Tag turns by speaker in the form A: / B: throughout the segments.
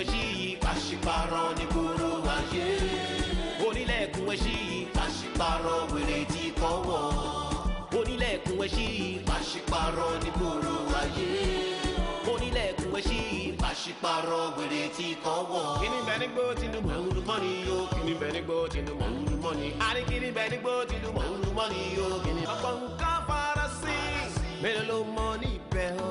A: onílẹ̀kùn ẹṣí yìí pàṣípàrọ̀ ní kúrò ayé onílẹ̀kùn ẹṣí yìí pàṣípàrọ̀ wèrè ti kọ́wọ́ onílẹ̀kùn ẹṣí yìí pàṣípàrọ̀ ní kúrò ayé onílẹ̀kùn ẹṣí yìí pàṣípàrọ̀ wèrè ti kọ́wọ́. kíni bẹ́ẹ̀ ni gbó Tinubu òun mọ́ ni yóò kíni bẹ́ẹ̀ ni gbó Tinubu òun mọ́ ni. àní kíni bẹ́ẹ̀ ni gbó Tinubu òun mọ́ ni yóò ọ̀pọ̀ nǹkan fara mélòó ló mọ níbẹ̀ o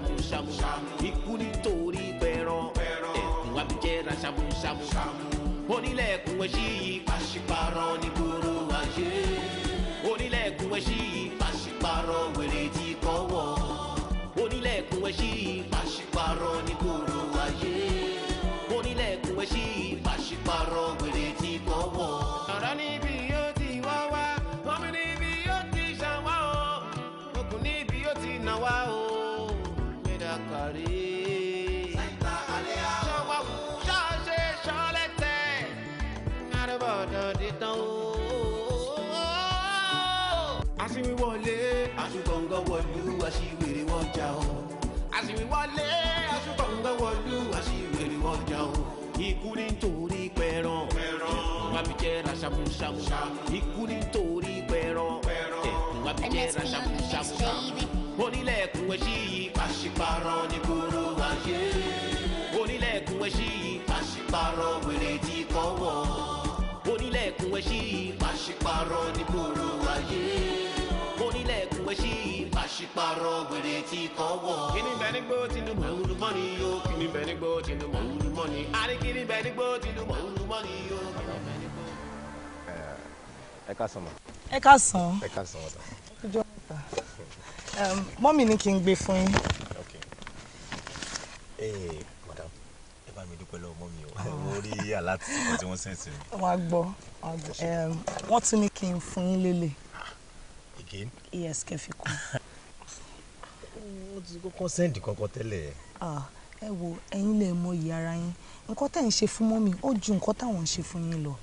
A: ṣàmùṣàmù ikú nítorí pẹ̀rọ ẹ̀kún abijẹ́ra ṣàmùṣàmù onílẹ̀kùn ẹ̀ṣí yìí pàṣípàrọ̀ níbo. ṣàmùṣàmù ikú nítorí pẹ̀rọ tẹ̀kùn abijẹ́ra ṣàmùṣàmù onílẹ̀kùn ẹṣí yìí pàṣípàrọ̀ ní kúrò ayé onílẹ̀kùn ẹṣí yìí pàṣípàrọ̀ wèrè tí kọ́wọ́ onílẹ̀kùn ẹṣí yìí pàṣípàrọ̀ ní kúrò ayé onílẹ̀kùn ẹṣí yìí pàṣípàrọ̀ wèrè tí kọ́wọ́. kíni bẹ́ẹ̀ ni gbó Tinubu mọ̀ ń lu mọ́ni yó kíni bẹ́ẹ̀ ni gbó Tinubu mọ̀ ń lu mọ́ni. àní kíni bẹ́ẹ̀ ni gbó Tinubu mọ̀ ń lu mọ́ni yó ẹ ká sàn mọ. ẹ ká sàn. ẹ ká sàn wọn tán.
B: mọ́mì ní kí n gbé fún yín. ee madam ẹ bá mi dúpẹ́ lọ́wọ́ mọ́mì o ah. mo rí
C: aláàtì kan tí wọ́n sẹ́ǹsì mi.
D: wọ́n á gbọ́ wọ́n tún ní kí n fún yín
B: lélẹ̀. Ah, again. yes
E: kẹfì kún.
F: wọ́n ti
B: kọ́kọ́ sẹ́ǹdì kankan tẹ́lẹ̀.
E: Ah, ẹ wo ẹ̀yin lè mọ iyì ara yín nǹkan tẹ̀ ń ṣe fún mọ́mì ó ju nǹkan táwọn ń ṣe fún yín lọ.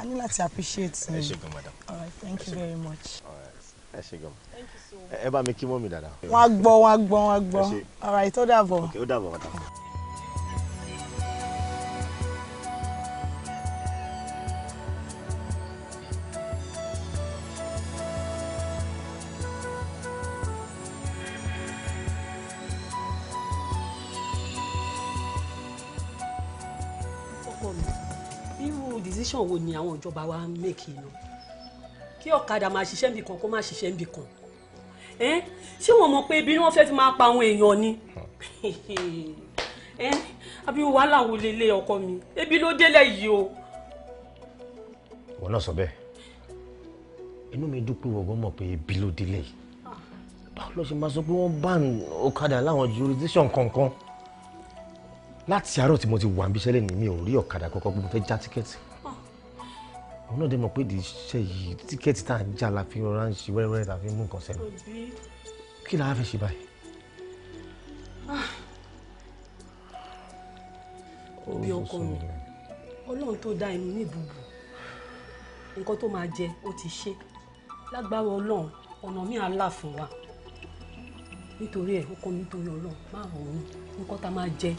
E: I need to appreciate you. ẹ ṣé madam. all right thank
B: you very much. All right, gan. ẹ bá mi kí mọ́ mi dáadáa. wọ́n á gbọ́ wọ́n á gbọ́ wọ́n á all right ó Okay, ok madam.
G: decision wo ni àwọn ìjọba wa ń make yìí kí ọ̀kadà máa ṣiṣẹ́ nbì kó má ṣiṣẹ́ nbì ṣé wọn mọ̀ pé ibi ni wọ́n fẹ́ fi máa pa àwọn èèyàn ni àbí wàhálà wo lè lé ọkọ mi ebi
B: ló délẹ̀ yìí o. wọn náà sọ bẹ́ẹ̀ inú mi dùn pé wọgbọn mọ̀ pé ebi ló délẹ̀ yìí báwo ló ṣe máa sọ pé wọ́n bá ọ̀kadà láwọn jurisdiction kankan láti àárọ̀ tí mo ti wà níbi iṣẹ́ lẹ́nu mi ò rí ọ̀kadà kankan pé mo fẹ́ já tíkẹ́ẹ̀tì àwọn náà dé mọ̀ pé di iṣẹ́ yìí tíkẹ́ẹ̀tì tá à ń jà la fi rọra ń ṣe wẹ́rẹ́wẹ́rẹ́ tá a fi mú nǹkan sẹ́nu kí la fẹ́ ṣe báyìí. Ah. bí ọkọ mi
G: ọlọ́run tó dá inú ní ìbùbù nǹkan tó máa jẹ ó ti ṣe lágbára ọlọ́run ọ̀nà mi àlà fún wa nítorí ẹ̀ ọkọ mi torí ọlọ́run má rọrùn nǹkan tá a máa jẹ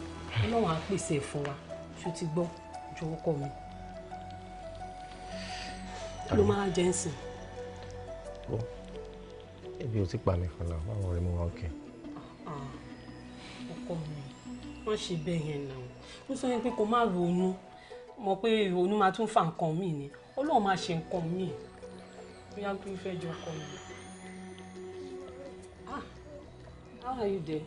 G: ọlọ́run á pèsè ẹ̀ fún wa ṣó ti gbọ́ ju ọkọ mi kí ló máa jẹ ń sìn.
H: ebi ò ti pa mi kan náà báwo rẹ mo wá òkè.
G: Ah, ah, ọkọ mi wọn ṣe bẹ́ẹ̀ yẹn náà ó sọ pé kó má ronú mọ̀ pé ìrònú máa tún fa nǹkan míì ni Ọlọ́run máa ṣe nǹkan míì bóyá kí n jọ ọkọ mi. Ah, how are you there?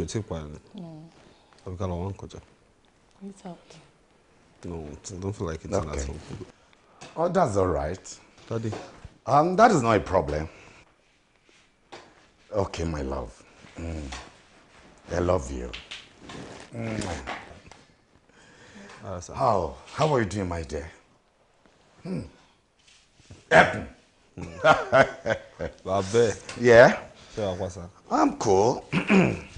B: mi ò tí ì parí ni àbí ká lọ wọ́n kọjá. no don't feel like it's okay. an asshole. oh that's all right. daddy. Um, that is not a problem. okay my love mm. i love you. Mm. Uh, how how are you doing my dear. Hmm. Happen.
D: Mm. Babe. yeah. I'm cool.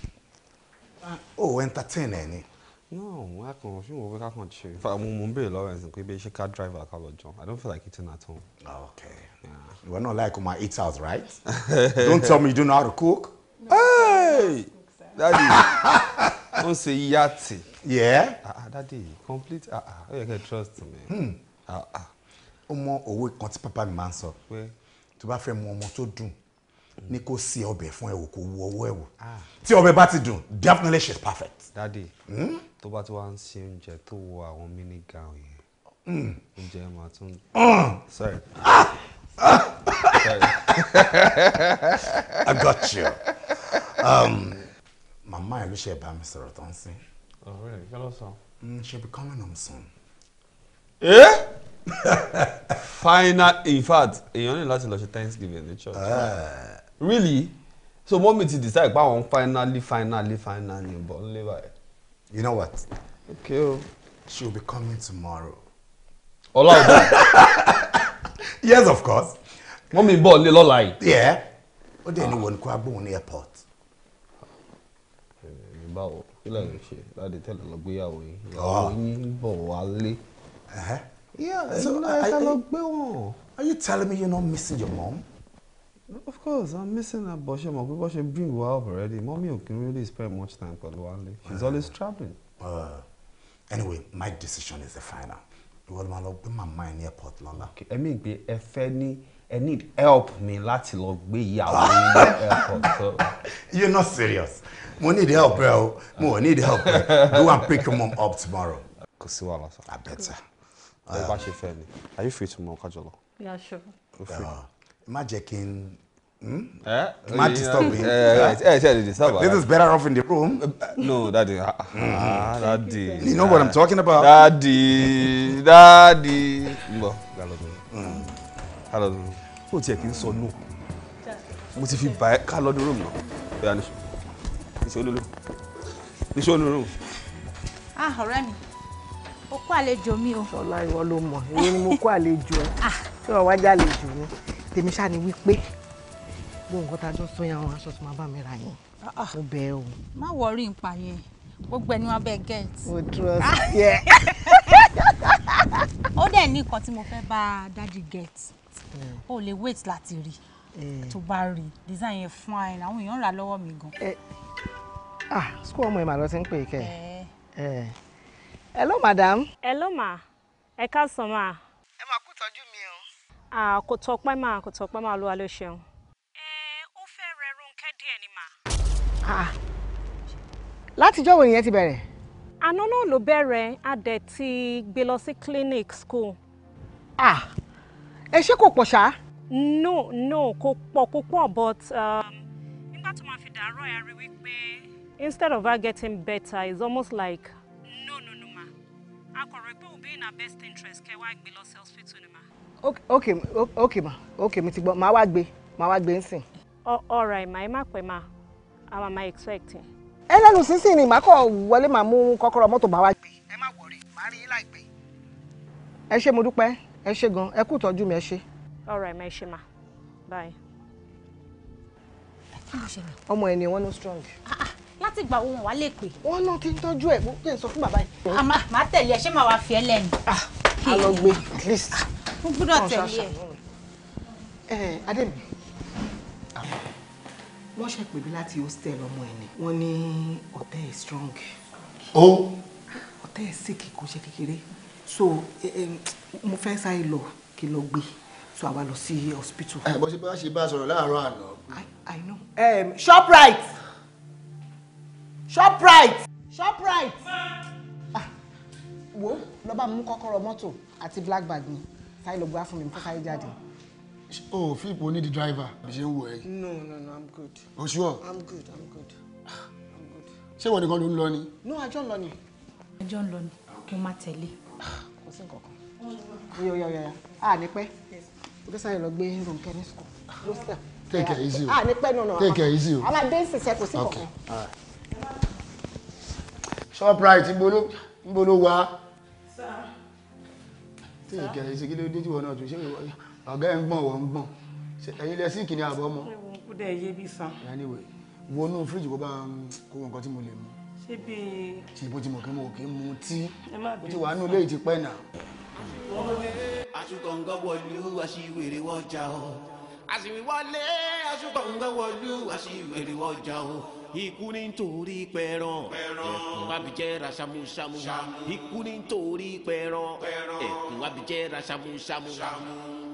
D: o oh, entertain any? no I kàn fún wọn ká kàn ṣe in fact
B: I'm mo ń béèrè lọ́wọ́ ẹ̀sìn driver bí ṣé ká drive i don't feel like eating at home. Ah, okay You are not like my eat out right don't tell me you don't know how to cook. No, hey daddy Don't say ṣe yeah. ah daddy complete ah ah
I: ó yẹ kẹ́ trust me.
B: Hmm. ah ah. ó mọ òwe kan tí papa mi máa ń sọ tó bá fẹ́ mọ ọmọ tó dùn ni kò sí ọbẹ̀ fún ẹ wò kó ọwọ́ ẹ ah. tí ọbẹ̀ bá ti dùn definitely she's perfect.
D: dadi hmm? tó bá ti wá ń ṣe oúnjẹ tó wọ àwọn mini gown yẹn hmm. oúnjẹ máa tún. Hmm. sorry. Ah! Ah! i got you. Um,
B: màmá ẹ ló ṣe bá mi sọ̀rọ̀ tó ń sìn. ọ̀rẹ́ ẹ̀ kí ló sọ. she'll be coming home soon. Eh? final in fact èèyàn ní láti lọ ṣe thanksgiving ní church really so mommy ti decide pé àwọn finally finally finally bọ̀ ń lé báyìí. you know what. okay o. Oh. she will be coming tomorrow. ọlá ọba. yes of course. Mommy bọ̀ lé lọ́la yìí. yeah ó dẹ̀ ní ah. wọn kó agbóhùn ní airport.
H: ẹ̀ẹ́dì eh, báwo kí lè ṣe láti tẹ̀lé lọ gbéyàwó yìí ìyàwó ah.
B: yín bọ̀ wálé. Uh-huh. yeah so I, I, I, are you telling me you not missing your mom
F: of course i'm missing her but ṣe mọ̀ pé bó bring wa up already mommy ò really
B: spend much time pẹ̀lú Wálé she's always traveling. Uh, anyway my decision is the final ìwọ ló máa lọ gbé màmá ẹ ní airport lọ́la. ẹ̀mí ìgbé ẹ fẹ́ I need help Me, láti lọ gbé ìyàwó ní airport. So. you're not serious mo need help bro. o mo need help rẹ go and pick your mom up tomorrow. kò sí wàhálà sá. i better. ẹ bá ah. ṣe fẹ́ ni are you free tomorrow Kajolo? yeah sure. Go free. Yeah má jẹ́ kí n hmm? má disturb me. ẹ ẹ ṣe lè disturb ara. this is better off in the room. no daddy ah ah, hmm. ah daddy. you know what i'm ah, talking about. daddy daddy. n bọ kálọ̀dún hmm. ó tiẹ̀ kì í sọ no mo ti fi bà ẹ́ kálọ̀dún room náà bẹ́ẹ̀ ni níṣẹ́ olóró níṣẹ́ olóró.
E: ah ọ̀rẹ́ mi o kó àlejò mi o. ṣọlá ìwọ ló mọ èyí
B: ni mo kó àlejò ẹ ah. ṣé wọn wá jálejò ni tèmi
G: ṣáà ni wípé gbogbo nǹkan tá a jọ sọ yẹn àwọn aṣọ tí màá bá mi ra yẹn ah, ah. ó bẹ o.
E: má wọrí ń yẹn gbogbo ẹni wọn bẹ get. o trust ah. yẹ. ó dẹ̀ ní nǹkan tí mo fẹ́ bá daddy get ó hmm. lè wait láti rí eh. tó bá rí design yẹn fún ẹ àwọn èèyàn rà lọ́wọ́ mi gan. Eh.
D: ah school ọmọ ẹ mà lọ sí ń pè é kẹ. Eh. hello madam.
E: hello ma ẹ káàsán ma àkótọ́pẹ́ máa àkótọ́pẹ́ máa ló wa ló ṣeun. ẹ ó fẹ́ rẹ Rónkẹ́ díẹ̀ ni mà.
D: látijọ́ wo nìyẹn ti bẹ̀rẹ̀.
G: àná náà ló bẹ̀rẹ̀ a dẹ̀ ti gbé lọ sí clinic school. ẹ ṣé kò pọ̀ ṣá. no no kò pọ̀ púpọ̀ but um,
E: nígbà tó máa fi dàárọ̀ ẹ̀ rí wípé
G: instead of her getting better it's almost like no no
E: no ma a kò rò pé òbí in her best interest kẹ́ wá gbé lọ sí hospital ni
D: ok ok ma ok mi ti gbọ́ màá wá gbé màá wá gbé nsìn.
E: all right ma ẹ má pẹ́ ma àwọn àmà expecting.
B: ẹ lẹ́nu sísìn ni màá kọ̀ wọlé màá mú kọ́kọ́rọ́ mọ́tò màá wá gbé ẹ má wọrí màá rí yín
D: láìpẹ́. ẹ ṣé mo dúpẹ́ ẹ ṣé gan ẹ kú ìtọ́jú mi ẹ ṣé.
E: all right ma ẹ ṣé ma bye.
D: ọmọ ẹni ah, ah, wọn ló strong
E: láti gbà ohun wà lè pè. wọn náà ti ń tọ́jú ẹ̀ mo jẹ́ sọ fún bàbá yìí. Ah, màá tẹ̀lé ẹ ṣé màá wá fi ẹ lẹ́nu. a lọ gbé at least mo gbọ́dọ̀ tẹ̀lé ẹ.
G: ẹ
B: adémi ah, wọ́n ṣẹ̀pẹ̀ bí láti hostel ọmọ ẹ̀ ni wọ́n ní ọ̀tẹ̀ strong. ó. ọ̀tẹ̀ ẹ̀ sick kò ṣe kékeré so mo fẹ́ sáré lọ kí lọ gbé so àwa lọ sí hospital. ẹ bó ṣe bá ṣe bá a sọ̀rọ̀ láàárọ̀ àná. i know. Um, shoprite shoprite shoprite. Ah, wo lọ́ba mú kọ́kọ́rọ́ mọ́tò àti black bag mi sáré lọ gbá fún mi mo fẹ́ jáde. o philip o need driver bí ṣe ń wò ẹ. no no no i'm good. o sure. i'm good i'm good. ṣé ìwọ nìkan ló ń lọ ni.
E: no àjọ ń lọ ni. àjọ ń lọ ni mo máa tẹ̀lé.
D: kò sí nǹkan
C: kan.
B: oya oya
D: oya a ní pẹ́ o fẹ́ sáré lọ gbé Rónkẹ́ ní sùkúl ló
C: take care, easy o a ní pẹ́ nínú àwọn. take care, easy o. àwọn adé ń ṣiṣẹ́ kò sí nǹkan kan.
B: shoprite ń bolo ń bolo wá.
C: sáà tí ìkẹrẹ
B: sí ló dé tí wọn náà tún ṣe ọ̀gá ẹ̀ ń gbọ̀n wọ́n ń gbọ̀n ẹ̀yin lẹ síkì ní àbọ̀ ọmọ. kó dẹ̀ yé bí san. anyway wo inú fíríjì kó bá ń kó nǹkan tí mo lè mu. ṣé bí. tí ibo tí mo kí mo kì í mu tí ó ti wà nínú ilé ìtì pẹ́
A: náà. aṣùkọ̀ǹgọ̀ wọlú aṣiwèrè wọ́jà o àṣìwíwọlé aṣùkọ̀ǹgọ̀ wọlú aṣiwèrè wọ́jà o ikú ní torí pẹran ẹkùn wa bìjẹ́ ra ṣamuṣamu ikú ní torí pẹran ẹkùn wa bìjẹ́ ra ṣamuṣamu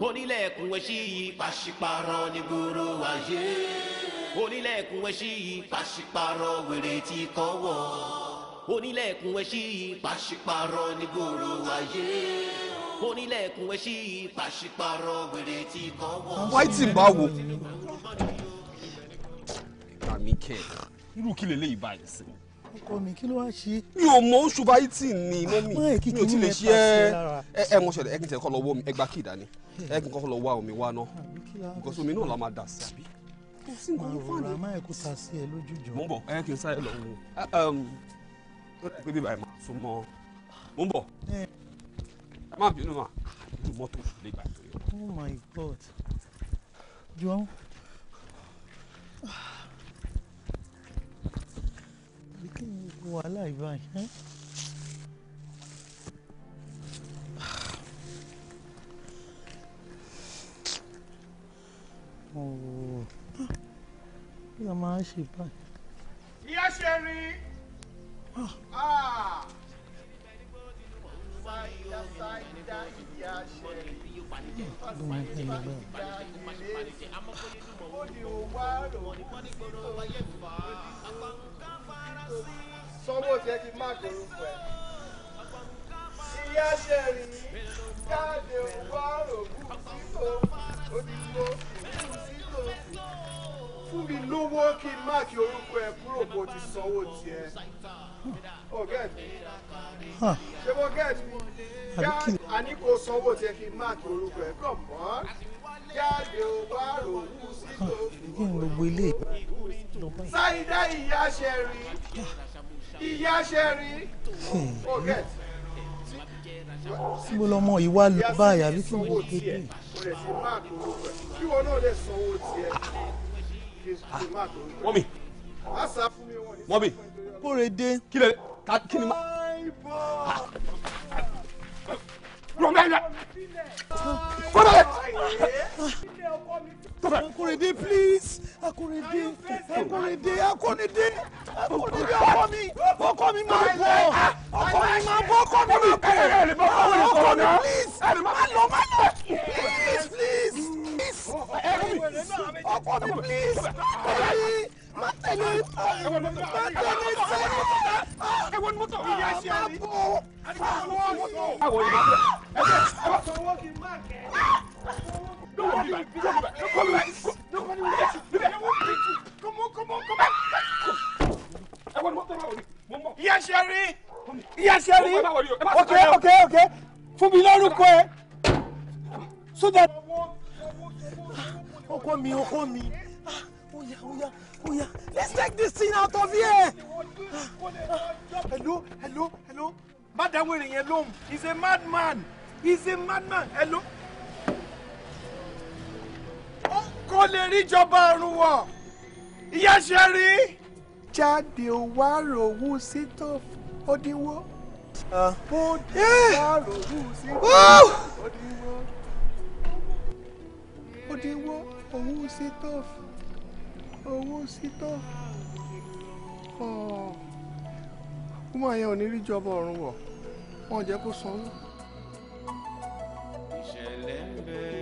A: onílẹ̀kùn ẹṣí yìí pàṣípàrọ̀ ní gbòòrò wáyé onílẹ̀kùn ẹṣí yìí pàṣípàrọ̀ wèrè tí kọ́ onílẹ̀kùn ẹṣí yìí pàṣípàrọ̀ ní gbòòrò wáyé onílẹ̀kùn ẹṣí yìí pàṣípàrọ̀ wèrè tí kọ́ wáìtì bá wò
B: ní kẹ́ irú kí lélẹ́yìí báyìí sí. ọkọ mi kí ló wá ṣe. mi ò mọ oṣù báyìí tì ní mọ́mì ah, mi ò tilẹ̀ ṣe ẹ ẹ mọ̀ ṣẹlẹ̀ ẹ kì í tẹ̀ lọ wọ́ mi ẹ gba kí ìdání ẹ kì í lọ wá omi wá náà because omi náà la máa dà sí àbí. kò ẹ kò ta sí ẹ lójújọ. mo ń bọ̀ ẹ kì sáyẹ lọ wo bébí ah, um, báyìí máa sún mọ́ mo ń bọ̀ eh. ẹ má bínú mà ní mọ́tò lè gbà tó yẹ. oh my
F: god
D: jọ. Oh ìbáyìí.
F: kí ló máa ń ṣe báyìí.
H: ìyá
A: ṣe rí ah. ó ní o wá rò ó ní gbọ́dọ̀ wáyé fà á. àpàǹkà
H: fara sí
A: i sanwó jẹ́ kí má dorúkọ ẹ̀. ìyá
H: ṣe rí káàdì owó àròkù síkò òdìgbò
C: ìlú síkò
B: fún mi lówó kí n máàkì orúkọ ẹ kúrò bó ti
H: sanwó tiẹ̀. ó gẹ̀ẹ́dì ṣé mo gẹ̀ẹ́dì gáàdì àní kò sanwó tiẹ̀ kí n máàkì orúkọ ẹ kàn mọ́ jáde ò
B: bá
A: ròwú síkò. àbí kí n gbogbo
F: ilé ìgbà. sáyidá ìyá ṣe
A: rí ìyá ṣẹ́rí hmm. oh, forget.
B: síbo lọmọ yìí wá lọ bá àyà bí ah. kí n wo kékeré. wọ́n mi wọ́n mi. kóre dé. kí lè ká kí ni ma. Ah. Rọ̀mẹ́lẹ̀! Ah. Kọ́lẹ̀! Akorede please Akorede Akorede Akorede Akorede
H: ọkọ mi ọkọ mi máa bọ̀ ọkọ mi máa bọ̀ ọkọ mi máa bọ̀ ọkọ mi please má lọ má lọ please please
B: please ọkọ mi please má tẹ̀lé
C: ẹ̀wọ̀n mọ́tò ìyá ṣe é ní. àwọn ìyá ṣe é ní. ẹ̀wọ̀n sọ̀wọ́ kì í má kẹ́. Come on,
H: come on, come on.
B: I want more than I want. Yes, Sherry. Yes, Sherry. Okay, okay, okay. Fún mi lórúkọ ẹ. So that. Ọkọ mi, ọkọ mi oya oya oya let's take this thing out of here. hello hello hello madam wẹ̀rẹ̀ yẹn lóhùn he's a madman he's a madman hello. kò lè rí ìjọba ọ̀run wọ̀ ìyá ṣe rí. jáde ò wá ròhùn sí tó òdìwọ́. bóde ah. wá
F: ròhùn sí tó òdìwọ́. òdìwọ́ òhùn sí tó fún owó sítọ́ ọmọ yẹn ò ní rí jọba ọ̀run wọ̀ wọ́n jẹ́ kó sanwó.
I: ìṣẹ̀lẹ̀ ń bẹ́ẹ̀.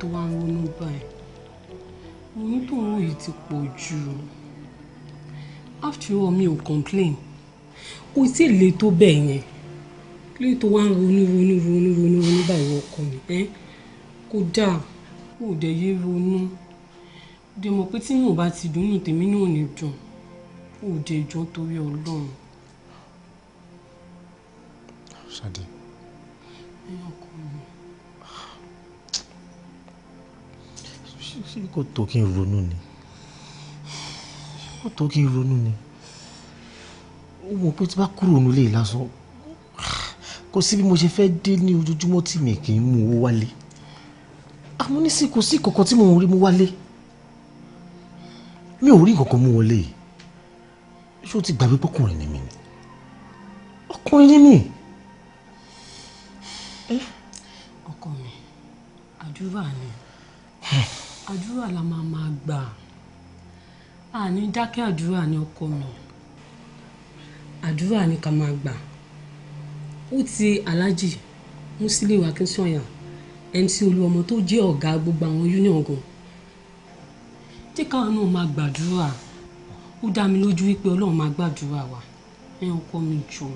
G: tó wá ń ronú báyìí oyún tó ń wò yìí ti pọ̀ jù after all mi ò complain kò tí ì le tó bẹ́ẹ̀ yẹn lè tó wá ń ronú ronú ronú ronú ronú báyìí ọkọ mi ẹ kó dáa kó dẹ̀ yé ronú dè mọ̀ pé tí yóò bá ti dùn nù tèmi náà ní dùn kó dẹ̀ jọ torí ọlọ́run.
B: Ṣadé.
F: ṣé kò
D: tó kí n ronú ni ṣé kò tó kí n ronú ni
B: ó mọ̀ pé tí bá
D: kúrò nílé yìí lásán
B: kò sí bí mo ṣe fẹ́ dé ní ojoojúmọ́ tí mi kì í mú owó wálé àmọ́ nísìnyí kò sí kankan tí mo rí mú wálé mi ò rí kankan mú wọlé ṣé o ti gbàgbé pọkùnrin ni mi ni
D: ọkùnrin ni mi.
C: ọkọ
G: mi àdúrà ni àdúrà la máa máa gbà àní dákẹ́ àdúrà ni ọkọ mi àdúrà ni ká máa gbà ó ti aláàjì Musiliu Akínsanya MC Olúọmọ tó jẹ́ ọ̀gá gbogbo àwọn union gan jẹ́ káwọn náà máa gbàdúrà ó dá mi lójú wípé Ọlọ́run máa gbàdúrà wa ẹ ọkọ mi jọ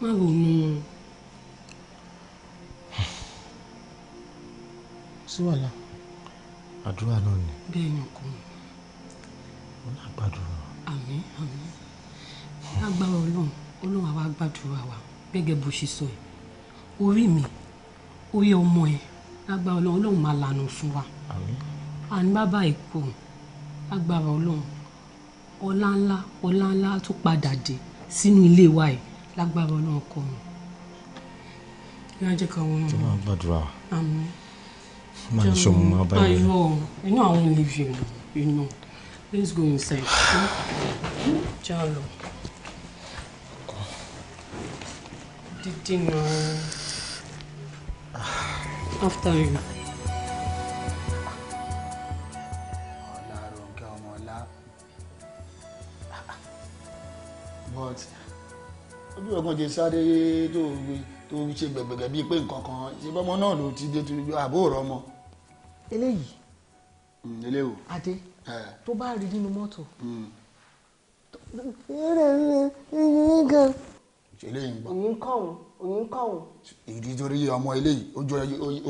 G: má ronú wọn.
B: sí wàhálà àdúrà náà ni. bẹ́ẹ̀ ni ọkọ mi. wọn náà gbàdúrà. àmín àmín agbára
G: ọlọ́run ọlọ́run àwa gbàdúrà wa gẹ́gẹ́ bó ṣe sọ ẹ̀ orí mi orí ọmọ ẹ̀ agbára ọlọ́run ọlọ́run máa lànà fún wa. àmín. àní bàbá èkó agbára ọlọ́run ọlá ńlá ọlá ńlá tó padà dé sínú ilé wa ẹ̀ lágbára ọlọ́run kọ́ mi. ìyá jẹ́ wọ́n tí wọ́n
D: gbàdúrà. àmín máa sọ mo máa bá yẹn.
G: you know I wan leave you now you know let's go inside. jalo dídì náà after you.
D: but
B: ojú ọgbọ́n jẹ sáré tó ṣe gbẹ̀gbẹ̀gbẹ̀ bíi pé nǹkan kan ṣe bọ́mọ náà ló ti dé àbó rọmọ eléyìí mm, eléwo adé
D: eh. tó bá rí nínú mọ́tò
B: mm. eléyìí ń gbọ́ òyìn
G: kọ̀hún òyìn kọ̀hún.
B: ìdí torí ọmọ eléyìí ó jọ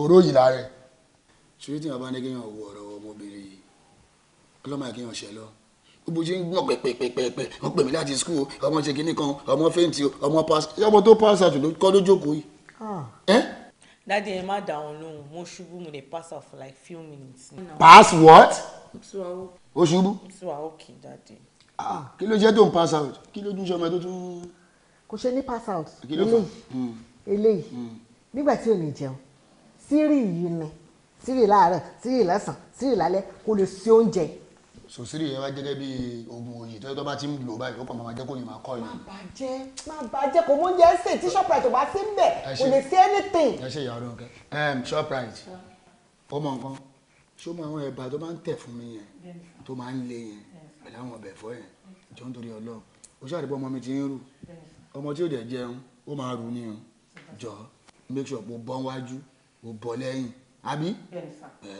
B: oró yìí lára ẹ̀. ṣé tí bàbá ní kéèyàn wọ ọ̀rọ̀ ọmọbìnrin yìí ọlọ́mọ àkéèyàn ṣẹ lọ gbogbo ṣe ń gbọ́n pẹ̀pẹ̀pẹ̀pẹ̀ wọ́n pè mí láti skul ọmọ ṣe kínní kan ọmọ fẹ́ǹtì ọmọ pass ọmọ tó pass àtúndó kọ́ lójókòó yìí. Ah. Eh?
E: dádì ẹ má dá wọn lóhùn mo pass off for like few minutes. pass what. o ṣubú. ṣùgbọ́n òkè dádì. ah
B: kí ló jẹ́ tó ń pass out kí ló dún sọmọ tó tún. kò ṣe ní pass out eléyìí hmm. eléyìí hmm. nígbà tí ò ní jẹun sírì yìí ni sírì láàárọ̀ sírì lọ́sàn-án sírì lálẹ́ kò lè ṣe oúnjẹ sòsírì yẹn wá jẹ́ bí oògùn òyì tó yẹ tó bá ti ń lò báyìí ó kàn máa jẹ́ kó yìí máa kọ́ ni. má bàjẹ́ má bàjẹ́ kò mú oúnjẹ ṣe tí shoprite ò bá sí mbẹ̀ kò lè ṣe anything.
D: ẹ ṣe ìyàwó ọdún kẹ shoprite ó mọ nǹkan ṣó mọ àwọn ẹ̀bà tó máa ń tẹ̀ fún mi yẹn tó máa ń le yẹn pẹ̀lú àwọn ọbẹ̀ ẹ̀fọ́ yẹn jọ ń torí ọlọ́run ó ṣàdìpọ̀ ọmọ mi ti ń
B: rù ọmọ tí ò dẹ̀ jẹun ó máa rù ni o jọ make sure mo bọ́ wájú
D: mo bọ́ lẹ́yìn àbí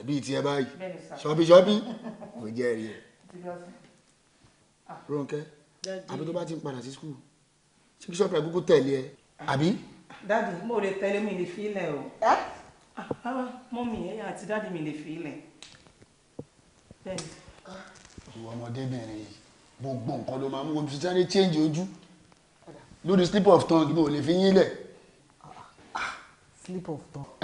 D: bíi tiẹ̀ báyìí ṣọ́bí ṣọ́bí kò jẹ́ rí ẹ̀. Rónkẹ́ àbí tó bá ti
B: ń padà sí skul ṣé kí ṣọ́ọ̀pù àgógó tẹ̀lé ẹ àbí.
G: dáàdì mo lè tẹ̀lé mi lè fi ilẹ̀ o mọ́mì àti dáàdì mi lè fi ilẹ̀ bẹ́ẹ̀ni.
B: ìwọ ọmọdébìnrin yìí gbogbo nǹkan ló máa mú ojú sáré change ojú lórí slip of tongue mo lè fi yín lẹ̀. slip of tongue.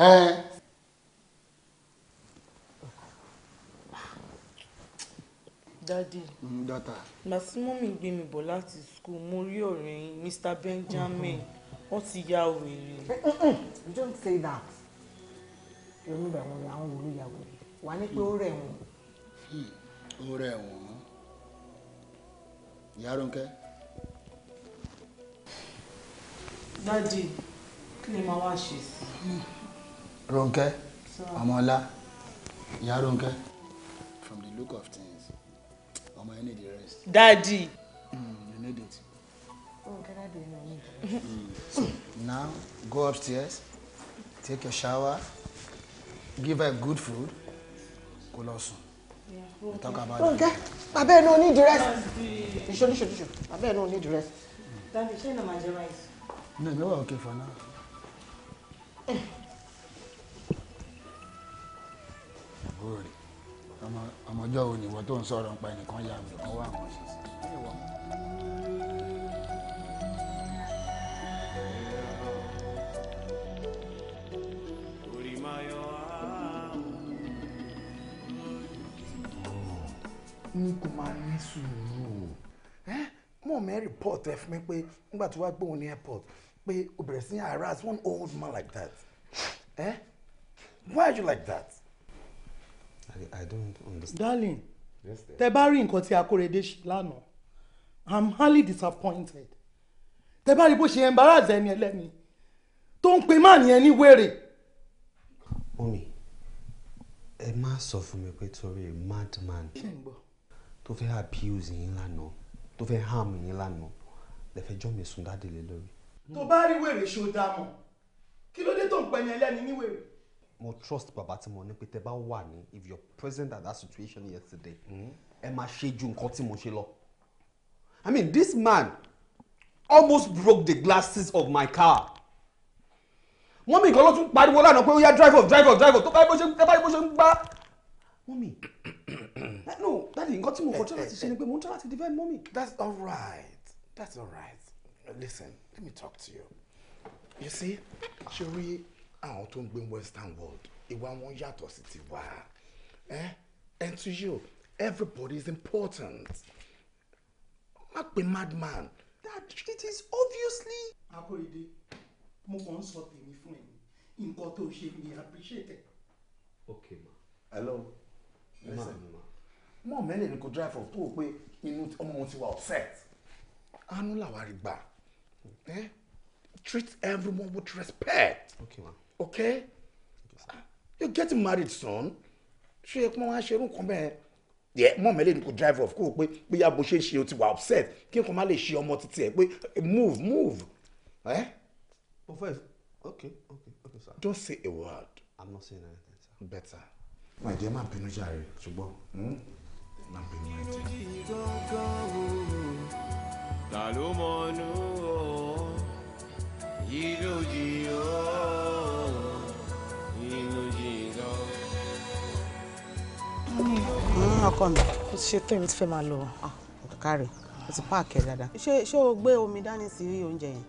B: dádì ìgbà tí mọ́mì gbé mi bọ̀ láti school. mo rí ọ̀rẹ́ mr benjamin mm-hmm. wọ́n ti ya wèrè. Eh,
D: mm, mm. don't say that èmi bẹ̀ wọ́n àwọn wòlú ya wèrè wà ní pé ó rẹ̀ wọ́n.
B: Hmm. ó rẹ̀ wọ́n ìyá Rónkẹ́.
G: dádì kí ni màá wá ṣe sí i.
B: Rónkẹ́ ọmọọlá ìyá Rónkẹ́ from the look of things ọmọ you need the rest. daddy. Mm, you need it.
D: Oh, mm, now go upstairs take your shower give her good food kó lọ sùn.
F: we
B: talk about
D: it. ọ̀gá
G: bàbá ẹ̀ náà ní the rest. ìṣó níṣó níṣó bàbá ẹ̀ náà ní the rest.
E: daddy ṣé ìnà máa jẹ rice.
D: no no wa okay for now. good ọmọjọ́ òní
B: ìwọ tó ń sọ̀rọ̀ nípa ẹnìkan ya àgbẹ̀ kan wá àwọn ṣe sí.
F: n kò máa ní sùúrù mọ̀ mẹ́ report ẹ fún mi pé nígbà tí wàá gbóhùn ní airport pé o bẹ̀rẹ̀ sí harass one old man like that
B: eh? why are you like that. I, I don't understand. darling yes, tẹ bá rí nǹkan tí akóredé ṣe lánàá i'm highly disappointed tẹ bá rí bó ṣe embarrass ẹni ẹlẹ́ni tó ń pe máà ní ẹni wèrè. omi ẹ má sọ fún mi pé torí madman tó fẹ́ abuse yín lánàá tó fẹ́ harm yín lánàá lè fẹjọ́ mi sùn dáadé lé lórí. tó bá rí wèrè ṣó dáa mọ̀ kí ló dé tó ń pẹ́ni ẹlẹ́ni ní wèrè mo trust bàbá tí mo ní pé tẹ bá wà ní if you are present at that situation yesterday ẹ máa ṣe ju nǹkan tí mo ṣe lọ i mean this man almost broke the glasses of my car mọ́mí nǹkan ló tún pariwo lánàá pé ó yá drive off drive off drive off tó báyìí bó ṣe ń báyìí bó ṣe ń gbá
A: mọ́mí eh,
B: no dadi nǹkan tí mo kọjá láti ṣe ni pé mo ń tọ́ láti defend mọ́mí. that's all right that's all right listen let me talk to you you see ṣe rí àwọn tó ń gbé western world ìwà wọn yàtọ̀ sí ti wá eh? and to you everybody is important má pe man. that it is obviously. akóredé mo kàn ń sọ tèmi fún ẹ nǹkan tó ṣe mi appreciate it.
I: okay ma. hello Ma.
B: mọ mẹlẹ ni kò drive off tó o pé inú ọmọ wọn ti wà upset àánú làwa rí gbà eh? treat everyone with respect. okay ma okay? You're getting married soon. Ṣé pọ́n wá ṣerú nǹkan bẹ́ẹ̀? Yẹ mọ̀ mẹ́lẹ̀ ni kò drive off kó o pé bóyá bó ṣe ṣe o ti wà upset kí nǹkan má lè ṣe ọmọ títí ẹ̀ pé
F: move move. Eh? Mo fẹ́ okay okay
B: okay sir. Don't say a word. I'm not saying anything sir. Better. My dear man, bínú jàre ṣùgbọ́n hmm? má bínú
C: ẹ̀ jẹ́
I: ta ló mọ̀nú o yìí ló jì ọ́.
B: Ah, ọkọ mi ó ti ṣe tó èmi ti fẹ́ máa lọ. Ah, káre o ti páàkì ẹ dáadáa. ṣé ṣé o gbé omi dání sí oúnjẹ yẹn.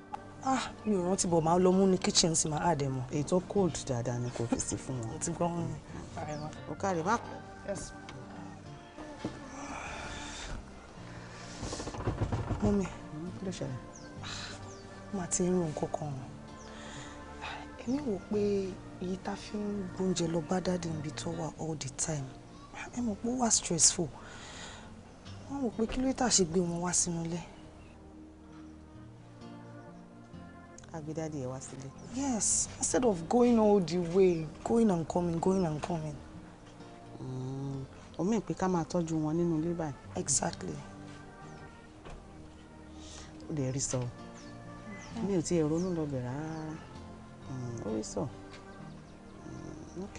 B: ah mi ò rántí bọ̀ máa lọ mú ní kitchen sí máa àdẹ mọ́. èyí tó cold dáadáa ni kò fi sí fún wọn. mo ti gbọ́ wọn. o káre má. mọ́mi kí ló ṣẹlẹ̀. Ah, màá ti rún nǹkan kan o èmi wò pé èyí tá a fi ń gbóúnjẹ lọ bá dáàdì níbi tó wà all the time ẹ mọ̀ pé ó wà stressful wọ́n mọ̀ pé kí ló tà ṣe gbé wọn wá sínú ilé.
G: agbedade ẹ wá sílé.
B: yes instead of going all the way going and coming going and coming. omi mm, ìpè ká máa tọ́jú wọn nínú ilé báyìí. exactly. ó lè rí sọ mi ò tiẹ̀ ronú lọ bẹ̀rẹ̀ rárá mm, ó rí sọ mm, ok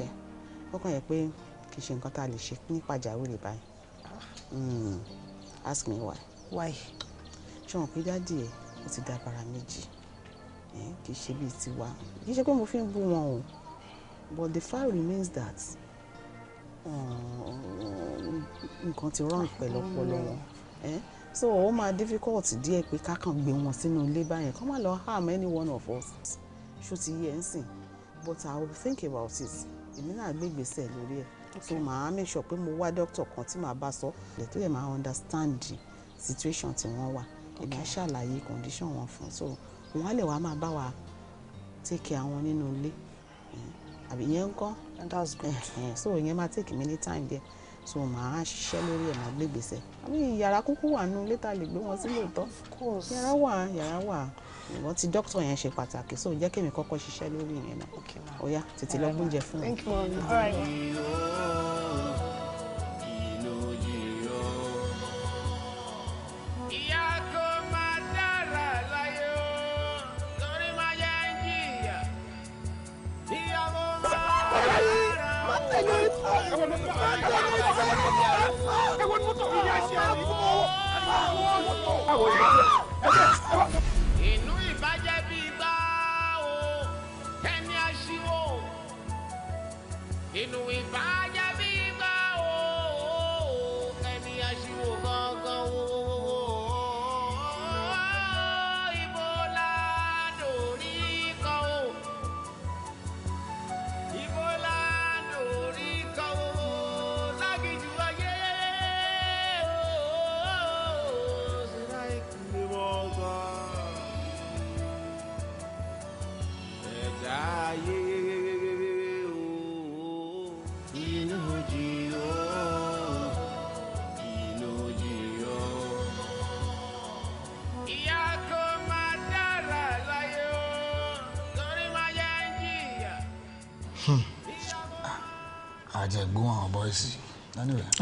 B: ó kàn yẹ pé kì í ṣe nǹkan tá a lè ṣe ní pàjáwìrì báyìí hmm, ask me why. why. ṣé wọn pé dáàdì ẹ ó ti da bara méjì kì í ṣe bíi tiwa kì í ṣe pé mo fi ń bú wọn o but the fact remains that uh, nǹkan ti rán pẹ̀lú ọpọlọ wọn so ó máa difficult díẹ̀ pé ká kàn gbé wọn sínú ilé báyẹn kó má lọ harm any one of us ṣó ti yẹ ẹ́ sìn but I will think about it èmi náà gbé ìgbésẹ̀ lórí ẹ̀ so màá make sure pé mo wá doctor kan tí màá bá sọ lè tó yẹ màá understand the situation tí wọ́n wà èmi á ṣàlàyé condition wọn fún so wọ́n á lè wá máa bá wa take care àwọn nínú ilé àbí yẹn ń kọ́ so ìyẹn máa take many time there so màá ṣiṣẹ́ lórí ẹ̀ máa gbé gbèsè àbí yàrá kúkú wà nù létà lè gbé wọn sí lóòótọ́ yàrá wà yàrá wà ṣùgbọ́n ti dókítà yẹn ṣe pàtàkì so jẹ́ kémi kọ́kọ́ ṣiṣẹ́ lórí yẹn náà ó yá tètè lọ
I: gbóúnjẹ fún mi.
C: Àwọn ọmọ tó ń yá sí àwọn
H: We buy.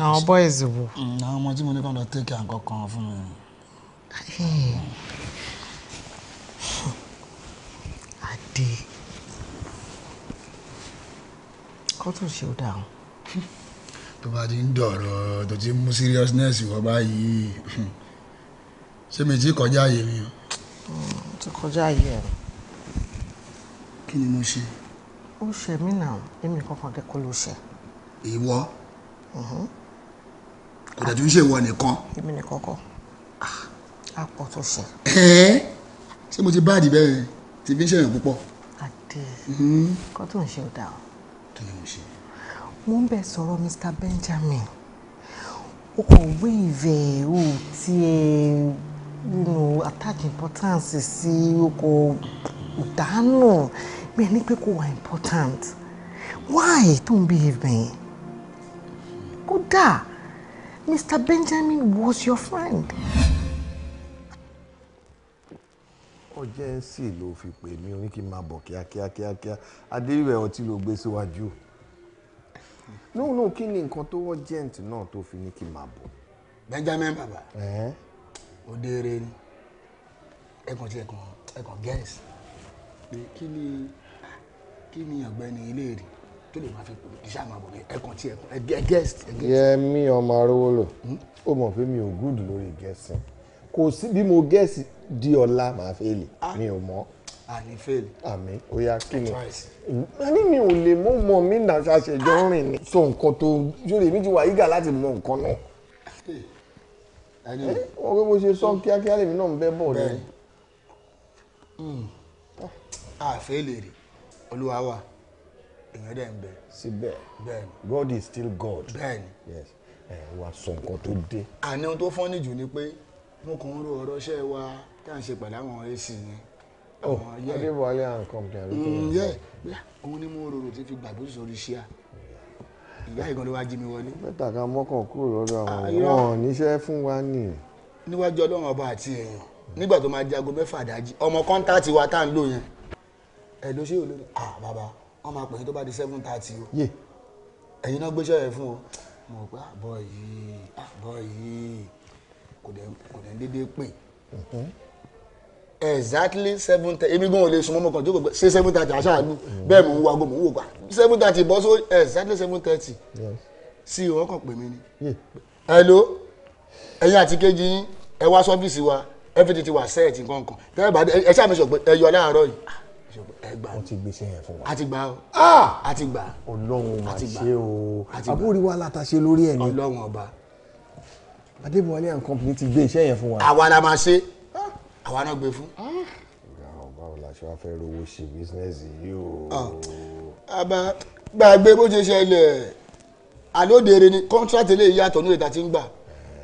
D: àwọn boys wo. Mm, àwọn ọmọ tí mo ní kàn lọ tẹ́kẹ̀ àǹkọ́ kan fún mi.
B: Hmm. adé kó tó ṣe ó dáhùn. tó bá ti ń dọ̀rọ̀ tó ti mú seriousness wọ báyìí ṣé mi ti kọjá àyè mi o.
F: Hmm,
D: ti kọjá àyè ẹ̀. kí ni mo ṣe. ó ṣe mí náà èmi kankan kẹ́kọ̀ọ́ ló ṣe. ìwọ. Mm-hmm
B: kò dẹ̀ tún ṣe ìwọ nìkan. èmi nìkan kọ́ a ah, pọ̀ tó ṣe. ẹ ṣé mo ti báàdì bẹ́ẹ̀ ti fi ń ṣèyàn púpọ̀. àdè mm-hmm. kó tó ń ṣe ọ̀dà o.
D: tó ní mo ṣe. mo ń bẹ sọ̀rọ̀ Mr. Benjamin o kò wé ìvẹ̀ o tiẹ̀ you know, attack importance
B: sí o kò dànù bẹ́ẹ̀ ni pé kò wà important
D: why tó ń behave bẹ́ẹ̀
B: kódà. Mr.
D: Benjamin was your friend.
B: ọjẹ́ǹsì ló fi pè mí oní kí n máa bọ̀ kíákíá kíákíá adéríwẹ̀ ọtí ló gbé síwájú lóhùn náà kí ni nǹkan tó wọ́n jẹ́ǹtì náà tó fi ní kí n máa bọ̀. Benjamin baba òdeere ni ẹkùn tí ẹkùn ẹkùn gẹ́ǹsì pé kí ni kí ni ọ̀gbẹ́ni ilé rí tó lè máa fi kú iṣẹ́ àmọ́ àbọ̀gẹ́ ẹ̀kan tí ẹ guest.
H: Yẹmi ọmọ arówó lò
B: hmm? ó mọ̀ pé mi ò good lórí guessing kò sí bí mo guess di ọ̀la màá fẹ́ lè ah. mi ò mọ̀ àní fail. àmì ó yá ẹni mi ò lè mú mọ mi náà ṣàṣẹjọ rìn ni sọ nǹkan tó ṣòro èmi ti wà yígà láti mọ nǹkan náà. wọ́n eh, pé mo ṣe sọ hmm. kíákíá lèmi náà ń bẹ́ bọ̀ ni. àfẹ́ lè rí olúwa wa èèyàn dẹ̀ ń bẹ. síbẹ̀ bẹ́ẹ̀ni God is still God. bẹ́ẹ̀ni yes ẹ wá sọ nǹkan tó dé. àní ohun tó fọ́nì jù ni pé mo kàn ń ro ọ̀rọ̀ wa tá à ń ṣe pẹ̀lú àwọn ac yẹn. oh adébọ̀lẹ̀ and company everything. Mm,
D: yẹ òun ni mo rorò ti fi gbàgbé sórí iṣẹ́
B: ìyá ìgan ló wá jí mi wọlé. bẹ́tà ká mọ́kàn kúrò lọ́dọ̀ àwọn ah, wọn
H: níṣẹ́ fún wa nì.
B: níwájú ọlọ́run ọba àti èèyàn nígbà tó máa di mẹ́fà dájí ọmọ kọ́ńtà tiwa tá à ń lò yẹn ẹ̀ ló ṣe olórí ah bàbá wọ́n máa pè é tó bá di seven thirty o ẹ̀yin náà gbéṣẹ́ yẹn fún o mo rò pé àbọ̀ ah, yìí àbọ̀ ah, yìí kò dẹ̀ déédéé pè mm-hmm. exactly seven thirty èmi gan ò lè sùn mọ́ mo jókòó pé seven thirty aṣáájú bẹ́ẹ̀ mò ń wo aago mò pa seven thirty bọ́ sórí exactly seven thirty sí ìwọ́n kan pè mí ni hello ẹ̀yin àti kejì yín ẹ wá sọ́fíìsì wa everything ti wà sẹ́ẹ̀tì kankan tẹ́lẹ̀ bá ẹ ṣáà sọ pé ẹ yọ láàárọ̀ yìí ẹgbà wọn ti gbèsè yẹn fún wa. a ti gbà o. Ah! a ti gbà. ọlọ́run mà ṣe o àbúrò wa la ta ṣe lórí ẹ̀ ni. ọlọ́run ọba. adébọ̀wálé and company ti gbé iṣẹ́ yẹn fún wa. àwa la máa ṣe ah! àwa náà gbé fún. Ah! báwo la ṣe wá fẹ́ rówó ṣe bísínẹ́sì yìí o. àbá gbàgbé bó ṣe ṣẹlẹ̀ àlódere ni kọ́ńtrátì lè yàtọ̀ nílẹ̀ tá ń gbà eh.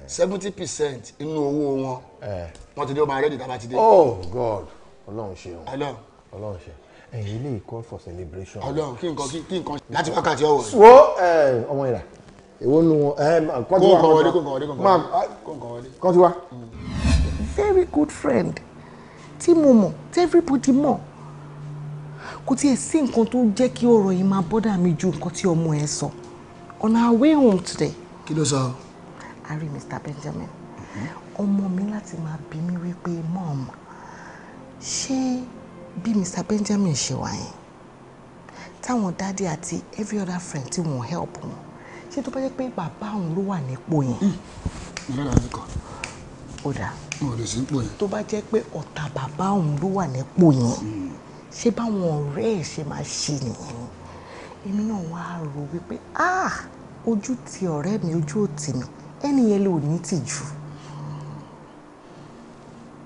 B: seventy percent inú owó wọn eh. wọn ti dé ọmọ rẹ ní oh god ọlọ́run ṣeun. ọlọ́run ọlọ́run ṣe ẹ̀yin ilé ìkọ́ for celebration. ọlọ́run kí nǹkan kí nǹkan láti wákàtí ọwọ́ rẹ. wo ọmọ ìrà èwo nu wọn kọ́ ti wá kọ́ wọlé kọ́ wọlé kọ́ ti wá. Mm. very good friend tí mo mọ̀ tí everybody mọ̀ kò tiẹ̀ sí nǹkan tó jẹ́ kí ọ̀rọ̀ yìí máa bọ́dà mi ju nǹkan tí ọmọ ẹ sọ on our way home today. kí ló sọ. a rí Mr. Benjamin mm-hmm. ọmọ mi láti máa bí mi wípé mom ṣé. She bí Mr. Benjamin ṣe wà yẹn táwọn dáàdì àti every other friend tí wọ́n help wọn ṣé tó bá jẹ́ pé bàbá òun ló wà nípò yẹn. ìlera mi kọ. ó dáa. mo lè sí ipò yẹn. tó bá jẹ́ pé ọ̀tá bàbá
E: òun ló wà nípò yẹn hmm. ṣé báwọn ọ̀rẹ́ ẹ̀ ṣe máa ṣe nìyẹn èmi náà wá rò wípé ah ojú ti ọ̀rẹ́ mi ojú ò tì mí ẹni
B: yẹn
D: lè ò ní tìjú.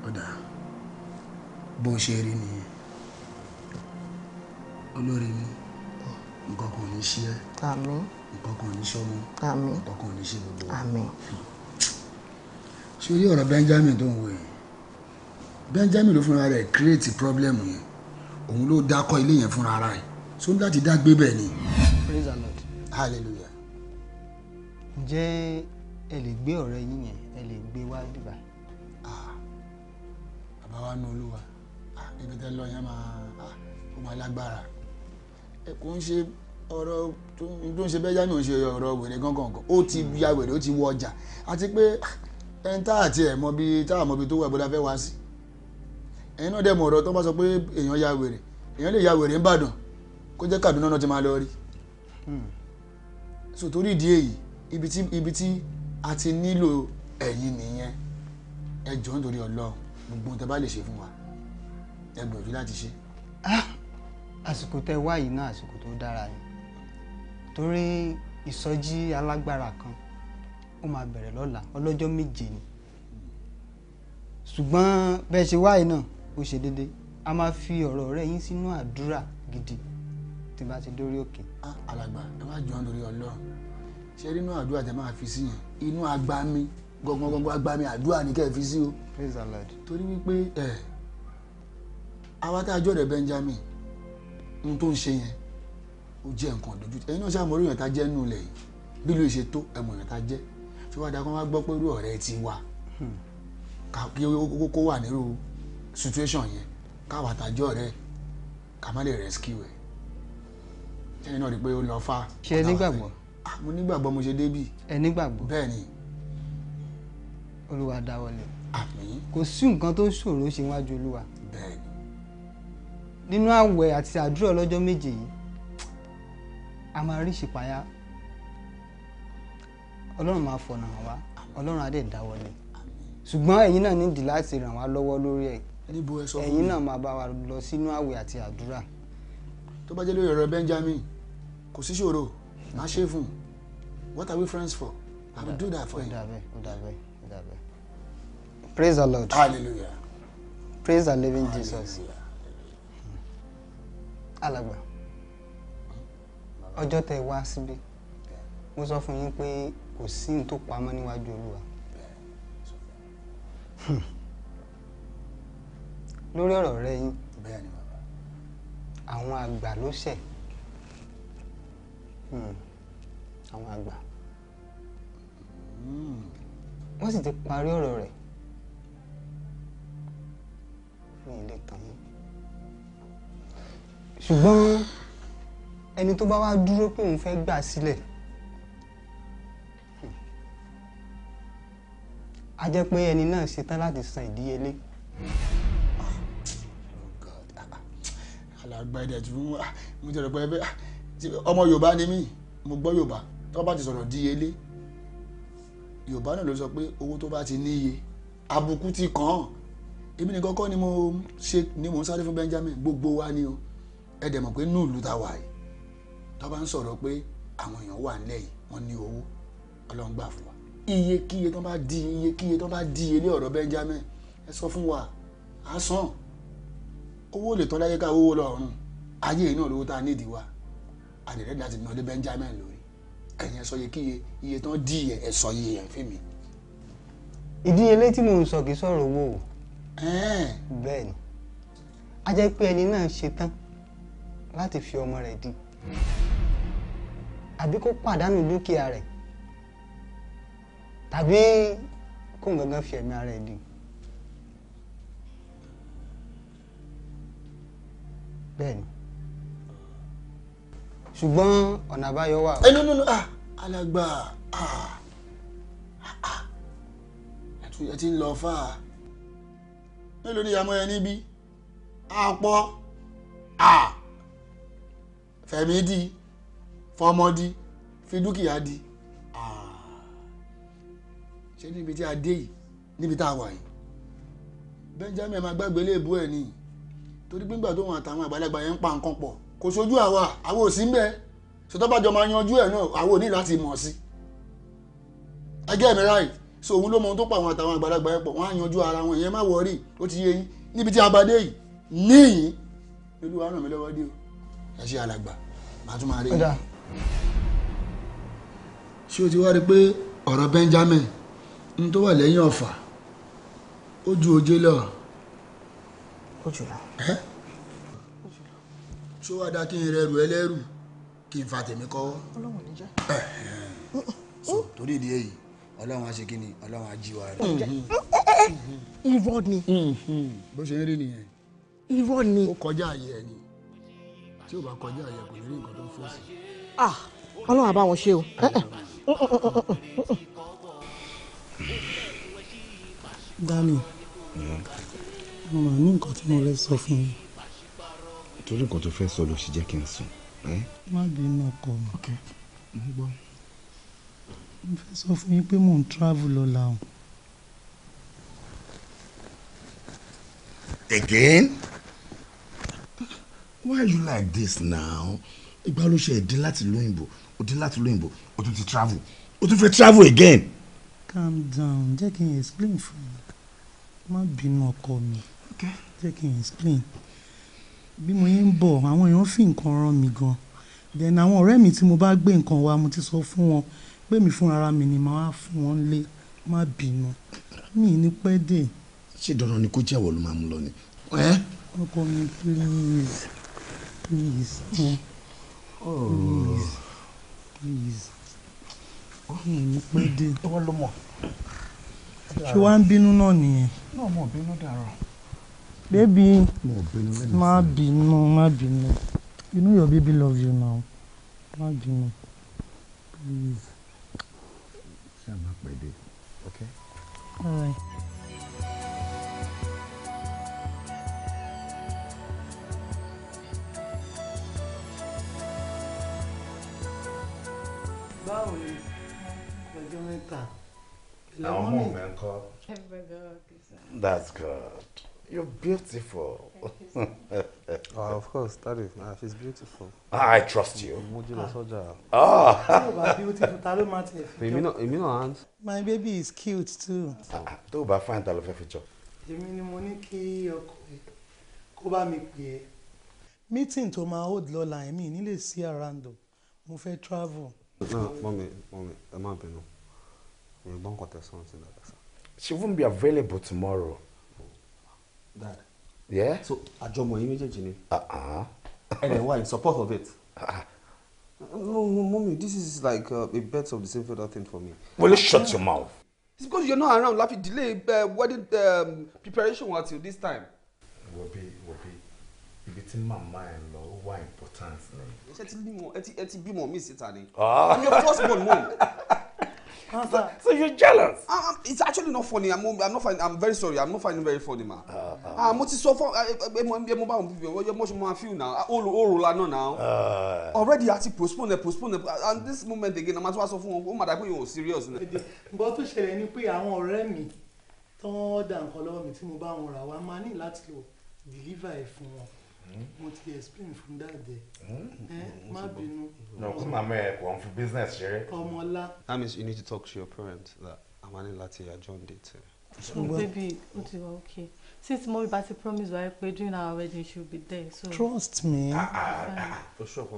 D: ó dáa bó ṣe rí nìyẹn olórí mi nǹkan kan ò ní ṣe ẹ́ àmín nǹkan kan ò ní ṣe ọmọ àmín nǹkan kan ò ní ṣe gbogbo àmín.
B: sórí ọ̀rọ̀ Benjamin tó ń wò yìí Benjamin ló fúnra rẹ̀ create problem yẹn òun ló dákọ́ ilé yẹn fúnra rẹ̀ so ní láti dá gbé bẹ́ẹ̀ ni.
D: praise the lord. hallelujah. ǹjẹ́ ẹ lè gbé ọ̀rẹ́ yín yẹn ẹ lè gbé wá bíbá. bàbá nu olúwa ibi tẹ́ lọ yẹn máa ó máa kò ń ṣe
B: ọ̀rọ̀ tó ń ṣe bẹ́ẹ̀ jámi ò ń ṣe ọ̀rọ̀ wèrè gangan kan ó ti ya wèrè ó ti wọ ọjà àti pé ẹni tá àti ẹ̀ mọ bí tá àmọ́ bí tó wà bọ́dá fẹ́ wá sí ẹ̀yin náà dẹ̀ mọ̀ ọ̀rọ̀ tó bá sọ pé èèyàn ya wèrè èèyàn lè ya wèrè ń bàdàn kó jẹ́ Kaduna náà ti máa lọ rí hmm. so torí ìdí èyí ibi tí ibi tí a ti nílò
D: ẹ̀yin nìyẹn ẹ jọ̀ọ́ nítorí Ọlọ́run gbogbo ohun tẹ́ bá lè ṣe fún wa ẹ gbìyànjú láti ṣe. Ah! àsìkò tẹ wá yìí náà àsìkò tó dára ni torí ìsọjí alágbára kan ó máa bẹ̀rẹ̀ lọ́la ọlọ́jọ́ méje ni ṣùgbọ́n bẹ́ẹ̀ ṣe wáyé náà ó ṣe déédéé a máa fi ọ̀rọ̀ rẹ yín sínú àdúrà gidi tí bá ti dórí òkè. alàgbà
B: ẹ má jọ lórí Ọlọ́run ṣé nínú àdúrà tẹ máa fi sí
D: yẹn inú agbá
B: mi gbọngbọn gbọngbọn agbá mi àdúrà ni kẹ́ ẹ fi sí o. praise the lord. torí wípé ẹ àwa tá Benjamin ohun tó ń ṣe yẹn ó jẹ́ nǹkan dojú ẹ̀yin náà ṣàmọ́ orí èèyàn tá jẹ́ nù lẹ̀ yìí bí ló ṣe tó ẹ̀mọ̀ èèyàn tá jẹ́ ṣé wàá dáa kó wá gbọ́ pé irú ọ̀rẹ́ ti wà kí kókó wà nírú situation yẹn káwa tàjọ́ rẹ̀ ká má lè rescue ẹ̀ ẹ̀yin náà rí
D: i pé ó lọ fà. ṣe ẹ nígbàgbọ́. Ah, mo nígbàgbọ́ mo ṣe débì. ẹ nígbàgbọ́. bẹ́ẹ̀ ni. olúwa dáwọ́lé. àmín. kò sí nǹkan tó ṣòro ṣe wájú olúwa. bẹ́ẹ̀ nínú àwẹ̀ àti àdúrà ọlọ́jọ́ méje yìí a máa rí ìṣípayá ọlọ́run máa fọ̀nà hàn wá ọlọ́run á dẹ̀ dáwọ́lé ṣùgbọ́n ẹ̀yin náà nídìí láti ràn wá lọ́wọ́ lórí ẹ̀ ẹ̀yin náà máa bá wa lọ sínú àwẹ̀ àti àdúrà. tó bá jẹ́ lórí ọ̀rọ̀ Benjamin kò sí ṣòro má ṣe fún what are we friends for I will do that for you. praise the Lord hallelujah praise the living Jesus. Hallelujah alàgbà ọjọ́ tẹ wá síbi mo sọ fún yín pé kò sí ní tó pamọ́ níwájú olúwa lórí ọ̀rọ̀ rẹ yín àwọn àgbà ló ṣẹ̀ hmm, àwọn àgbà wọ́n sì ti parí ọ̀rọ̀ rẹ̀ mi ì lè tàn yín ṣùgbọ́n ẹni tó bá wá dúró pé òun fẹ́ gbà sílẹ̀ a jẹ́ pé ẹni náà ṣetán láti san ìdíyelé.
B: alàgbà ẹ̀dẹ̀ tí mo ti rẹ̀ pé ọmọ yorùbá ni mí mo gbọ́ yorùbá tó bá ti sọ̀rọ̀ díyelé yorùbá náà ló sọ pé owó tó bá ti níye àbùkù kàn án èmi nìkan kọ́ ni mo ṣe ni mo ń sáré fún benjamin gbogbo wa ni o ẹ dẹ̀ mọ̀ pé nínú ìlú ta wà yìí tó bá ń sọ̀rọ̀ pé àwọn èèyàn wà nílẹ̀ yìí wọ́n ní owó ọlọ́run fún wa iyekíye tó bá di iyekíye tó bá di ilé ọ̀rọ̀ Benjamin ẹ sọ fún wa á sàn owó lè tán láyé ká owó lọ́rùn ayé náà lówó tá a nídìí wa àdìrẹ́ láti nà lé Benjamin lórí ẹ̀yin ẹ sọ iyekíye iye tán di ẹ̀ ẹ̀ sọ iye ẹ̀ fún mi.
D: ìdíyelé tí mò ń sọ kì í sọ̀rọ̀ owó o. a jẹ́ pé ẹni náà ṣe láti fi ọmọ rẹ̀ di àbí kó pàdánù dúkìá rẹ̀ tàbí kó gangan fi ẹ̀mí ara ẹ̀ di. bẹ́ẹ̀ni ṣùgbọ́n ọ̀nà àbáyọ wà. ẹ nínú nínú alàgbà ah. Ah, ah. ẹ ti ń lọ fà á
B: mélòó ni ìyàmọ́ yẹn níbí àpọ̀ à. Ah fẹ̀mí di fọmọ di fi dúkìá di ṣé níbi tí a dé yìí níbi tá a wà yìí Benjamin máa gbàgbé léèbú ẹ̀ ni torí pé ńgbà tó wọn àtàwọn àgbàlagbà yẹn ń pa nǹkan pọ̀ kò sójú àwa àwọn òsì ń bẹ sọtọ́bàjọ máa yanjú ẹ̀ náà àwọn ní láti mọ̀ sí ẹgẹ́ mi ráì so òun ló mọ ohun tó pa àwọn àtàwọn àgbàlagbà yẹn pọ̀ wọ́n á yanjú ara wọn ìyẹn má wọrí ó ti yé yín níbi tí a bá dé yìí níyìn lórí wa ràn mí lọ́wọ́ dé o
D: ẹ ṣe alàgbà màá tún máa rí i.
B: ṣé o ti wá rí i pé ọ̀rọ̀ Benjamin n tó wà lẹ́yìn ọ̀fà ó ju oje lọ. ó jù lọ. ṣé wàá dá kí n rẹrù ẹlẹ́rù kí n fa
D: tèmi kọ́wọ́. ọlọ́run ní jẹ́. torí ìdí èyí ọlọ́run á ṣe kí ni ọlọ́run á jí wa rẹ̀.
B: irọ́ ni. bó ṣe ń rí nìyẹn. irọ́ ni. ó kọjá àyè ẹ̀ ni tí ò bá kọjá àyẹ̀ kò ní rí nǹkan tó ń fò sí. ọlọ́run àbá wọn ṣe o. dani
C: mo mà ní nǹkan tí mo
B: lè sọ fún yín. torí nǹkan tó fẹ́ sọ ló ṣe jẹ́ kí n sùn. má bínú ọkọ mi. mo gbọ́. mo fẹ́ sọ fún yín pé mò ń travel lọ
D: làwọn.
F: again
B: why are you like this now ìgbà ló ṣe èdè láti lóyìnbó òdè láti lóyìnbó ó tún ti travel ó tún fẹ́ travel again. calm down jẹ́ kí n explain fún mi má bínú ọkọ mi jẹ́ kí n explain bí mo yẹn ń bọ̀ àwọn èèyàn fi nǹkan ràn mí gan then àwọn ọ̀rẹ́ mi tí mo bá gbé nǹkan wá mo ti sọ fún wọn pé mi fúnra mi ni màá fún wọn lé má
D: bínú mi ní pẹ́ dé.
B: ṣé dandan ni kó jẹ́wọ́ ló máa mú lọ ni.
D: ọkọ mi please. Please. Oh. Please.
B: Please. Ní pé dé. Owó ló mọ̀.
D: Ṣé wàá ń
F: bínú náà nìyẹn?
D: Náà mo bínú dàrọ̀.
F: Bébí.
B: Mo bínú lẹ́nu. Má
D: bínú, má bínú. You know your baby love you now. Má bínú. Please.
C: Ṣé àmà pẹ̀lẹ́? Okay. All right.
D: báwo ni ọjọ́ mẹ́ta.
C: àwọn ọmọ mi ń
B: that's good
D: you're beautiful. You, oh, of course daddy uh, she's beautiful. I trust you. Ah. lọ ah. beautiful
F: ta my baby is cute too.
B: Ah, tó ba bá fine ta ló fẹ́ fi jọ.
F: èmi ni mo ní kí ọkọ mi pè é. meeting tó máa hold lọ́la ni le sí around mo fe travel.
D: No, mommy, mommy, I'm not being. You don't got something like that.
B: She won't be available tomorrow. Dad. Yeah. So àjọmọ yìí méjèèjì ni. Uh-uh. And then why in support of it? Uh-uh. No, no, mommy, this is like uh, a bet of the same feather thing for me. Will you shut your mouth? It's because you're not around. Lafi delay uh, wedding um, preparation until this time. Wobi, Wobi, ibi tí màmá ẹ̀ lọ wà ìpò chance ah. so, you're jealous. Uh, it's actually not funny i'm i'm not finding i'm very sorry i'm not finding very funny ma. mo ti sọ so eh, eh, eh, far. mo bá wọn bíbí ẹ mo ṣe máa feel na oru la náà na. already a ti postpone postpone and this moment again àmà tí wàá sọ fún wọn ó mà dá pé serious. But tó ṣẹlẹ̀ ni pé
F: àwọn ọ̀rẹ́ mi tán ọ̀dà nǹkan lọ́wọ́ mi tí mo bá wọn rà deliver ẹ̀ fún Mm-hmm. mo ti explain fún dáadé
B: mm-hmm. ẹ má mm-hmm. bínú.
C: no kó màmá ẹ wọ́n fi
D: business ṣeré. ọmọlá. that means you need to talk to your parents that amani láti adjourn date. So baby
G: o ti wa okay since mommy bá ti promise wife pé during our wedding she will be there so. trust
B: me. Ah, ah, ah, o sure
D: pa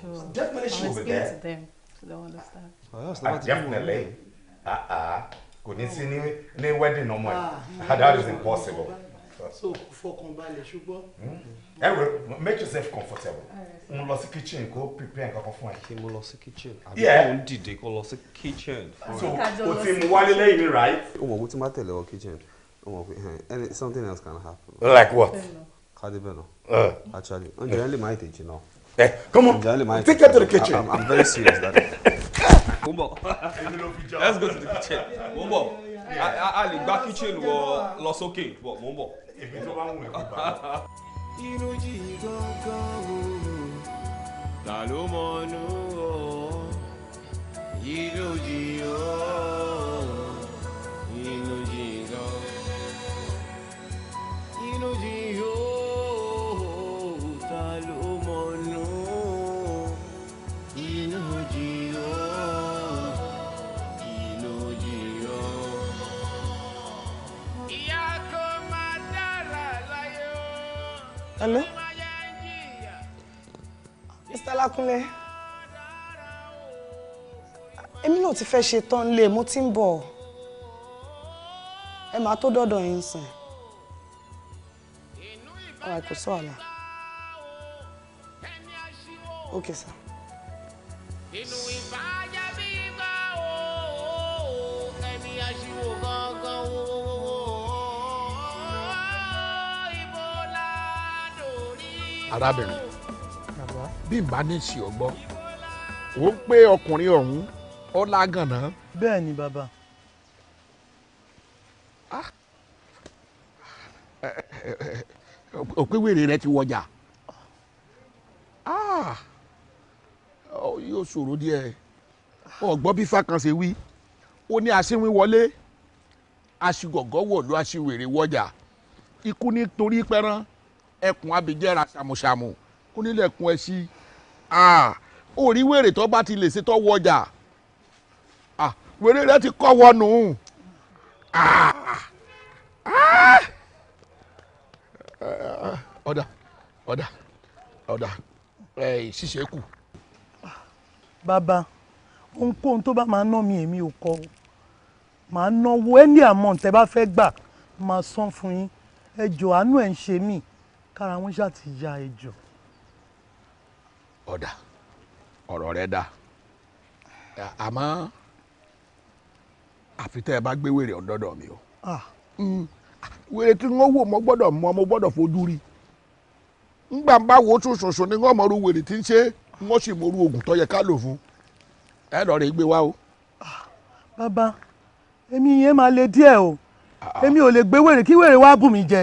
D: sure
B: definitely she will be there. i will explain
G: to them so they will understand.
B: Oh, uh, definitely kò ní sí ní ní wedding ọmọ yìí that is impossible. so kò fọkàn balẹ̀ ṣùgbọ́n. Hmm? ẹ wẹ make yourself comfortable n lọ sí kitchen kó prepare nǹkan kan fún ẹ. ṣé mo lọ sí kitchen àbí kò ń dìde kó lọ
G: sí kitchen. so o ti mu wálé lẹ́yìn mi right.
D: o mọ̀ mo ti máa tẹ̀lé ọ kitchen o mọ̀ pé eh, something else can happen. like what.
B: kade bẹ́ẹ̀ náà. Uh. actually oúnjẹ yẹn lè máa tèjì náà. ẹ eh, come on take her to the kitchen. I'm, I'm very serious that day. mo bọ̀ let's go to the kitchen mo ń bọ̀ a lè gba kitchen wọ lọ sókè mo ń bọ̀. èmi tó bá ń wù ẹ́ kó bá a
I: inú jì gángan o ta ló mọ̀nú ọ̀ yìí ló jì
H: Hello? Mr. Lakunle.
B: Èmi náà ti fẹ́ ṣe tán lé mo ti ń bọ̀. Ẹ máa tó dọ́dọ̀ yín sìn.
D: Ọ̀rọ̀ kò sọ àlà. Okay sir.
H: Inú ìbá.
B: arábìnrin bí n bá ní sí ọ gbọ́ ó pé ọkùnrin ọ̀hún ó lágànná. bẹ́ẹ̀ ni bàbá. Ah. Eh, eh, eh, òpéwèrè rẹ ti wọjà ah. yóò ṣòro díẹ̀ ọ̀gbọ́n bí fákànṣe wí ó ní aṣíwín wọlé aṣigọ̀gọ́ wọ̀lú aṣiwèrè wọjà ikú nítorí pẹ́ràn ẹkùn abìjẹra ṣàmùṣàmù kó nílẹ̀ kún ẹ sí orí wèrè tó bá ti lè ṣe tó wọjà wèrè rẹ ti kọ́ wọnù. ọ̀dà ọ̀dà ọ̀dà ṣíṣe kù.
F: bàbá ohunkóhun tó bá máa ná mi èmi ò kọ o màá náwó any amount ẹ bá fẹ́ gbà màá san fún yín ẹ jọ àánú ẹ̀ ń ṣe mí kára wọn ṣáà ti ya ejò.
B: ọ̀dà ọ̀rọ̀ rẹ dá àmọ́ àfi tẹ́ ẹ bá gbé wèrè ọ̀dọ́dọ̀ mi o hmm. wèrè tí wọ́n wò mọ́ gbọ́dọ̀ mọ́ mo gbọ́dọ̀ fojú rí ngbà ń bá wo tún ṣoṣo ni wọ́n mọ̀rú wèrè tí ń ṣe wọ́n sì mọ̀rú oògùn tó yẹ ká lò fún ẹ lọ́ọ́ rẹ̀ gbé wá o. bàbá èmi yẹn máa le díẹ̀ o ah, ah. èmi ò lè gbé wèrè kí wèrè wá bù mí jẹ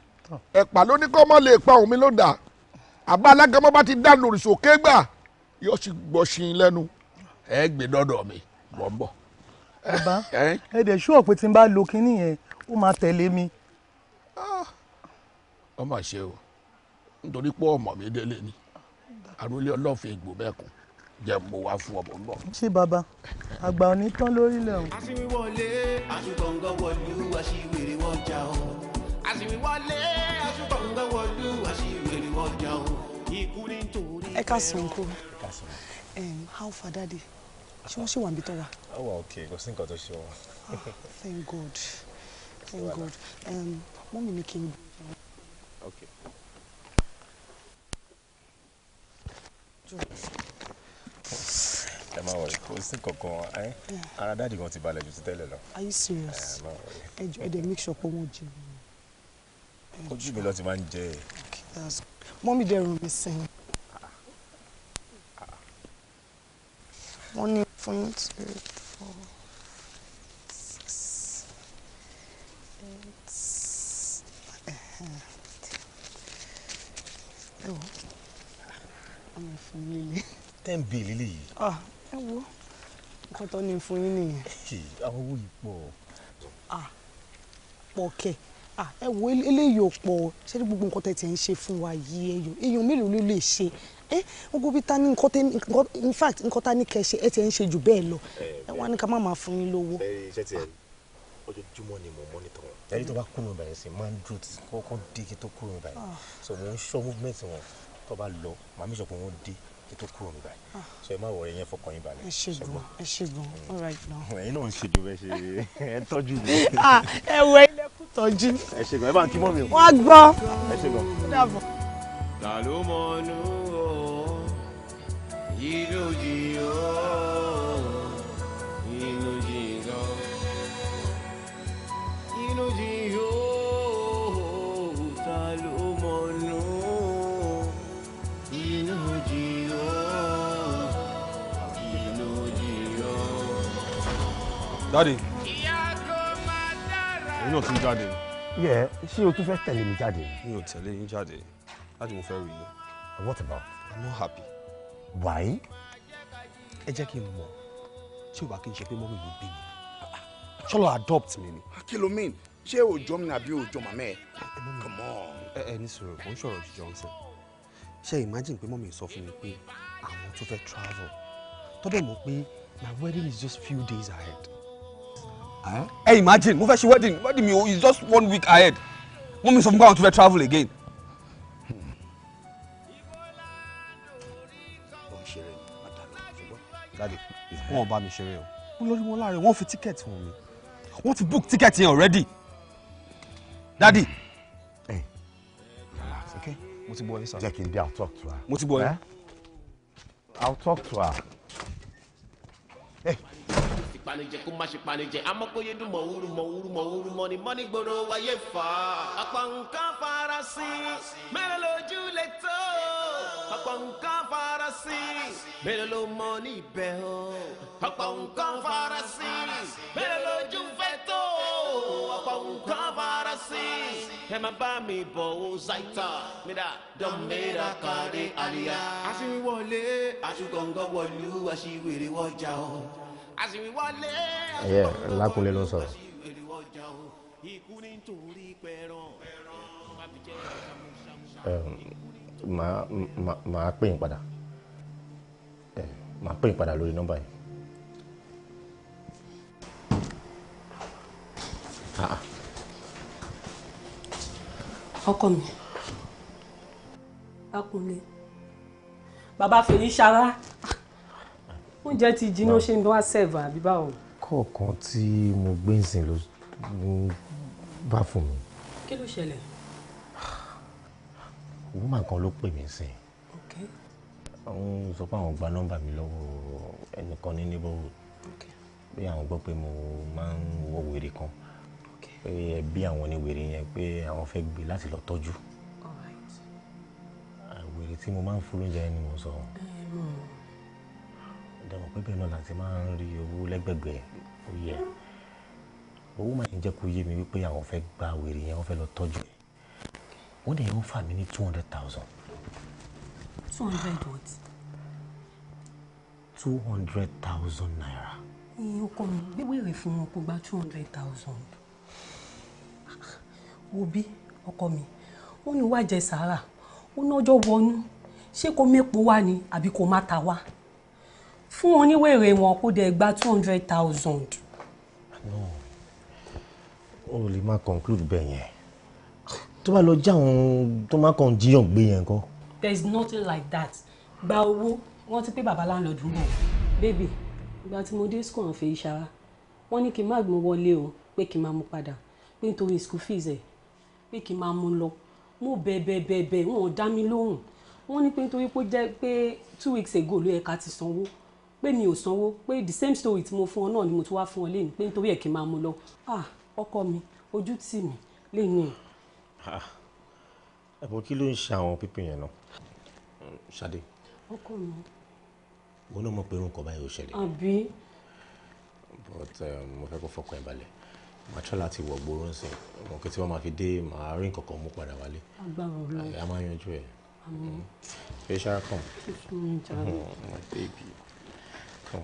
B: ẹ̀pà ló ní kọ́ mọ́ lè pa òun mi ló dà àbá alágàmọ́ bá ti dá lórí gbà yóò sì gbọ̀sìn lẹ́nu ẹ gbé dọ́dọ̀ mi mọ̀ ń bọ̀.
F: bàbá ẹ dẹ̀ ṣú ọ̀pẹ tí n bá lo kinní yẹn ó máa tẹ̀lé mi. Ah!
B: ó mà ṣe o nítorí pé ọmọ mi délé ni àròlé ọlọ́ọ̀fẹ́ ìgbò mẹ́kùn
A: jẹ́ mo wá fún ọmọ
F: ń ṣé bàbá àgbà ò ní tán lórílẹ̀ o.
A: aṣíwíwọlé aṣùgbọ̀ngàn wọ̀lú aṣíwèrè wọ́n já o àṣìwíwọlé àṣùgbọ̀ngbẹ̀wọlú àṣìwèrèwọjà o ikú ní
B: torí. ẹ ká sùn kú how far daddy ṣé wọ́n ṣì wà níbi tó wà.
A: ó wà òkè kò sí nǹkan tó ṣe wọn. Ah,
D: thank god thank god mọ́mí mi kì í.
C: Okay.
B: ẹ má wọlé kò sí kankan ẹ eh? ara dáàdì kan ti balẹ̀ ju ti tẹ́lẹ̀ lọ. are you serious? Eh, ẹ jọ ẹ dẹ̀ make sure pé wọ́n jẹun ojú mi lọ ti máa ń jẹ ẹ. mọ́mí dẹ̀rùn mi sẹ́yìn. wọ́n ní fún yín two four six
C: eight
B: ẹ wò ọmọ ìfún líle. ten bill líle yìí.
D: ẹ wo nǹkan tó ní fún yín
B: nìyẹn. àwọn owó yìí pọ̀. Ah,
D: pọ̀ kẹ̀. Ah, ẹ wo eléyìí ò pọ̀ ṣé gbogbo
B: nǹkan tẹ̀ tí ń ṣe fún wa yìí ẹyọ èèyàn mélòó ló lè ṣe ẹ gbogbo bí ta ni nǹkan tẹ in fact nǹkan ta ni kẹ ṣe ẹ tẹ̀ ń ṣe jù bẹ́ẹ̀ lọ ẹ wá ní ká má máa fún yín lówó. ojoojúmọ́ ni mo mọ́nítọ̀ wọn ẹni tó bá kúrò bẹ̀rẹ̀ sí máa ń dúró kọ́kọ́ dé kí tó kúrò bẹ̀rẹ̀ ah. so mo ń ṣọ́ movement wọn tó bá lọ màmí sọ pé dé kó tó kúrò nígbà yìí so ẹ má wọ ẹyẹn fọkàn yín balẹ̀. ẹ ṣe gan
D: ẹ ṣe gan mm. all right now.
B: ẹ̀yin náà ń ṣe ju bẹ ṣe ẹ
I: ń tọ́jú mi. Ah,
B: ẹ wọ ilé kú
I: ẹ ṣe gan ẹ bá ń kí mọ́ mi o. wọ́n á ẹ ṣe gan. dàbọ̀. ta ló mọ̀ nù ọ́ yìí ló jì ọ́. dáde èyí náà tún jáde.
B: yẹ ṣé o tún fẹ́ tẹ̀lé mi jáde. mi ò tẹ̀lé yín jáde láti mo fẹ́ rí yín. what about. i'm not happy. why. ẹ jẹ́ kí n mọ̀ tí o bá kí n ṣe pé mọ́mí mi bí mi ṣọlọ
D: adopt mi ni.
B: kí ló mean ṣé òòjọ́ mi àbí òòjọ́ màmá
D: ẹ̀ come on. ẹ ẹ ní sọ̀rọ̀ kò ń sọ̀rọ̀ jíjọ ń sìn ṣe imagine pé mọ́mí sọ fún mi pé àwọn tó fẹ́
B: travel tọ́bẹ̀ mọ̀ pé my wedding is just few days ahead ẹ eh, imagine mo fẹ́ ṣe wedding wedding mi is just one week ahead wọ́n mi sọ fún mi pé àwọn tó fẹ́ travel again. wọn ò bá mi ṣeré o wọn lórí wọn láàrin wọn fi tíkẹ́ẹ̀tì wọn mi wọn ti book ticket yẹn already dadi. ẹ eh, okay. mo ti bọ yín sá. jẹ́ kí n dé i'll talk to her. mo ti bọ yín. Eh? i'll talk to
C: her.
A: Hey panijẹ kó má ṣe panijẹ amakoye dun mọwúru mọwúru mọwúru mọni mọni gbòòrò wáyé fà á. ọ̀pọ̀ nǹkan farasin mẹ́rin lójú lè tó ọ̀pọ̀ nǹkan farasin mẹ́rin ló mọ níbẹ̀ o ọ̀pọ̀ nǹkan farasin mẹ́rin lójú fẹ́ tó ọ̀pọ̀ nǹkan farasin bá mi bọ̀ o zaita mira dọ̀mẹ́ra kárí àríyá. aṣíwọlé aṣùgbọ̀ngàn wọ̀lú aṣíwèrè wọ́jà o ẹyẹ
D: lákúnlé ló ń sọ̀rọ̀.
B: màá pè yín padà màá pè yín padà lórí nọ́mbà yìí.
G: ọkọ mi lákúnlé bàbá fèyí ṣara oúnjẹ ti jiná ṣe ń bá wá sẹ́ẹ̀fù àbí báwo.
B: kọ̀ọ̀kan tí mo gbé ìsìn ló bá fún mi. kí ló ṣẹlẹ̀. woman kan ló pè mí sìn. àwọn sọ pé àwọn gba nọ́mbà mi lọ́wọ́ ẹnìkan ní neighborhood pé àwọn gbọ́ pé mo máa ń wọ wèrè kan pé ẹbí àwọn ni wèrè yẹn pé àwọn fẹ́ gbé láti lọ tọ́jú wèrè tí mo máa ń fún lóúnjẹ ni mo sọ.
C: ẹ mọ̀
B: dẹ̀mọ̀ pé bẹ́ẹ̀ náà láti máa ń rí owó lẹ́gbẹ̀gbẹ̀ ó yẹ owó máa ń jẹ́ kó yé mi wípé àwọn fẹ́ gba wèrè yẹn wọ́n fẹ́ lọ tọ́jú ẹ̀ wọ́n dẹ̀ ń fà mí ní two hundred thousand.
G: two hundred what.
B: two hundred thousand naira.
G: ìyẹn ọkọ mi gbéwé rẹ fún wọn kó gba two hundred thousand. wo bí ọkọ mi wọ́n ní wàá jẹ sàárà wọ́n náà wọnú ṣé kó mẹ́po wá ni àbí kó má ta wá fún oníwèrè wọn kó dẹ̀ gba two hundred thousand.
B: o lè máa conclude bẹ́ẹ̀ yẹn tó bá lọ já àwọn tó máa kàn jíyàn gbé yẹn kọ́.
G: there is nothing like that gba owó wọn ti pé bàbá láńlọ́ọ̀dù ń bọ̀ bébì ìgbà tí mo dé school ọ̀hún fèyí ṣara wọ́n ní kí n má gbọ́n wọlé o pé kí n máa mú padà pé nítorí school fees ẹ̀ pé kí n máa mú lọ mo bẹ̀ bẹ̀ bẹ̀ bẹ̀ wọn ò dá mi lóhùn wọ́n ní pé nítorí pé two weeks ago ló yẹ ká ti sanwó pé mi ò sanwó pé the same story tí mo fún ọ náà ni mo tún wá fún ọ lẹ́yìn pé nítorí ẹ̀ kí n máa mú lọ ah ọkọ mi ojú tì mí lẹ́yìn.
A: Ah,
B: ẹ̀bùn kí ló ń ṣe àwọn pípín yẹn náà ṣadé. ọkọ mi. òun náà mọ̀ pé irun kan báyìí ò ṣẹlẹ̀. àbí. but um, mo fẹ́ kó fọkàn ẹ̀ balẹ̀ màá tọ́ láti wọ̀ gbòòrò ń sìn òkè tí wọ́n máa fi dé màá rí nǹkan kan mú padà wálé. agbára Ọlọ́run. àyà máa yanjú ẹ̀. àmín. facial com. Mm, my baby. Oh.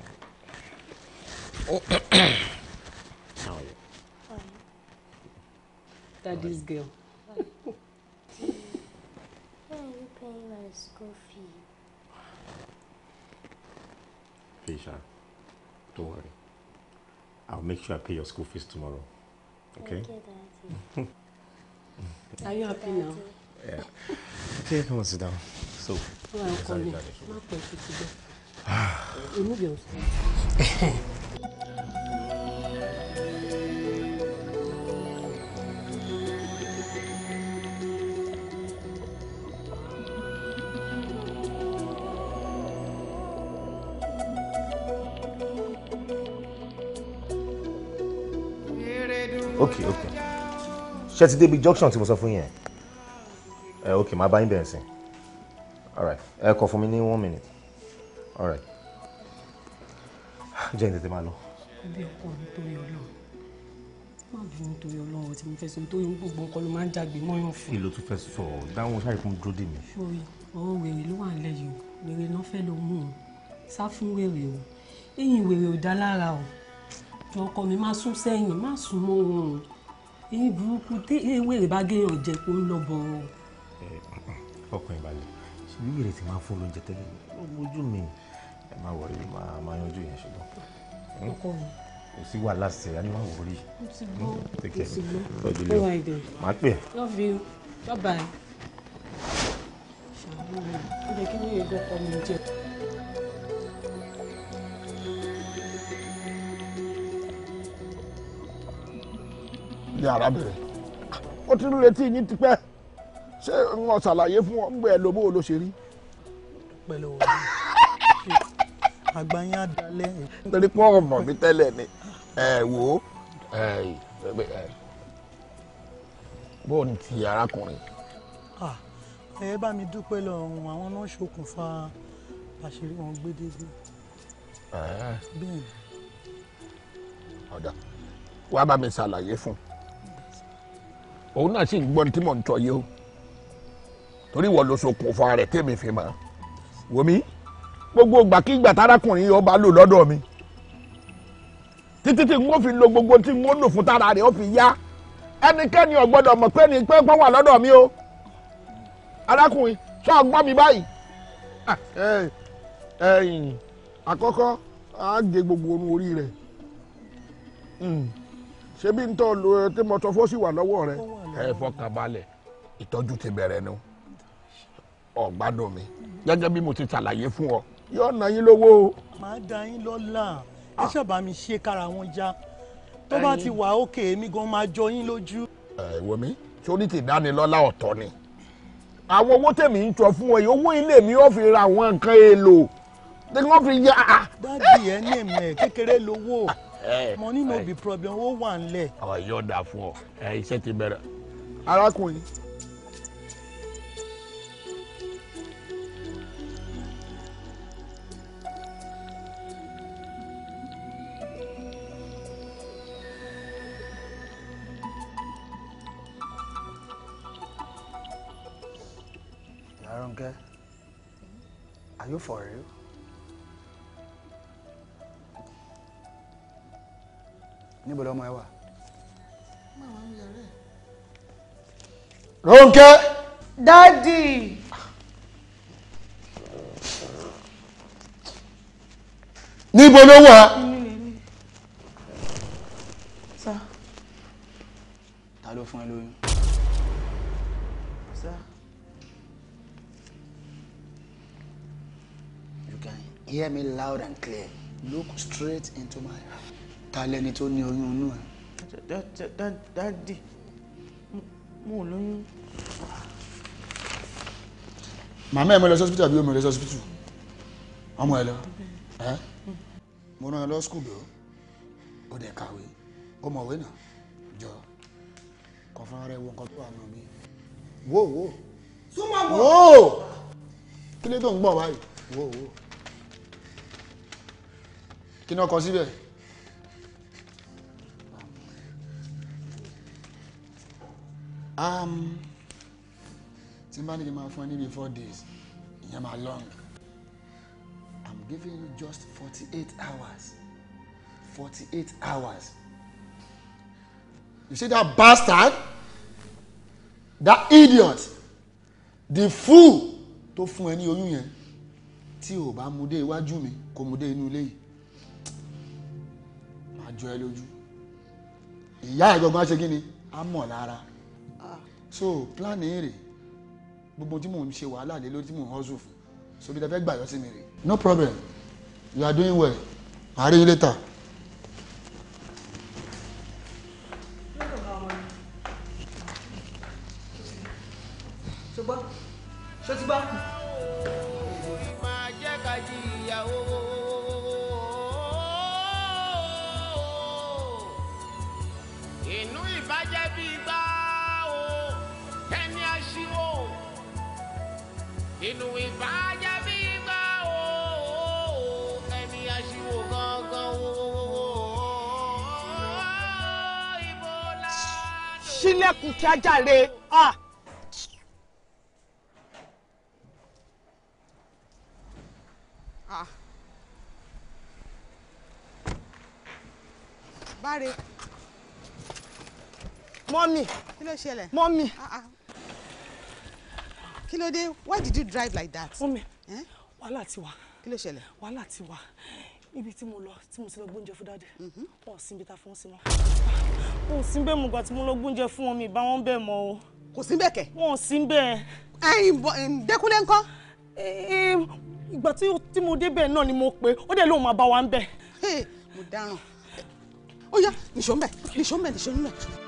C: How are you? Fine.
G: Daddy's girl.
C: Why are you paying my school fee?
B: Fisha, don't worry. I'll make sure I pay your school fees tomorrow.
C: Okay? You, are you happy now? Yeah.
I: Okay, come on, sit down. So, well, sorry, Daddy.
G: Remove yours.
B: okay okay ṣe ti débi junction tí mo sọ fún yín ẹ ok máa bá yín bẹ̀rẹ̀ sí all right ẹ kọ fún mi ní one minute all right jẹ́ ìtẹ̀tẹ̀ máa lọ.
G: ẹbí ọkọ mi torí Ọlọ́run má bínú torí Ọlọ́run tí mo fẹ́ sọ nítorí gbogbo nǹkan ló máa ń jágbe mọ́yàn fún. kí ló tún fẹ́ sọ
B: dáhùn sáré fún dúró dè mí.
G: sori ọwọ́ wèrè ló wà nílẹ̀ yìí o wèrè náà fẹ́ ló mú un sá fún wèrè o eyín wèrè ò dá lára o jọ ọkọ mi má sún sẹ́yìn má sún mọ́ òun eyín burúkú tí wèrè bá géèyàn jẹ kó ń lọ bọ̀
B: ọ. ọkùnrin balẹ̀ ṣe má wọrí máa máa yanjú yẹn ṣùgbọ́n. Hmm? ọkọ mi. kò sí wàhálà sí ẹ ní má wọrí. mo ti gbọ́
G: mo hmm? ti gbọ́ tọ́jú lé o máa pè é. love you
C: ní arábìnrin
B: ó ti ń retí yín tipẹ́ ṣé ń ṣàlàyé fún ọ ń gbé ẹ lóbó ló pẹ̀lú òun àgbà yẹn á nítorí pé ọ̀rọ̀ mọ̀ mi tẹ́lẹ̀ ni ẹ wò ó bóò ni ti arákùnrin.
F: ẹ bá mi dúpẹ́ lọ́rùn àwọn náà ṣokùnfà àṣírí wọn gbé dé sí.
B: bẹ́ẹ̀ ni. ọ̀dà wàá bá mi ṣàlàyé fún òun náà sì ń gbọ́n tí mò ń tọ́ yé o torí wọ́n ló ṣokùnfà rẹ̀ tẹ́mi fi mọ́ wọ́n mi gbogbo ìgbàkigbà tárakùnrin yóò bá lò lọ́dọ̀ mi títí tí n ó fi lo gbogbo tí n ó lò fún tára rẹ̀ ó fi yá ẹnikẹ́ni ò mọ̀ pé ní pẹ́ẹ́pẹ́ wà lọ́dọ̀ mi o arákùnrin sọ ọgbọ́n mi báyìí ẹ̀yìn ah, eh, eh, àkọ́kọ́ á gé gbogbo orun orí rẹ̀ hmm. ṣé bí tọ́ lo eh, tí mo tọ́ fọ́sì wà lọ́wọ́ rẹ̀ ẹ fọkànbalẹ̀ ìtọ́jú ti bẹ̀rẹ̀ nu ọ̀gbádùn mi gẹ́gẹ́ bí mo ti ṣàlàyé fún ọ yóò ná yín lówó o. màá da yín lọ́lá ẹ ah. ṣàbà mi ṣe kára wọn já tó bá ti wà òkè èmi gan máa jọ yín lójú. ẹ wo mi sórí ti dánilọ́lá ọ̀tọ̀ ni àwọn owó tèmi ń sọ fún wọn yìí owó ilé mi ó fi ra àwọn nǹkan èlò tí wọ́n fi yá. dáàdi ẹ ní ìmọ̀ kékeré lówó ah, money no be problem owó wà ń lẹ̀. ọ̀yọ́ dà fún ọ iṣẹ́ ti bẹ̀rẹ̀. arákùnrin
D: Ronke, are you for real? Níbo lọ́mọ ẹ wà? Màmá mi ọ̀rẹ́. Ronke.
B: Daddy. Níbo ló wà?
D: Ta ló fún ẹ lóyún? hear me loud
B: and clear look straight into my eyes
D: ta lẹni tó ní oyún inú ẹ.
B: dadi mo lóyún. màmá ẹ̀ mo lọ sí hospital àbí mo lọ sí hospital ọmọ ẹ lọ
D: ẹ mo rán ẹ lọ skul bẹ́ẹ̀ ó dẹ̀ kàwé ó mọ̀wé náà jọ kọ fún ara ẹ wo nǹkan tó wà náà mi wò wò wò kí ló tó ń gbọ́ báyìí wò wò
B: kí ni ọkọ síbẹ̀. Um, tí n bá ní kí n máa fún ẹ ní bíi days ìyẹn máa long i'm giving you just forty eight hours forty eight hours you see that bastard that idiot the fool tó fún ẹ ní oyún yẹn tí o bá mú dé iwájú mi kò mú dé inú ilé yìí jọ ẹ lójú ìyá ẹ ṣe kí á mọ̀ lára so plan èrè gbogbo tí mò ń ṣe wàhálà lé lórí tí mò ń hustle fún so bí dafẹ́ gbàyọ́ sí mi rè no problem you are doing well màá rí yín later.
D: ṣùgbọ́n
H: ṣé ti bá kù. bàjẹ́ bí gbá o ẹni aṣíwò inú ìbàjẹ́ bí gbá o ẹni aṣíwò gangan o.
B: sílẹ̀kùn kí ajáre. Ah. Báre mọ́mì kí ló ṣẹlẹ̀ mọ́mì. Ah, ah. kí ló why did you drive like that. mọ́mì eh? wàhálà ti wà. kí ló wàhálà ti wà ibi tí mo lọ tí mo ti lọ gbóúnjẹ fún dáadé mm-hmm. wọn ò sí ibi tá a sí mọ́ wọn ò sí bẹ́ẹ̀ mo gbà tí mo lọ gbóúnjẹ fún wọn mi ìbá wọn bẹ́ẹ̀ mọ́ o. kò sí bẹ́ẹ̀ kẹ̀. wọn ò sí bẹ́ẹ̀. ẹyin eh, dẹkúnlé ńkọ́. Eh, ìgbà tí mo débẹ̀ náà ni mo pè ó dẹ̀ lóun máa bá wa ń bẹ̀. mo dáràn ó yá nìṣó ń bẹ̀ nìṣó ń bẹ̀ nìṣó
H: ń bẹ̀.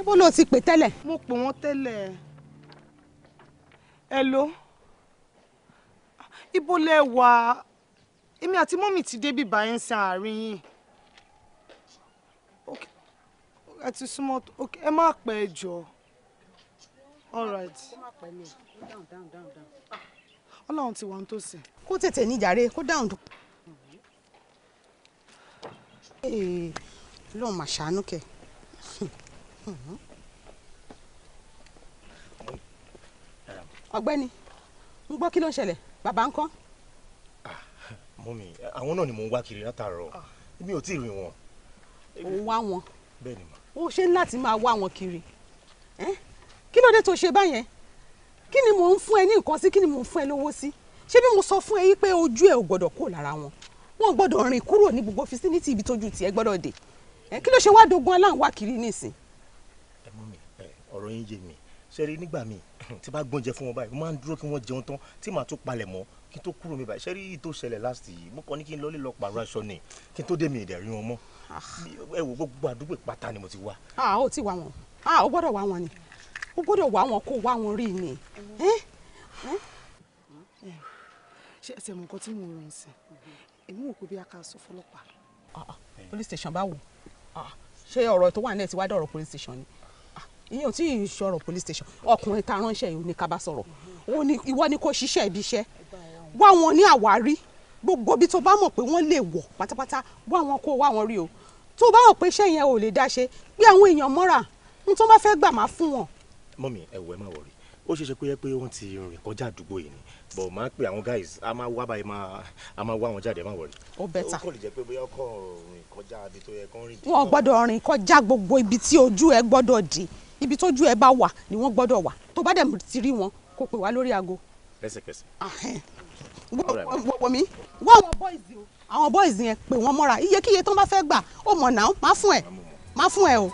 G: ṣé bó ló
C: ti pè
B: tẹ́lẹ̀. mo pè wọ́n tẹ́lẹ̀ ẹ ló ibo lẹ wà èmi àti mọ́mì ti débi báyìí ń san àárín yìí
F: ẹ ti súnmọ́ ẹ má pẹ́ ẹ jọ all right. ọlọ́run
B: ti wà ń tòsí.
E: kó tètè níjàre kó dáhùn dùn. ọlọ́run mà ṣàánú kẹ̀. Mm-hmm. ọ̀gbẹ́ni ń gbọ́ kí ló ń ṣẹlẹ̀
B: bàbá ńkọ́. Ah, mọ́mì àwọn náà ni mò ń wá kiri látàárọ̀ ah. mi ò tí ì rí wọn.
G: ò ń wá wọn ó ṣe ń láti máa wá wọn kiri
B: kí ló dé tó ṣe báyẹn kí ni mò ń fún ẹ ní nǹkan sí kí ni mò ń fún ẹ lówó sí ṣé bí mo sọ fún ẹ yí pé ojú ẹ ò gbọ́dọ̀ kó lára wọn wọn gbọ́dọ̀ rìn kúrò ní gbogbo fisiniti ibi tójú tiẹ̀ gbọ́dọ̀ dé kí ló ṣe wá dogun aláǹwá kiri nísìn ọ̀rọ̀ yín yé mi ṣẹ́rí nígbà míì tí bá gbóúnjẹ fún wọn báyìí mo máa ń dúró kí wọ́n jẹun tán tí màá tó palẹ̀ mọ́ kí n tó kúrò mi báyìí ṣẹ́rí yìí tó ṣẹlẹ̀ last yìí mo kàn ní kí n lọ́ọ́ lè lọ pààrọ̀ aṣọ ni kí n tó dé mi ìdẹ̀rí wọn mọ́ ẹ wò gbogbo àdúgbò pátá ni mo ti wá.
G: a ò tí wá wọn a ò gbọ́dọ̀ wá wọn ni
B: o gbọ́dọ̀ wá wọn kó wá wọn rí ni. ṣé ẹsẹ̀ mọ̀ nǹkan tí mo rọrùn sí èmi ò kó bí a ká sọ fọlọ́pàá. Ah, ah. police station báwo ah, ṣé ọ̀rọ̀ tó wà ní ẹ̀ ti wá dọ̀rọ̀ police station ni ìyẹn tí ìṣọ̀rọ̀ police station ọkùnrin ta ránṣẹ́ yìí ní ká bá sọ̀rọ̀ ìwọ ni kò ṣiṣẹ́ ibi iṣẹ́ wá wọn ní àwárí gbogbo ibi tó bá mọ̀ pé wọ́n lè wọ̀ pátápátá wá wọn kó wá wọn rí o tó bá mọ̀ pé iṣẹ́ yẹn ò lè dá ṣe gbé àwọn èèyàn mọ́ra ní tó bá fẹ́ gbà má fún wọn. mọ́mí ẹ wọ ẹ má wọrí ó ṣeéṣe pé yẹ pé wọ́n ti rìn kọjá àdúgbò yìí ni bọ̀ máa pe àwọn guys a máa wá báyìí a máa wá wọn jáde má wọrí. ó bẹ́tà ó kò lè jẹ́ pé bóyá ọkọ̀ rìn
A: kọjá ibi tó yẹ kán rìn. wọn
B: gbọ́dọ̀ rìn kọjá gbogbo ibi tí ojú ẹ gbọ́dọ̀ dì ibi tójú ẹ bá wà ni wọ́n gbọ́dọ̀ wà tó bá dẹ̀ ti rí wọn kó pè wá lórí aago. lẹ́sẹ̀kẹsẹ̀. wọ mi wọ àwọn bọ́ìsì o àwọn bọ́ìsì yẹn pè wọ́n mọ́ra iyekíye tó bá
E: fẹ́ gbà ó mọ̀ náà má fún ẹ má fún ẹ o.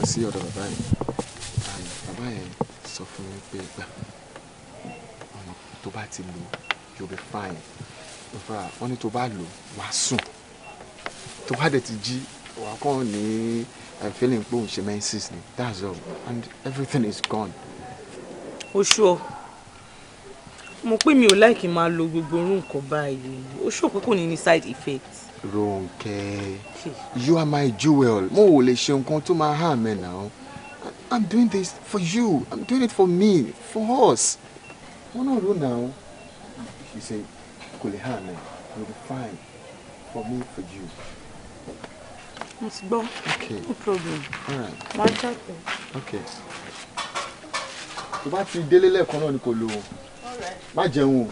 B: lọ sí ọ̀dọ̀ bàbá yẹn bàbá yẹn sọ fún mi pé gbà ọ̀nà tó bá ti lò yóò be fine nfa wọ́n ní tó bá lò wá sùn tó bá dẹ̀ ti jí wà kàn ní eh, feeling pé òun ṣe menses ni that's all and everything is gone. o ṣọ mo pé mi ò láìkí máa lo gbogbo orú nǹkan báyìí o ṣọ pé kò ní ní side effects. Ronke, hmm. you are my jewel. Mo ò lè ṣe nǹkan tó máa harm ẹ now. I'm doing this for you. I'm doing it for me, for us. Wọ́n náà ro now. She say, kò lè harm ẹ. It be fine for me, for you. Mo ti gbọ́. No problem. All right. Máa jáde. Okay. Tó bá ti délé lẹ́ẹ̀kan náà ni kò lo. All Má jẹun o.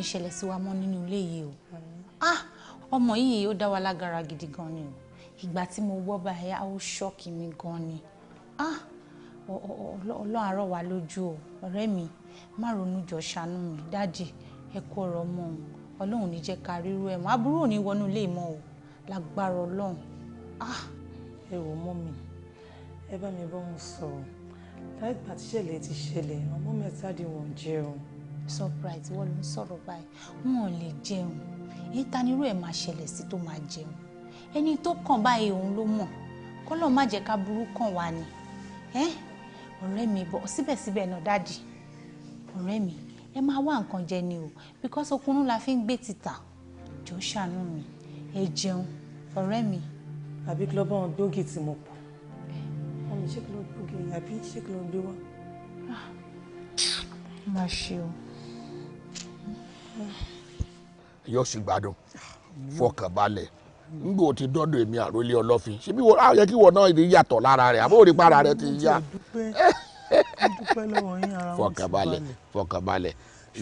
E: ní ṣẹlẹ̀ sí wa mọ́ nínú ilé yìí o ah, ọmọ yìí ó dá wa lágara gidi gan ni o ìgbà tí mo wọ́ báyà ó ṣọ́ọ̀kì mi gan ni ah, ọlọ́run àárọ̀ wa lójú o ọ̀rẹ́ mi má ronú jọ ṣàánú mi dáàdì ẹ kú ọ̀rọ̀ mọ́ o ọlọ́run ní jẹ́ ká rírú ẹ̀ mọ́ aburú ò ní wọnú ilé mọ́ o lágbára ọlọ́run ah, ẹ wò mọ́ mi ẹ bá mi bá wọn sọ̀rọ̀ láìpẹ́ àtìṣẹ̀lẹ̀ ti ṣẹlẹ̀ ọmọ mẹ́ta jẹun surprise wọ́n ló ń sọ̀rọ̀ báyìí wọn ò lè jẹun èyí ta nírú ẹ̀ máa ṣẹlẹ̀ sí tó máa jẹun ẹni tó kàn báyìí òun ló mọ̀ kọ́lọ̀ má jẹ́ ká burú kàn wá ni ọ̀rẹ́ mi bọ̀ síbẹ̀síbẹ̀ náà dáàdì ọ̀rẹ́ mi ẹ máa wá nǹkan jẹ ni o because okunrun la fi ń gbé títà jọ ṣàánú mi ẹ jẹun ọ̀rẹ́ mi. àbí kí ló bá wọn gbógi tí mo pọ̀
G: ọmọ ṣé kí ló gbógi àbí ṣé kí ló gbé wá. Ah,
E: má
C: ṣe o
B: yóò sì gbádùn fọkànbalẹ̀ ngbò ti dọ́dọ̀ èmi àròlé ọlọ́fin ṣebí wọ́n á yẹ kí wọ́n náà rí yàtọ̀ lára rẹ̀ àbó rí para rẹ̀ ti yá
C: fọkànbalẹ̀
B: fọkànbalẹ̀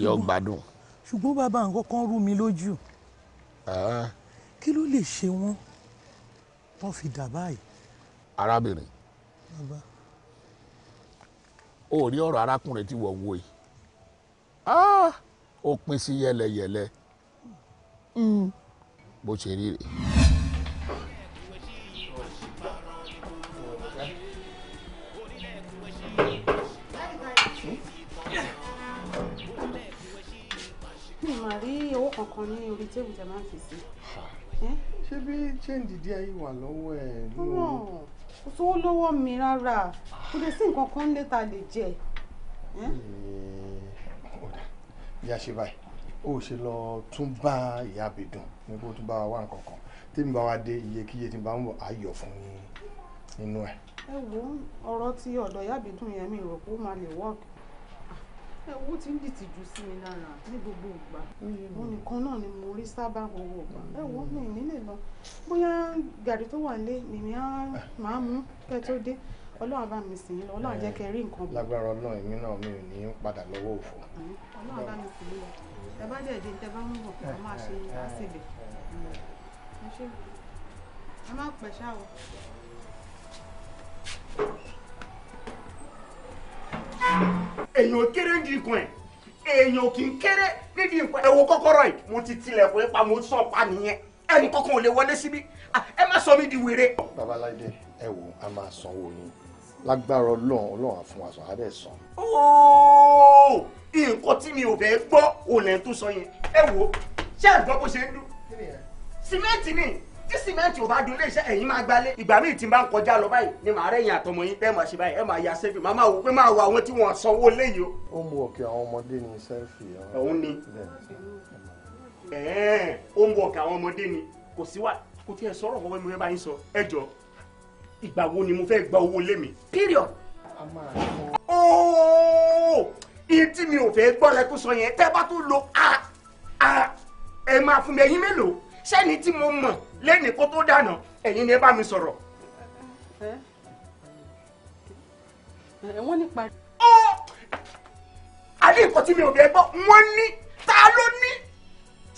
B: yóò gbádùn. ṣùgbọ́n bàbá nǹkan kan rú mi lójú
F: kí ló lè ṣe wọ́n tó fi dà báyìí.
B: arábìnrin o rí ọ̀rọ̀ arákùnrin tí wọ́n wo yìí ah! ó pín sí yẹlẹyẹlẹ mm. bó ṣe rí rè.
G: mi mà rí owó kankan ní orí tébù tẹ máa ń fi sí.
B: Eh? ṣé bí chéǹdì díẹ̀ yìí wà lọ́wọ́ ẹ̀ lóru. kò sówó lọ́wọ́
E: mi rárá kò lè sí nǹkan kan lẹ́ta lè jẹ.
C: Eh? Eh
B: yá ṣe báyìí ó ṣe lọ tún bá ìyá àbẹ̀dùn ní kó tún bá wa wá nǹkan kan tèmi bá wa dé iyekíye tí n bá ń bọ̀ ayọ̀ fún yín nínú ẹ̀. ẹ wo ọ̀rọ̀ tí ọ̀dọ̀ ìyá àbẹ̀dùn yẹn mi rò pé ó máa lè wọ́ọ̀kì owó tí ń dìtìjú sí mi lára ní gbogbo ìgbà
F: mo hmm. nìkan náà ni mo rí sábà gbogbo ìgbà ẹ wo mi nílé lọ bóyá gàrí tó wà nílé mìíràn máa mú kẹ́ tó dé
E: ọlọ́run bá mi sìn yín lọ ọlọ́run jẹ́ eh,
B: kẹ́ rí nǹkan bọ̀. lágbára ọlọ́run èmi náà mi ò ní í padà lọ́wọ́ òfò.
E: ọlọ́run bá mi sìn yín lọ ẹ bá jẹ́ ìdí tẹ bá mú bọ̀ ká máa ṣe
C: àṣìbẹ̀
F: ẹ ṣe ẹ má pẹ̀ ṣá o.
B: èèyàn kéré ń di ikùn ẹ̀ èèyàn kì í kéré nídìí nǹkan ẹ wo kọ́kọ́rọ́ yìí mo ti tilẹ̀kùn ipa mo sàn pa nìyẹn ẹnì kankan ò lè wọlé síbí ẹ má sọ mí di wèrè. babaláde ẹ wo a máa sanwó yín lágbára ọlọ́run ọlọ́run á fún wa sọ abẹ́ sàn. ooo nǹkan tí mi ò fẹ́ gbọ́ òlẹ̀ tó sọ yẹn ẹ wo ṣé ẹ gbọ́ bó ṣe ń dún símẹ́ǹtì ni tí sìmẹ́ǹtì ò bá dun iléeṣẹ́ ẹ̀yìn máa gbalé. ìgbà míì tí n bá ń kọjá lọ báyìí ni màá rẹ̀yìn àtọmọ yín tẹ́ ẹ̀ máa ṣe báyìí ẹ̀ máa ya sẹ́fì màá máa wò pé máa wọ àwọn tí wọ́n sanwó léyìí o. ó mú ọ̀kẹ́ àwọn ọmọdé ní sẹ́fì. òun ni ó mú ọ̀kẹ́ àwọn ọmọdé ni kò sí wà kò tiẹ̀ sọ̀rọ̀ kọ́kọ́ ìgbà wo ni mo fẹ́ gba owó lé mi period. ooo iye tí mi ò fẹ́ gbọ́ rẹ kó sọ yẹn tẹ́ bá tó lo a a ẹ máa fún mi ẹyin mélòó sẹ́ni tí mo mọ̀ lẹ́ni kó tó dànù ẹ̀yin ni ẹ bá mi sọ̀rọ̀. wọ́n ní tí mi ò fẹ́ gbọ́ wọ́n ní ta ló ní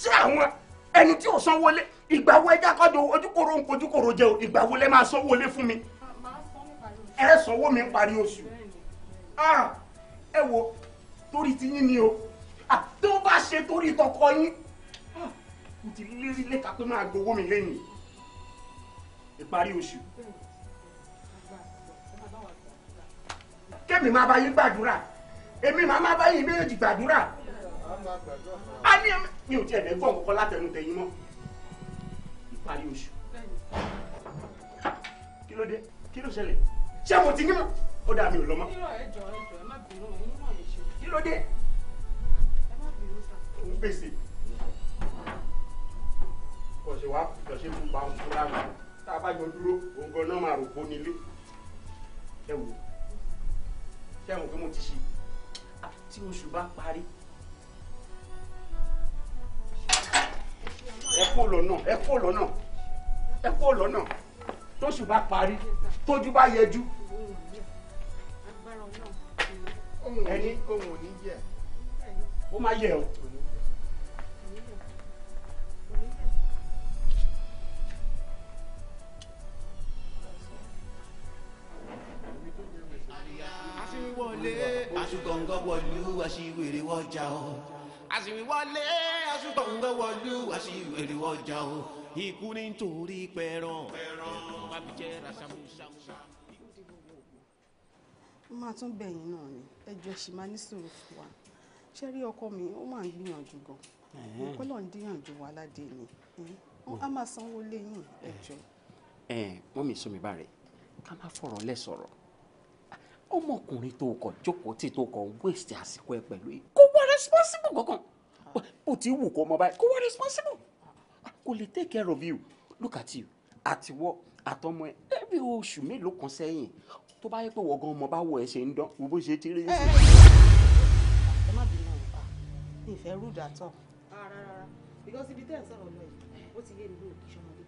B: sí àwọn ẹni tí ò sanwó lé ìgbà wo ẹja kọjọ ojúkòrò ń kojúkòrò jẹ o ìgbà wo lẹ máa sanwó lé fún mi ẹ sanwó mi ń parí oṣù ẹ wo torí ti yín ni o tó bá ṣe torí tọkọ yín mo ti lérí lẹ́ka pé máa gbowó mi lẹ́yìn ìparí oṣù. kémi máa bá yín gbàdúrà èmi máa máa bá yín méjèèjì gbàdúrà. a ní mi ò tiẹ̀ lẹ́gbọ̀n kọ́kọ́ látẹnu tẹ̀yìn mọ́ parí oṣù. kí ló dé kí ló ṣẹlẹ̀ ṣé mo ti ní mọ̀ ó dà mí ò lọ́mọ. kí ló dé òun gbèsè ọ̀sẹ̀ wa lọ́sẹ̀ fún bá ń fúnra mi tá a bá jọ dúró òun gan náà máa rò bó nílé ẹ wò ṣé àwọn òkè mo ti ṣe àti tí oṣù bá parí ẹ kó lọ́nà ẹ kó lọ́nà ẹ kó lọ́nà tóṣù bá parí tójú bá yẹjú
F: ẹni ohun ò ní
B: ó máa yẹ o.
A: aṣugọ̀ngọ̀ wọ̀lú aṣiwèrè wọ́jà o àsìwíwálé àsùntọ̀ǹgẹ̀wọ̀lú àsìwèrèwọ̀jà o ikú ní torí pẹ̀rán bàbíjẹ́ rasamusamu.
G: mo máa tún bẹ̀yìn náà ni ẹjọ́ ṣì máa ní sùúrù fún wa ṣé
B: rí ọkọ mi ó máa ń gbìyànjú gan kó lọ́n díyànjú wa ládé ni a máa sanwó lẹ́yìn ẹjọ́. ẹ wọ́n mi sún mi bá rẹ̀ ká má fọ̀rọ̀ lẹ̀ sọ̀rọ̀ ọmọkùnrin tó kọ jókòó tí tó kọ waste àsìkò ẹ pẹ̀lú ikú
C: responsible gangan
B: bó ti wù kó ọmọ báyìí kó wá responsible kò lè take care of you look at you àtiwọ́ àtọmọ ẹ ẹbí oṣù mélòó kan sẹ́yìn tó bá yẹ pé wọ̀gán ọmọ bá wọ̀ ẹ́ ṣe ń dán wo bó ṣe ti rí. Eh.
C: ẹ má bínú
E: ọ̀pá ní ìfẹ́ rúdà tán. rárá rárá because ibi tẹ́ ẹ̀ sọ̀rọ̀ lọ yìí ó ti yé mi lóòkì sọmọdé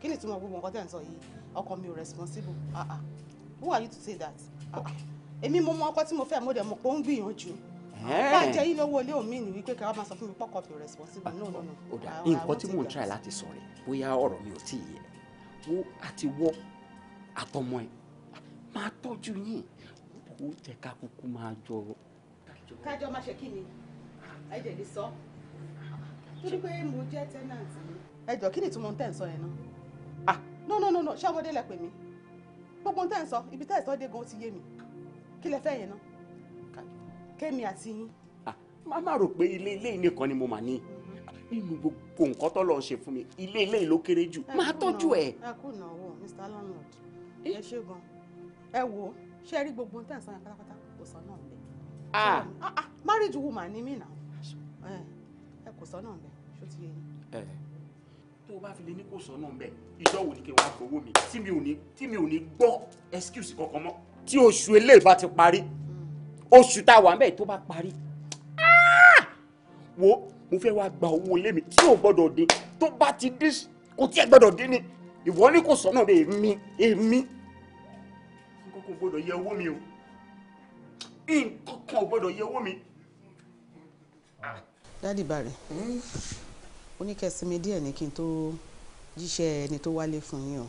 B: kí ni ìtumọ̀ gbogbo nǹkan tẹ́ ẹ̀ ń sọ yìí ọkọ mi ò responsible ah ah who are you to say that ah, ah. èmi mo mọ ọkọ tí mo fẹ́ mo dẹ̀ mọ̀ pé ó ń gbìyànjú
C: bá jẹ́ yín
B: lówó ilé omi ni wípé kí wọ́n máa sọ fún mi pọ́kọ̀ fi responsible no no no. ó dà nǹkan tí mò ń try láti sọ rẹ̀ bóyá ọ̀rọ̀ mi ò tí ì yẹ wo àti wọ́ àtọmọ ẹ̀ máa tọ́jú yín kó jẹ́ ká kúkú máa jọ.
E: kájọ máa ṣe kí ni ẹ jẹ̀ lè sọ torí pé mo jẹ́ tenant mi.
B: ẹ jọ kí ni ìtumọ̀ tẹ̀ ń sọ yẹn náà.
E: ah no no no no ṣé ọmọdé lẹ pè mí gbogbo
B: tẹ̀ ń sọ ibi tẹ̀ ń sọ dé gan ó ti yé mi kí lẹ fẹ́ yẹn náà kémi àti yín. Ah, má má rò pé ilé ilé nìkan ni mo mà ní ah, nínú gbogbo nǹkan tó lọ ṣe fún
A: mi ilé ilé ló kéré jù
B: máa tọ́jú ẹ̀.
E: ẹ kú ìnáwó Mr Landlord eh? ẹ ṣe gan
G: ẹ wo ṣe rí gbogbo ohun tẹ̀ ń sọ yẹn pátápátá kò sọ náà bẹ́ẹ̀.
A: Ah.
B: marriage woman ni mí náà ẹ kò sọ náà bẹ́ẹ̀ ṣó ti yé yín. Eh. tó o bá fi lè ní kò sọ náà bẹ́ẹ̀ ìjọ wo ni kí n wá gbowó mi tí mi ò ní gbọ́ excuse kankan mọ́ tí oṣù eléyìí bá ti parí oṣù tá a wà mẹ́ẹ̀ tó bá parí ah! wo mo fẹ́ wá gba owó ilé mi tí o gbọ́dọ̀ dé tó bá ti dé kò tí ẹ gbọ́dọ̀ dé ni ìwọ ní kò sọ́nà rẹ̀ èmi èmi nǹkan kò gbọ́dọ̀ yẹ owó mi o nǹkan kan ò gbọ́dọ̀ yẹ owó mi. dádì bàrẹ̀ hmm? ó ní kẹsìmí díẹ̀ ní kí n tó jíṣẹ́ ẹni tó wálé fún yín o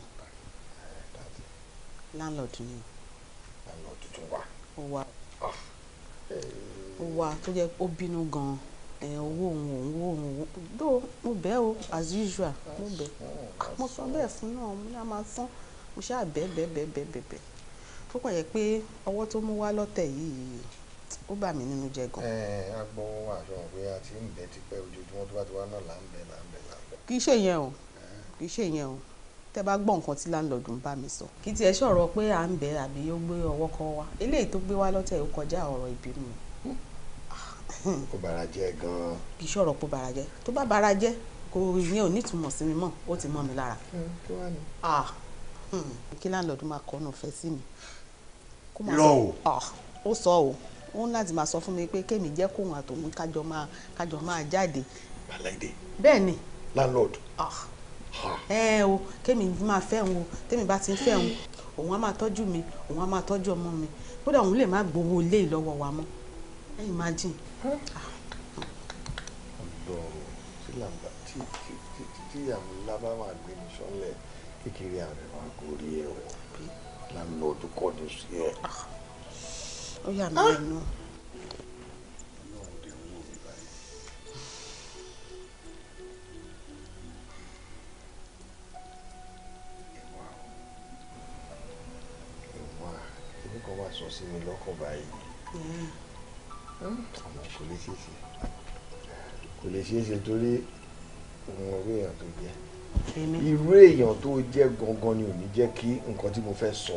B: landlord ni o. landlord tún wà wa tó jẹ́ ó bínú gan-an ẹ̀ owó òun òun owó òun òun dó mo bẹ̀ o as usual mo bẹ̀ mo sọ bẹ́ẹ̀ fún náà mo ní a máa san mo ṣáà bẹ́ẹ̀ bẹ́ẹ̀ bẹ́ẹ̀ bẹ́ẹ̀ bẹ́ẹ̀ bẹ́ẹ̀ tó pọ̀ yẹ pé ọwọ́ tó mú wá lọ́tẹ̀ yìí ó bà mí nínú jẹ́ gan. ẹ ẹ agbọ́n aṣọ òwe àti ìbẹ́ ti pẹ́ ojoojúmọ́ tó bá ti wá náà là ń bẹ̀ là ń bẹ̀ là ń bẹ̀. kì í ṣe yẹn o kì í ṣe yẹn o tẹ bá gbọ́ nǹkan tí láńlọ́ọ̀dù ń bá mi sọ. kì tiẹ̀ ṣọ̀rọ̀ pé à ń bẹ̀ àbí ó gbé ọwọ́ kan wá eléyìí tó gbé wá lọ́tẹ̀ ó kọjá ọ̀rọ̀ ìbínú mi ó bara jẹ́ gan-an. kì í ṣọ̀rọ̀ kó bara jẹ́ tó bá bara jẹ́ kò yẹn ò nítumọ̀ sí mi mọ́ ó ti mọ́ mi lára. kí hmm, láńlọ́ọ̀dù máa kọ́ ọ́nà ọ̀fẹ́ sí mi. irọ́ o. ó sọ o ó ń láti máa sọ fún mi pé kémi jẹ́ kóhun àtòun kájọ máa kájọ máa jáde. bàláìdè. bẹ́ẹ̀ ni. láńlọ́ọ̀dù. ẹ o kémi máa fẹ́ òun o kémi bá ti ń fẹ́ òun òun á máa tọ́jú mi òun á máa tọ́jú ọmọ mi kódà òun lè má gbowó ilé ìlọ́wọ́ wa mọ́ ẹ imagine.
C: ọ̀dọ̀ tí làǹgbà tí tí
B: àwọn lábá máa gbé ní sọ́lẹ̀
F: kékeré ààrẹ wa kò rí ẹ wọ láńlọ́ọ̀dù kọ́ ní sí ẹ. Ah.
E: ó yà mí lẹ́nu. Ah.
B: sọ sí mi lọ́kàn báyìí àmọ́ kò lè ṣeé ṣe kò lè ṣeé ṣe torí òun ọ̀rẹ́ èèyàn tó jẹ́ irú èèyàn tó jẹ́ gangan ni ò ní jẹ́ kí nǹkan tí mo fẹ́ sọ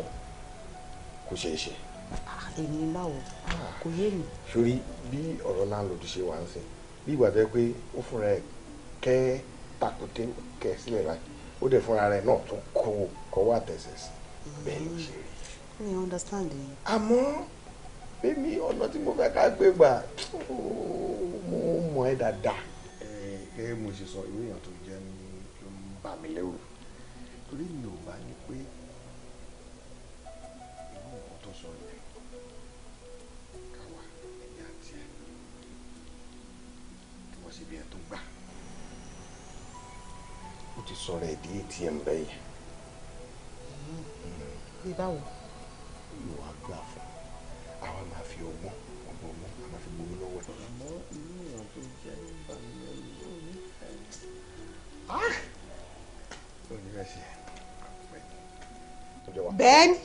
B: kó ṣeé ṣe. èmi báwo kò yé mi. sori bí ọ̀rọ̀ láńlọ́ọ̀dù ṣe wà ń sìn bí ìgbà tó yẹ pé ó fúnra ẹ̀ kẹ́ takote kẹ̀ sílẹ̀ báyìí ó dẹ̀ fúnra rẹ̀ náà tún kọ́ kọ́wọ́ àtẹ̀sẹ̀ sí bẹ́ẹ̀ ló ṣe rí. mi ò understand. àmọ́
F: bẹ́ẹ̀ni ọ̀nà tí mo fẹ́ ká gbé gbà mo mọ̀ ẹ́ dáadáa. ẹ gẹ́gẹ́ mo ṣe sọ ìwé èèyàn tó jẹ́ ní
B: ló ń bà mí lẹ́rù torí mi ò bá ní pé inú nǹkan tó sọ yìí káwa ẹ̀yà àti ẹ̀ kí wọ́n ṣe bí ẹ tó gbà. ó ti sọ̀rọ̀ ẹ̀ di ATM bẹ́ẹ̀ yẹn. bí báwo. yóò wá gbà Ben, wa. bẹ́ẹ̀ni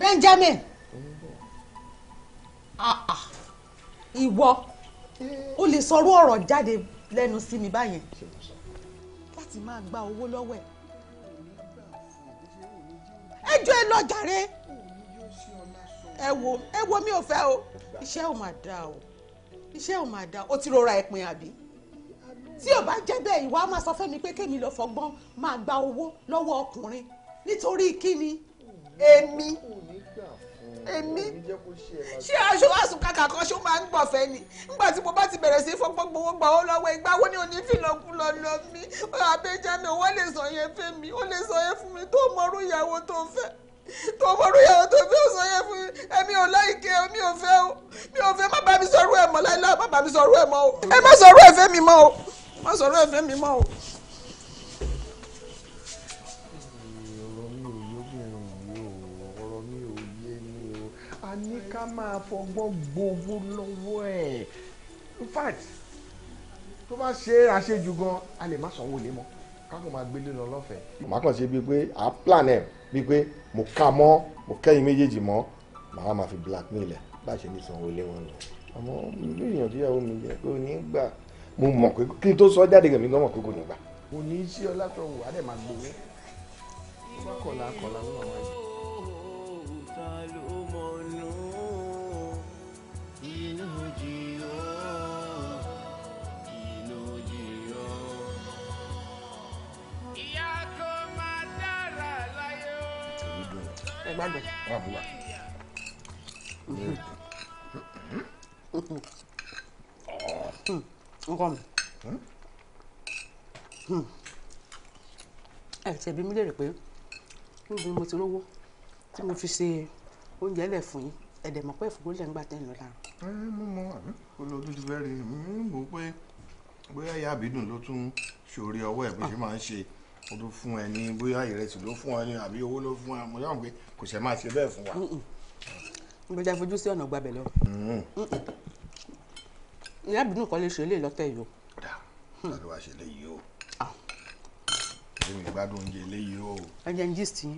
B: Benjamin ah, ah. ìwọ o lè sọ̀rọ̀ ọ̀rọ̀ jáde lẹ́nu sí mi báyẹn láti máa gba owó lọ́wọ́ ẹ̀
C: ẹjọ́ ẹ lọ jàre
B: ẹ wo ẹ wo mi ò fẹ́ o iṣẹ́ ò máa dáa o iṣẹ́ ò máa dáa o ti rora ẹ̀pin àbí tí ò bá jẹ́ bẹ́ẹ̀ ìwà máa sọ fún mi pé kémi lọ fọgbọ́n máa gba owó lọ́wọ́ ọkùnrin nítorí kíni èmi èmi ṣé aṣọ àsùn kàkà kan ṣó máa ń gbọ̀fẹ́ ni nígbà tí mo bá ti bẹ̀rẹ̀ sí fọ́pọ́ gbowó gbà ó lọ́wọ́ ìgbà wo ni òní fìlọ́kù lọ lọ
F: mí àbẹ́já mi òwò lè sọ yẹn fẹ́ mi ó lè sọ yẹn fún mi tó mọrú ìyàwó tó fẹ́ tó mọrú ìyàwó tó fẹ́ ó sọ yẹn fún mi èmi ò láìké mi ò fẹ́ o mi ò fẹ́
B: má bá mi sọ̀rọ̀ ẹ̀ mọ́ láìláà má bá mi sọ̀rọ̀ ẹ̀ mọ́ o ẹ má sọ̀rọ̀ ẹ̀ fẹ́ mi mọ́ o má sọ̀rọ̀ ẹ̀ fẹ́ mi ní ká máa fọgbọ́n gbowó lọ́wọ́ ẹ̀ in fact tó bá ṣe àṣejù gan a lè má sanwó lé mọ́ káko máa gbélé lọ lọ́fẹ̀ẹ́. màá kàn ṣe bíi pé à á plan ẹ̀ bíi pé mo ká mọ́ mo kẹ́yìn méjèèjì mọ́ màá máa fi blackmail ẹ̀ bá ṣe ní sanwó lé wọn lọ. àmọ́ ilé ìyànjú ìyàwó mi
H: jẹ́ pé ò ní gbà mo mọ̀
B: pé kí n tó sọ jáde gẹ̀mí gan mọ̀ pé kò ní gbà. kò ní í sí ọlá tó wù á dẹ̀ máa gbowó.
F: ó bá kọ̀ lákọ̀ láwọn ẹ gbádùn.
D: nǹkan mi
B: hmm? ẹ tẹ̀bi mi lérè pé níbi mo ti rówó tí mo fi ṣe oúnjẹ lẹ̀ fún yín ẹ̀dẹ̀ mọ̀ pé ìfowópamọ́ lẹ̀ ń gbà tẹ̀ ń lọ lára.
F: ẹ mo mọ àmì olóòtú ti fẹ́ rí mi mo wò pé bóyá ìyá àbídùn ló tún
B: ṣòrí ọwọ́ ẹ̀ bó ṣe máa ń ṣe o ló fún ẹ ní bóyá ìrẹsì ló fún ẹ ní àbí owó ló fún ẹ mo yàn pé kò ṣe máa ṣe bẹ́ẹ̀ fún wa. mo jẹ́ fojú sí ọ̀nà gbabẹ̀ lọ. Mm-hmm. ìyá àbínú kan ṣe eléyìí lọ́tẹ̀ yìí o. dá ló wá ṣe eléyìí o. èmi ah. ìgbádùn oúnjẹ eléyìí o. ẹ̀jẹ̀ ń gist yín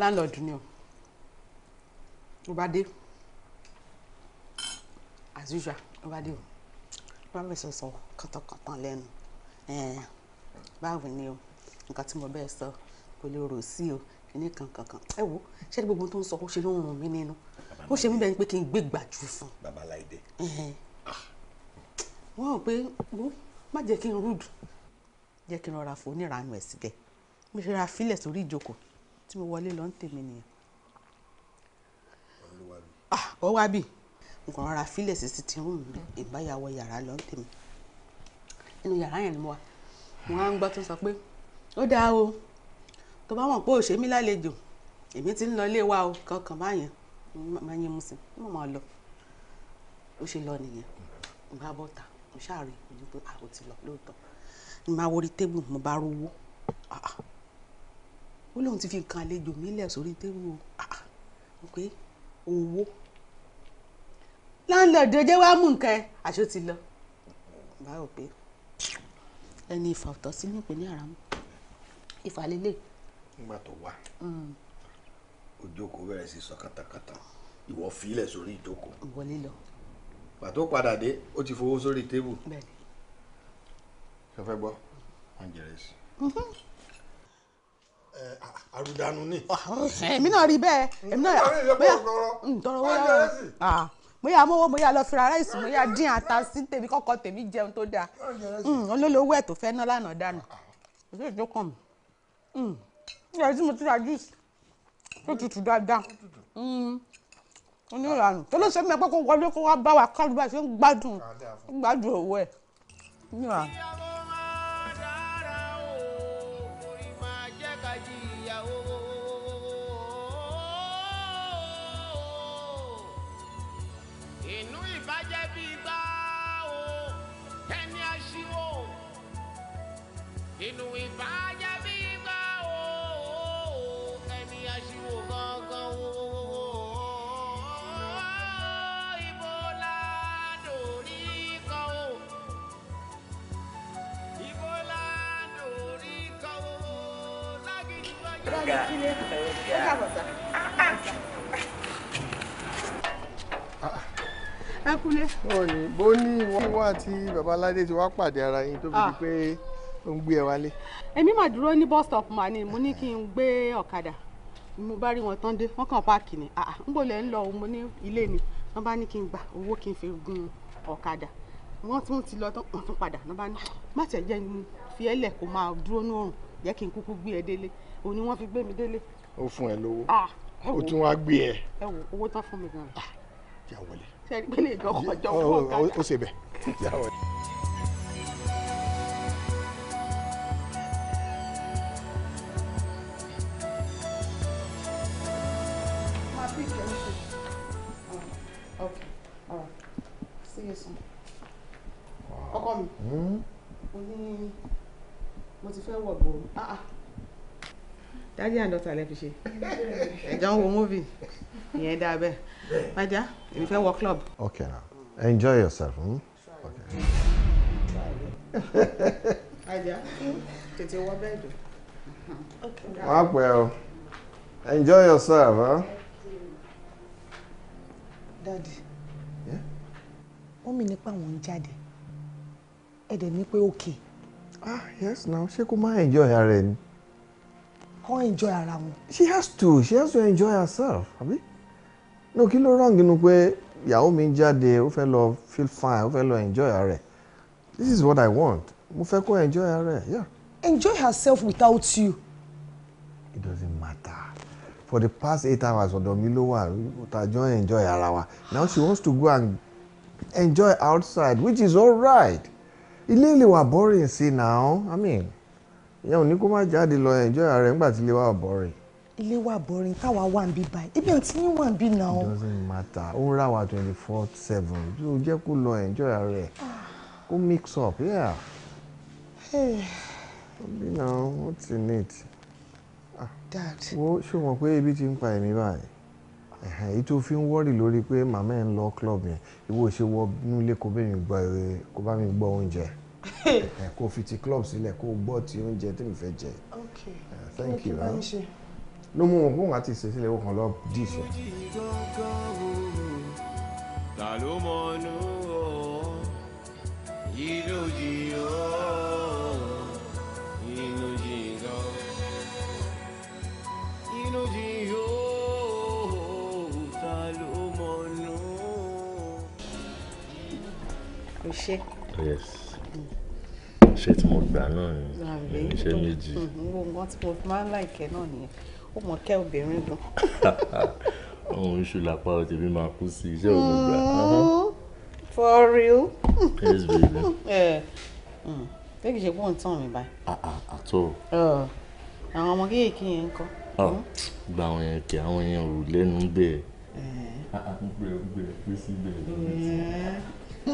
G: láńlọ́ọ̀dù ni o mo bá dé
B: as usual mo bá dé o mo bá bẹ̀rẹ̀ sọ̀sọ̀ kọ̀tọ̀kọ̀tọ̀ lẹ́nu báwo ni o nǹkan tí mo bẹ́ẹ̀ sọ kò lè rò sí o
G: kìíní kankan kan ẹ wo ṣé ní gbogbo tó ń sọ ó ṣe ló ń rùn mí nínú ó ṣe mí bẹ́ẹ̀ ni pé kí n gbé gbàjú
B: fún. bàbá láìdé. wọ́n rò pé wo má jẹ́ kí n rúdù jẹ́ kí n rọra fò níranu ẹ̀ síbẹ̀ mo ṣe ra fílẹ̀ sórí ìjókòó tí mo wọlé lọ ń tèmi nìyẹn. ọ wá bì nǹkan rọra fílẹ̀ sí ti rún mi ìbáyàwó yàrá lọ ń tèmi inú yàrá yẹn ni mo wà wọn á ń gbọ́ tó sọ pé ó dáa o tó bá wọn pé ò ṣe mí lálejò èmi ti ń lọ ilé wa o kankan báyẹn máa yín mu sí i mo máa lọ ó ṣe lọ nìyẹn mo bá bọ́ ta mo ṣáàrí mo ní pé àwọn ti lọ lóòótọ́
G: ni máa worí tébù mo bá rówó ah, ah. ó lóun ti fi nǹkan
B: àlejò mi lẹ̀ sórí tébù o ah, pé owó láńlọ́ọ̀dù ẹjẹ́ wàá mú nǹkan ẹ̀ àṣọ ti lọ báwo pé ẹni ìfà ọ̀tọ̀ sí ní ìpínlẹ̀ àràmù ìfà lélẹ̀. nígbà tó wà hmm. ojókòó bẹ̀rẹ̀ sí sọ kàtàkàtà ìwọ fílẹ̀ sórí ìjókòó. ìwọ lílọ. pàtó padà dé ó ti fowó sórí tébù. bẹ́ẹ̀ni. ṣe fẹ́ gbọ́ wọ́n jẹrẹ sí. Mm-hmm. àrùdànù ni. èmi náà rí
E: bẹ́ẹ̀ èmi náà rí bẹ́ẹ̀
B: ntọ́rọ wọ́n yára
E: bóyá mówó bóyá lọ fira ráìsì bóyá dín ata sí tèmi kọ́kọ́ tèmi jẹun tó dáa mm, olólówó
B: ẹ̀ tó fẹ́ ná lánàá dànù òṣèlú ìjókòó mi ìyá tí mo ti ra juice tó tutù dáadáa oníranù mm, tó ló ṣe mẹ́pẹ́ kó wọlé kó wá bá wa kálù bá ṣe ń gbádùn gbádùn òwò ẹ̀ oníranù.
H: inú ìbàjẹ́ bí gbà ó ẹni aṣíwò gangan wò.
B: ẹ kúlé. bó ní ìwọ àti babaláde ti wá pàdé ara yín tó fi di ah. pé
F: ó ń gbé ẹ wálé.
G: èmi mà dúró ní bus stop mà ni mo ní kí n gbé ọ̀kadà mo bá rí wọn tán dé wọn kàn páàkì ni n bò lẹ ń lọ mo ní ilé mi wọn bá ní kí n
B: gba owó kí n fi gun ọ̀kadà wọn tún ti lọ tán wọn tún padà wọn bá ní má tẹ̀ jẹ́ ní fi ẹ́ lẹ̀ kó máa dúró ní òrùn jẹ́ kí n kúkú gbé ẹ délé òun ni wọ́n fi gbé mi délé. ó fún ẹ lówó ó tún wá gbé ẹ. ẹ wo owó tán fún mi gan. yà wọlé.
F: sẹ́ni pé lè dọ́kọ̀
B: jọ fún ọ̀kadà. ó ṣe bẹ́ẹ̀ yà wọlé. Thank you. Oh, okay. All right. See you soon. How come? Hmm. mi. Mo
G: ní mo ti fẹ́ wọ̀ ah, ah.
B: Daddy and daughter left fi ṣe. Ẹ̀jọ̀ ń wo movie. Ìyẹn dáa bẹ́ẹ̀. Májá, èmi fẹ́ wọ club.
H: Okay now. Enjoy yourself. Hmm? Okay.
D: Ajá, tètè wọ bẹ́ẹ̀dù. Wọ́n á Okay.
H: Well, Enjoy yourself. Huh?
D: dáàdì
B: mọ́mì nípa àwọn ń jáde ẹ dẹ̀ ní pé òkè. ah yes now ṣé kó máa enjoy ara ẹ ni.
D: kọ́ enjoy ara wọn.
B: she
F: has to she has to enjoy herself àbí. no kí ló wrong nínú pé ìyàwó mi jáde ó fẹ́ lọ feel fine ó fẹ́ lọ enjoy ara ẹ this is what i want mo fẹ́
B: kó enjoy ara ẹ yeah. enjoy herself without you. it doesn't matter for the past eight hours ọ̀dọ̀ mi ló wà ta jọ enjoy ara wa now she wants to go and enjoy outside which is all alright ilé ilé wa boring sí
H: now i mean ìyẹn ò ní kó má jáde lọ enjoy ara ẹ̀ nígbà tí ilé wa boring.
B: ilé wa boring táwa wà ń bí báyìí ibi àti yín wà ń bí now. it
H: doesn't matter ó ń rà wá twenty four
B: seven tó jẹ́ kó lọ enjoy ara ẹ̀ kó mix up yeah.
C: Hey.
H: You know, what's in it? dad. wo ṣé o pé ebi ti ń pa èmi báyìí èyí tó fi ń wọ́rì lórí pé màmá ẹ̀ ń lọ club yẹn ìwọ ṣe wọ nílé kó bẹ́ẹ̀ mi gbọ́ ẹ̀ kó bá mi gbọ́ oúnjẹ kó fi
B: ti club sílẹ̀ kó gbọ́ ti oúnjẹ tèmi fẹ́ jẹ.
C: ok thank you
B: ló mú wọn kóhùn àti ìṣesílẹ̀ wọn kàn lọ dì ṣe.
I: ta ló mọ̀ nù ọ́ yìí ló ọ́.
G: iṣẹ́.
C: yes iṣẹ́ tí mo gbà náà ni iṣẹ́ méjì.
G: wo mhm. nǹkan tí mo fi máa ń láìkẹ́ náà nìyẹn ó mọ
E: kẹ́ obìnrin gan.
B: ohun iṣu làpá ọtí mi máa kú sí iṣẹ́ òun gbà. Mhm.
E: for real. yes baby. Eh. Mm. ṣé kìí ṣe kóhùn tán mi báyìí. àtọ. Ah, ah, oh. àwọn ọmọ kéékèèké yẹn ń kọ́.
B: Oh. gba àwọn yẹn kí àwọn yẹn ò lẹ́nu bẹ́ẹ̀. gbẹ gbẹ pèsè
E: bẹ́ẹ̀.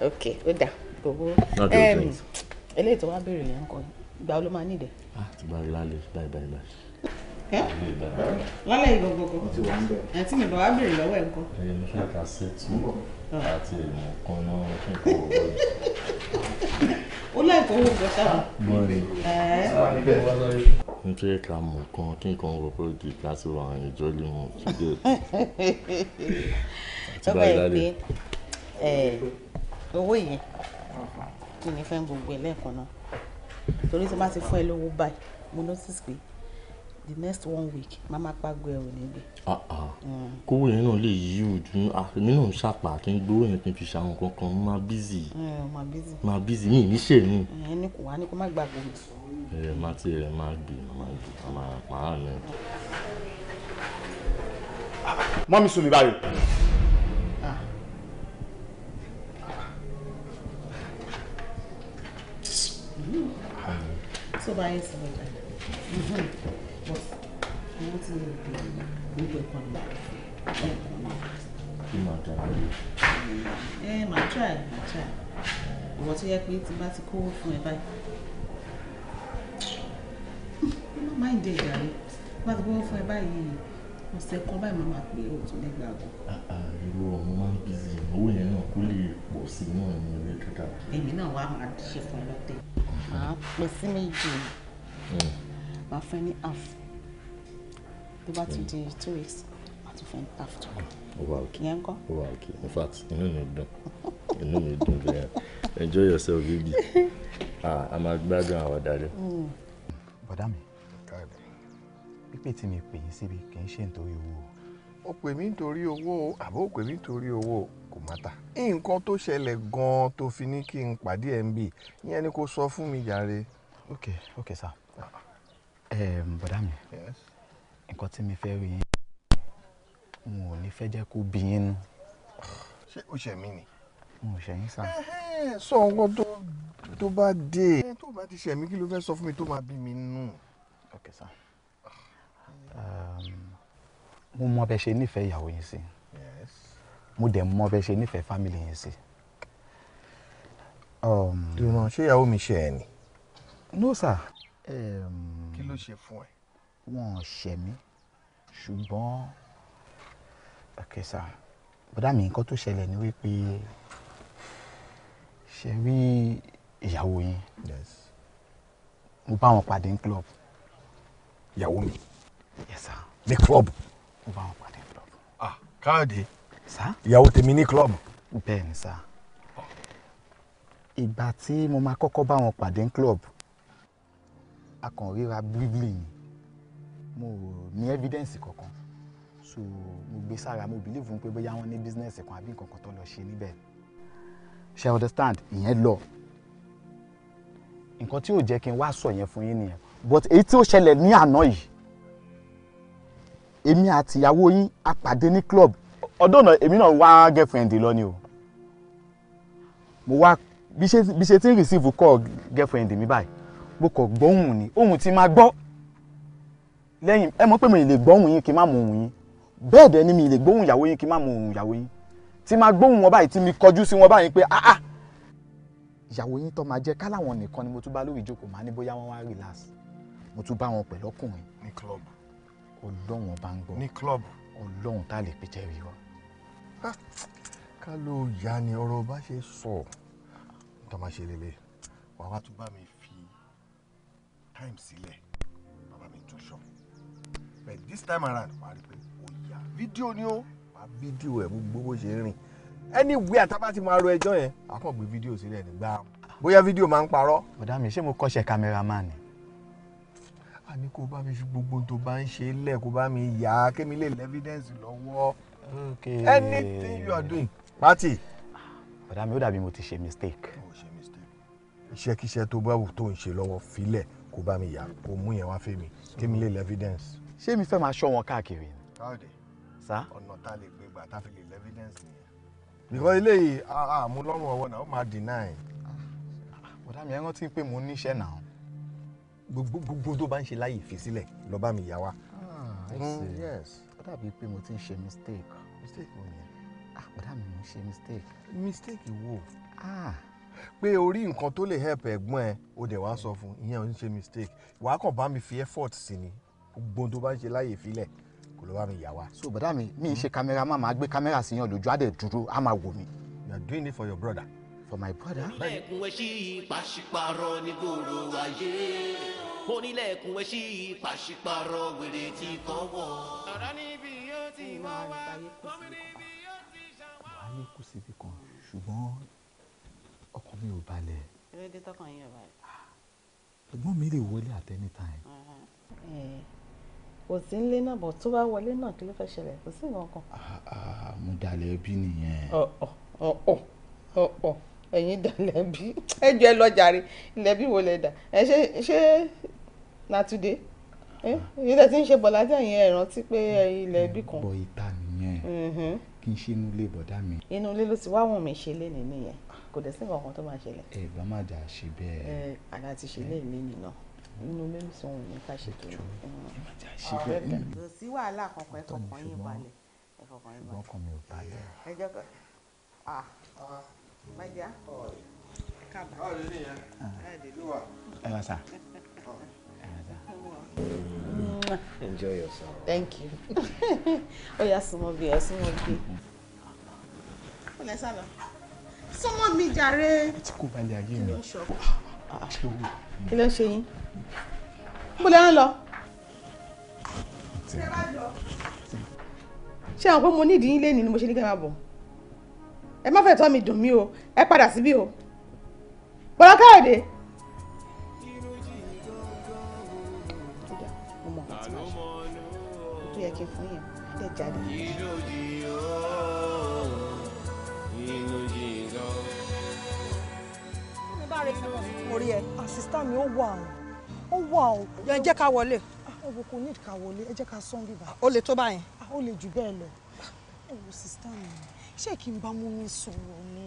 E: Okay, ó dà gbogbo
C: um,
B: eléyìí tó wá béèrè lẹ́yìn kan gba ló máa nídẹ̀.
C: àti ah, bá rí lálẹ́ báyìí báyìí báyìí. lálẹ́ ìgbọ̀ngbọ̀ngbọ̀
F: àti mi bá wá lọ́wọ́ ẹ̀ ńkọ́.
C: ẹyẹ ní fẹ́ ká ṣe tù àti èèyàn kan náà fún ìkọ̀wé
F: ó láì fọwọ́
C: gbọ́ sábà.
B: bọ́ọ̀lù n tẹ́ ká mọ̀ kan kí n kàn wọ pé di ká sí wa àyànjọ́ lè mọ̀ síbẹ̀
E: tó bẹ́ẹ̀ pé owó yẹn kì í fẹ́ gbogbo ẹ̀ lẹ́ẹ̀kan náà torí tí wọ́n ti fún ẹ lówó báyìí mo notice pé
B: the next one week má má pàgọ́ ẹ̀ ò ní gbé. Ah, ah. mm. kówó yẹn náà lè yí ojú ah, èmi náà ń ṣàpà tí ń gbówó yẹn kí n fi ṣàwọn kankan mo máa bízì. máa bízì mi ní ṣe mí. ẹ ní kò wá ní kó má gbàgbọ́ mi. ẹ má tí ẹ má gbé má gbé má má rìn. mọ́mí sùn báyìí. tó bá yẹ sọ̀rọ̀
C: ìgbà but àwọn tí mo gbé
B: nígbà ẹ̀kọ́ ni ẹ̀kọ́ náà. kí màá try pẹ̀lú. ẹ màá try màá try ìwọ tó
E: yẹ pé tí bá ti kówó fún ẹ báyìí má máa ń de ìjà bá ti kówó fún ẹ báyìí ọ̀sẹ̀ kan báyìí máa máa pé òtún nígbà gbọ́.
B: irú ọmọ máa ń bìzì owó yẹn náà kó lè pọ̀ sí náà ní ilé tó dára. èmi náà wàá máa ṣe fún ọlọ́tẹ̀. màá pè sí méjì hmm. màá fẹ́ ní half tó bá ti hmm. di two weeks màá tún fẹ́ ní half tó kù.
D: ìyẹn ń kọ́. ó wà òkè
F: in fact inú mi dùn inú mi dùn bẹ́ẹ̀ enjoy yourself
B: baby ah, a máa gbádùn àwọn dáadé. Hmm. bọ̀dá mi pípé tí mi pè yín síbi kì í ṣe nítorí owó.
F: ó pè mí nítorí owó
B: àbó pè mí nítorí owó kò mátà. nǹkan tó ṣẹlẹ̀ gan-an tó fi ní kí n pàdé ẹ̀ ń bì yẹn ni kò sọ fún mi jàre. ok ok sir bọ̀dá mi nǹkan tí mi fẹ́ rí yín n ò ní fẹ́ jẹ́ kó bí yín nù. ṣé o ṣẹ̀ mí ni. n ò ṣẹ̀ yín sá.
F: sọ nǹkan tó tó bá dé. tó bá ti ṣẹ̀ mí kí ló fẹ́ sọ fún mi tó máa bí mi nù. ok
A: sir.
B: Ehm, mo mọ bẹ ṣe nífẹ̀ẹ́ ìyàwó yín sí mo dẹ̀ mọ bẹ ṣe nífẹ̀ẹ́ fámìlì yín sí. Ehm, ìrùnà ṣé ìyàwó mi ṣe ẹ̀ ni. no sir. Ehm, kí ló ṣe fún ẹ. wọn ò ṣẹ̀ mí ṣùgbọ́n okay sir bọ́dà mi nǹkan tó ṣẹlẹ̀ ni wípé ṣe rí ìyàwó yín mo bá wọn pàdé ní club ìyàwó mi. Yes Yes, sir. ní club. mo bá wọn pàdé club. ah káàdì. Sa? ìyàwó tèmi ní club. bẹ́ẹ̀ ni sá. ìgbà tí mo máa kọ́kọ́ bá wọn pàdé club a kàn ríra briefly ni mo ní evidence kankan so mo besara, sára mo believe pé bóyá wọn ní business kan àbí nǹkan kan tó lọ ṣe níbẹ̀ ṣe understand ìyẹn lọ nǹkan tí ò jẹ́ kí n wá sọ yẹn fún yín nìyẹn but èyí tí ó ṣẹlẹ̀ ní àná yìí èmi àti ìyàwó yín a pàdé ní club ọdún náà èmi náà wá girlfriend lọ o mo wá bí ṣe ti ń receive call girlfriend mi báyìí mo kàn gbọ́ ni ohùn tí máa gbọ́ lẹ́yìn ẹ mọ̀ pé mi lè gbọ́ ohùn yín kí n má mọ ohùn yín bẹ́ẹ̀ dẹ̀ ni mi lè gbóhùn ìyàwó yín kí n má mọ ohùn ìyàwó yín tí máa gbóhùn wọn báyìí tí mi kọjú sí wọn báyìí pé ah ah ìyàwó yín tó máa jẹ́ káláwọn nìkan ni mo tún bá lórí ìjókòó máa ní bóyá wọ́n wá relax mo tún bá wọn pẹ̀lú ọkùnrin. ní club ọlọ́run ọba ń gbọ́ ní club ọlọ́run tá a lè pèjẹ́ rí wa. Ah, ká ló yá ni ọ̀rọ̀ bá ṣe sọ tó máa ṣe lélẹ̀ wàá wá tún bá mi fi time sílẹ̀ bàbá mi tún ṣọ but this time around wàá rí i pé ó yá fídíò ni ó wàá fídíò ẹ̀ gbogbo bó ṣe rìn anywhere tá a bá ti máa ro ẹjọ́ yẹn àkàngbé fídíò sílẹ̀ nígbà bóyá fídíò máa ń parọ́. bọ̀dá mi ṣé mo kọ́ṣẹ́ kámẹ́rámánì a ní kó bá mi fi gbogbo tó bá ń ṣe lẹ̀ kó bá mi yà á kémi lè lẹ́fídẹ́ǹsì lọ́wọ́ anything you are doing pati. ọ̀dà mi ó dàbí mo ti ṣe mistake.
F: mo ṣe mistake.
B: iṣẹ́kíṣẹ́ tó bá wù tó ń ṣe lọ́wọ́ filẹ̀ kó bá mi yà kó mú yẹn wá fẹ́ mi kémi lè lẹ́fídẹ́ǹsì. ṣé mi fẹ́ máa ṣọ́ wọn káàkiri ni. káàdì ọ̀nà tá a lè gbé gbà tá a fi lè
D: lẹ́fídẹ́ǹsì nìyẹn.
B: because eléyìí àmúlọ́rùn ọwọ́ náà ó máa deny. ọ̀dà mi ẹ rántí pé mo níṣẹ́ náà gbogbo tó bá ń ṣe láyè fi sílẹ̀ lọ bá mi yá wa.
C: ah i hmm, see yes
B: ó dàbí pé mo ti ń ṣe mistake. mistake wo nìyẹn. ah bàdá mi mo ń ṣe mistake. mistake wo. ah pé orí nǹkan tó lè help ẹ̀gbọ́n ẹ o dẹ̀ wá sọ fún ìyẹn ò ń ṣe mistake wàá kàn bá mi fi effort sí ni gbogbo tó bá ń ṣe láyè filẹ̀ kò ló bá mi yà wá. so bàdá mi mi ń ṣe kámẹ́rà máa gbé kámẹ́rà sí yan lójú á á máa wò mí. you are doing it for your brother for my brother.
A: onílẹ̀kùn ẹṣí pàṣípàrọ̀ ní gbòòrò ayé onílẹ̀kùn ẹṣí pàṣípàrọ̀ wèrè tí kàn ọ̀rọ̀
H: níbi yóò ti mọ wá omi níbi
B: yóò ti ṣàwọ́. ayé kù síbi kan ṣùgbọ́n ọkàn mi ò balẹ̀.
D: eré dé tọkàn
E: yín ò balẹ̀. Ah,
D: ẹ̀gbọ́n mi lè wọlé at any time.
B: Eh, kò sí nílé náà bọ̀ tó bá wọlé náà kí ló fẹ́ ṣẹlẹ̀ kò sí nǹkan kan. Ah, ah, mo dalẹ̀ ẹbí nìyẹn.
F: ọ̀ ọ̀ ọ̀ ọ̀ ọ̀ ẹ̀yin dàlẹ́bí ẹjọ́ ẹ lọ́jàre ilẹ̀bí wo lẹ dà ẹ ṣe ṣe nàtúndé
B: èyí tẹ̀ tí ń ṣe bọ̀lá tí ẹ̀yin ẹ̀ rántí pé ilẹ̀bí kan. bọ̀ ìta nìyẹn mm-hmm. kí n ṣe inú ilé bọ̀dá mi. inú ilé ló ti wá wọn mi ṣe léni nìyẹn kò dẹ̀ sí nǹkan kan tó máa ṣẹlẹ̀. ẹ bá má jà ṣe bẹ́ẹ̀. ẹ àdá ti ṣe léni náà inú ilé ló sọ wọn mi ká ṣètò rẹ. Mm-hmm. kò sí wàhálà kankan ẹ kọkàn yín balẹ̀ ẹ kọkàn yín balẹ̀. ẹ jẹ́ kọ́ ah. ah. Enjoy yourself. Thank you. Oh yeah, súnmọ́ bí ẹ súnmọ́ bí. Ó lẹ sálọ. Súnmọ́ mi jàre. Ẹ ti kó balẹ̀ ayé mi. Ah, ah, kí ló ń ṣe yín? Mo lè rán lọ.
E: Ṣé àwọn pé mo nídìí yín lé ni mo ṣe ẹ má fẹ́ tọ́ mi dùn mí o ẹ padà síbí o bọ́lá káyọ̀dé.
B: tó yẹ kí n fún yẹn ẹ jáde.
E: mo rí ẹ
F: àsìsítà mi ó wà ó wà ó. yẹn jẹ́ ká wọlé
B: ẹwọ kò ní ká wọlé ẹ jẹ́ ká sán bíbá. ó lè tó báyìí. ó lè jù bẹ́ẹ̀ lọ ẹwọ sísítà mi ṣé kí n bá mọ́mí sọ̀rọ̀ ni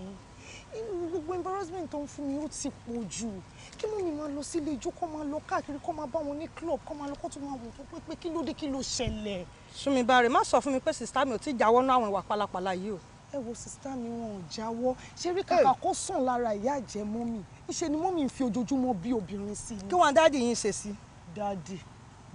B: gbogbo embarrassment tó ń fún mi ó ti pọ̀ jù kí mọ́mí máa lọ sílé ijó kó máa lọ káàkiri kó máa bá wọn ní club kó máa lọ kó tún máa wò tó pé pé kí ló dé kí ló ṣẹlẹ̀.
G: Súnmibárè má sọ fún mi pé sìstá mi ò tí ì jáwọ́ náà àwọn ìwà pálapàla yìí
B: o ẹ wo sista mi wọn ò jáwọ́ ṣe rí kàkà kó sàn lára ìyá àjẹ mọ́mì ìṣe ni mọ́mì ń fi ojoojúmọ́ bí obìnrin sí i. kí wọn dáàdì yín ṣe sí. dáàdì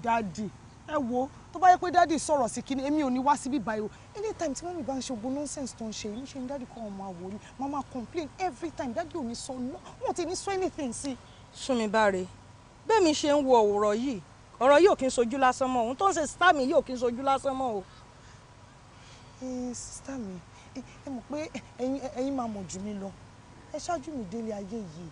B: dáàdì ẹ wo tó bá yẹ pé dáàdì sọ̀rọ̀ sí kíni èmi ò ní wá síbí báyìí o anytime tí mọ́mí bá ń ṣe ogun nonsense tó ń ṣe èmi ṣe ni dáàdì kọ́ ọmọ àwò ni màá máa complain every time dáàdì ò ní sọ no wọn ti ní sọ anything sí. súnmi báre bẹ́ẹ̀ ṣe ń wo ọ̀rọ̀ yìí ọ̀rọ̀ yìí ò kí n sojú lásán mọ́ òun tó ń ṣe sísá mi yìí ò kí n sojú lásán mọ́ o.
F: Eh, sísá mi ẹ mọ̀ pé ẹ̀yin máa mọ̀ jù mí lọ ẹ ṣáájú mi délé ayé yìí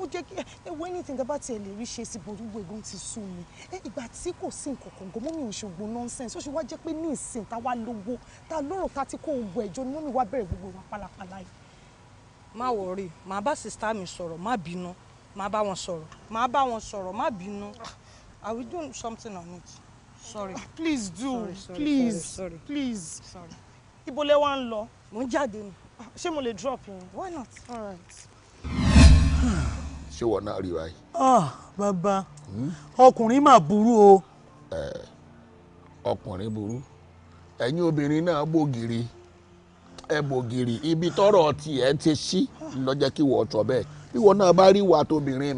B: ó jẹ́ kí ewu anything bá tiẹ̀ lè rí ṣe sí borúgbó egun ti sú mi ìgbà tí kò sí nǹkan kan gan mọ́mí òṣogbo nonsense ó ṣe wá jẹ́ pé ní ìsìn tá wá lówó tá lọ́rọ̀ tá ti kó gbogbo ẹ̀jọ́ ni mọ́mí wá bẹ̀rẹ̀ gbogbo wa pálapàla yìí.
G: má wọrí màá bá sista mi sọ̀rọ̀ má bínú màá bá wọn sọ̀rọ̀ màá bá wọn sọ̀rọ̀ má bínú i will do something on
B: it sorry. Ah, please do sorry,
C: sorry, please sorry, sorry. please. Sorry.
B: ibo lẹ wá ń lọ. mo ń jáde ni. Ah, ṣé mo lè drop yín. why not. all right. ṣé wọn náà rí báyìí.
F: ah bàbá
B: ọkùnrin mà burú o. ọkùnrin burú ẹ̀yin obìnrin náà bògiri ẹ ibi tọrọ ti sí lọ́jọ́ kí wọ́n tọ̀ bẹ́ẹ̀ bí wọn náà bá rí wà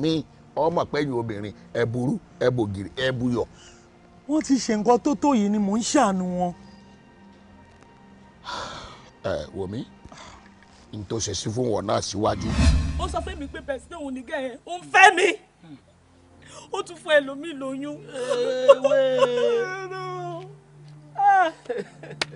B: mi ọmọ pẹ́yìn obìnrin ẹ burú ẹ bògiri ẹ buyọ̀. wọ́n ti ṣe nǹkan tó tó ni mò ń ṣàánú wọn. ẹ wò mí n tó ó sọ fún mi pé pẹ̀sìtẹ́ òun nìkẹ́ yẹn òun fẹ́ mi ó tún fún ẹlòmíì lóyún.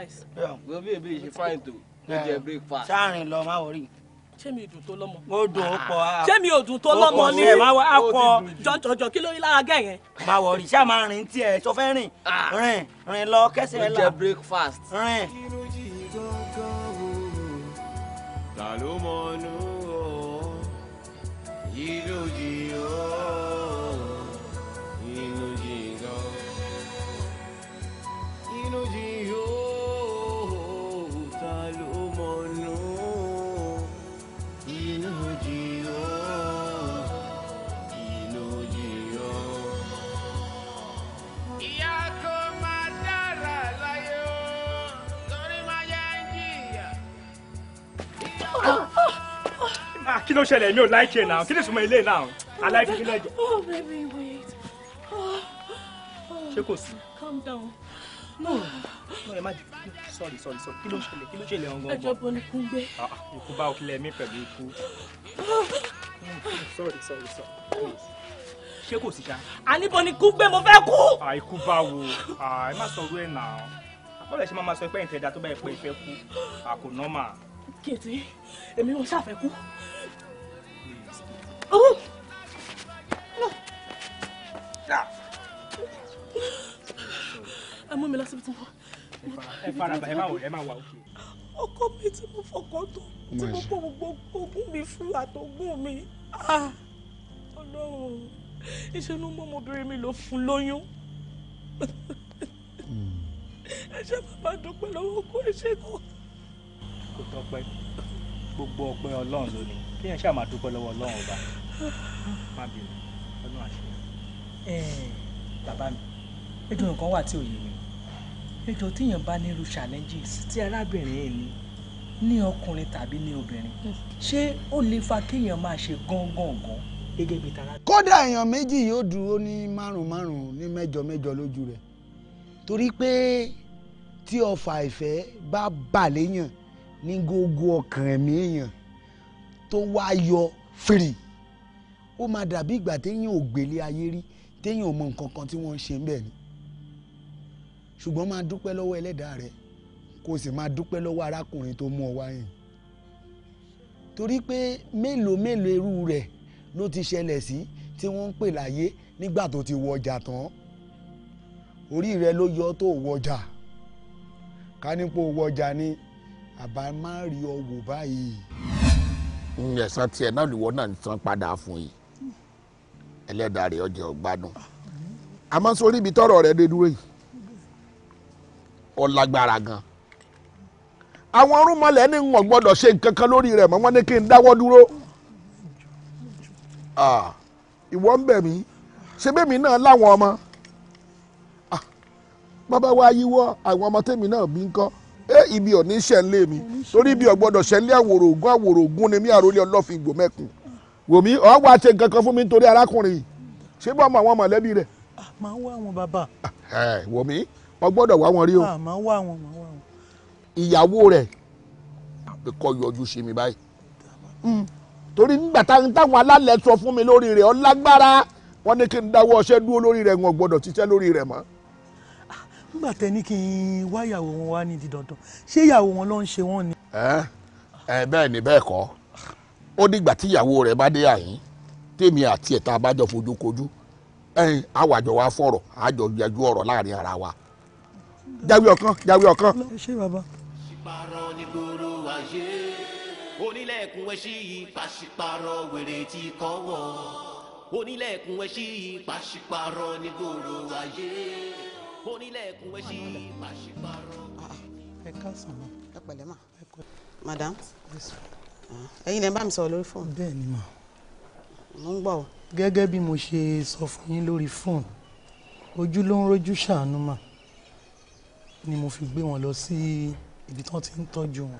B: guys. mo bí ebi ṣe fine tó ló jẹ breakfast. sáàrin lọ my worry. ṣé mi dùn to Lomo? mo dùn ó pọ̀ á. ṣé
A: mi ò to Lomo? lọ́mọ ni. ó pọ̀ á pọ̀.
B: jọjọjọ kí ló rí lára gẹ̀ yẹn. má wọrí ṣáà máa rìn tiẹ̀ sọ fẹ́ rìn ah. rìn rìn lọ kẹsẹ̀
I: la. ó jẹ breakfast. rìn.
B: kí ló ṣẹlẹ̀ mi ò láìkè náà kí ni ìsúnmọ́ ilé náà aláìkè lẹ́jọ́.
C: oh baby wait. ṣé kò sí. down.
B: no no ẹ má jẹ sorry sorry sorry kí ló ṣẹlẹ̀ kí ló ṣẹlẹ̀ ọ̀ngàn. ẹjọ́ bọ́ ni kún gbé. Ah, ah, ikú bá òkìlẹ̀ mi pẹ̀lú ikú. sorry sorry
C: sorry please
B: ṣé kò sí ṣá. àníbo ni kú gbé mo fẹ́ kú. àìkú bá wo ẹ má sọ wẹ́ẹ̀ náà bọ́lá ṣe máa ma sọ pé ìtẹ̀dá tó bá ẹ pé ìfẹ́ kú àkò nọ́mà. èmi ò ṣàfẹ́ kú Oh. ẹ mú mi lọ síbi tí mo. ẹ fara balẹ̀ ẹ má wọ ẹ má wà òkè. ọkọ mi tí mo fọkàn tó tí mo kó gbogbo ogún mi fún àtọ̀gún mi ah, ọlọ́run iṣẹ́ ló mú ọmọbìnrin mi lọ fún lóyún hmm. ẹ ṣe bàbá dúpẹ́ lọ́wọ́ kó iṣẹ́ náà.
D: kò tọpẹ́ gbogbo ọpẹ́ Ọlọ́run ló ní kí ẹ ṣáà máa dúpẹ́ lọ́wọ́ Ọlọ́run ọba
F: má bínú ọ̀nà
D: àṣeyọrí. bàbá mi ètò nǹkan wà tí ò yé mi
B: ètò tíyàn bá nílùú challenges tí arábìnrin yìí ní ní ọkùnrin tàbí ní obìnrin ṣé ó lè fa kéèyàn máa ṣe gángangan gẹ́gẹ́ bíi tara. kódà èèyàn méjì yóò dúró ní márùn márùn ní mẹ́jọ mẹ́jọ lójú rẹ̀ torí pé tí ọfà ìfẹ́ bá bà léèyàn ní gógó ọkàn ẹ̀mí èèyàn tó wá yọ fìrì ó máa dàbí ìgbà téèyàn ò gbélé ayé rí téèyàn ò mọ nǹkan kan tí wọ́n ń ṣe ń bẹ̀ ni ṣùgbọ́n máa dúpẹ́ lọ́wọ́ ẹlẹ́dàá rẹ kó o sì máa dúpẹ́ lọ́wọ́ arákùnrin tó mú ọ wáyìn torí pé mélòó mélòó irú rẹ̀ ló ti ṣẹlẹ̀ sí tí wọ́n ń pè láyé nígbà tó ti wọ ọjà tán orí rẹ ló yọ tó wọ ọjà ká nípò wọ ọjà ni àbá má rí ọ wò báyìí. ẹ̀sán tiẹ̀ náà lè wọ́n náà ń san padà fún yìí ẹlẹ́dàá rẹ̀ ọjọ́ gbádùn àmọ́ sórí ibi tọrọ rẹ dé dúró yìí ó lágbára gan àwọn wọn gbọ́dọ̀ ṣe nǹkan kan lórí rẹ̀ mọ́ wọn ní kí n dáwọ́ dúró ìwọ ń bẹ̀ mí mi náà láwọn ọmọ bàbá wa yíwọ́ àwọn ọmọ náà bí ibi ò ní mi torí ibi ò gbọ́dọ̀ ṣẹ̀ńlé àwòrò ògùn àwòrò ni mí wòmí ọ wá ṣe nǹkan kan fún mi nítorí arákùnrin yìí ṣé bọ́ mọ àwọn mọ̀lẹ́bí rẹ̀. Ah, màá wá wọn bàbá. wòmí ọ gbọ́dọ̀ wá wọn rí o. Ah, màá wá wọn màá wá wọn. ìyàwó rẹ̀ kò yọjú sí mi báyìí hmm. torí nígbà táwọn alálẹ̀ sọ fún mi lórí rẹ̀ ọ lágbára wọ́n ní kí n dáwọ́ ọṣẹ́ dúró lórí rẹ̀ wọn gbọ́dọ̀ ṣiṣẹ́ lórí rẹ̀ mọ́ ah, nígbà tẹ ní kí n wá ìyàwó wọn wá ní di dandan ṣé ìyàwó wọn ló ń ṣe wọn ni. ẹ ẹ bẹ́ẹ̀ ni bẹ́ẹ̀ ó dìgbà tí ìyàwó rẹ̀ bá dé àyín tèmi àti ẹ̀ta abájọ fojú kojú ẹ̀yìn àwàjọ wa fọ̀rọ̀ àjọ yanjú ọ̀rọ̀ láàrin ara wa jáwé ọ̀kan jáwé ọ̀kan. ṣé bàbá.
A: pàṣípàrọ̀ ní gbòòrò ayé onílẹ̀kùn ẹṣí yìí pàṣípàrọ̀ wèrè ti kọ́wọ́ onílẹ̀kùn ẹṣí yìí pàṣípàrọ̀ ní gbòòrò ayé onílẹ̀kùn ẹṣí yìí pàṣípàrọ̀. Ah, ah,
B: ẹ káàsán ẹ pẹ̀lẹ́ mà madam ẹ̀yin lẹ bá mi sọ̀rọ̀ lórí fóònù. bẹ́ẹ̀ ni mà. mo ń gbọ́ o. gẹ́gẹ́ bí mo ṣe sọ
F: fún yín lórí fóònù ojú ló ń rojú ṣàánú mà ni mo fi gbé wọn lọ sí ibi tí wọ́n ti ń tọ́jú wọn.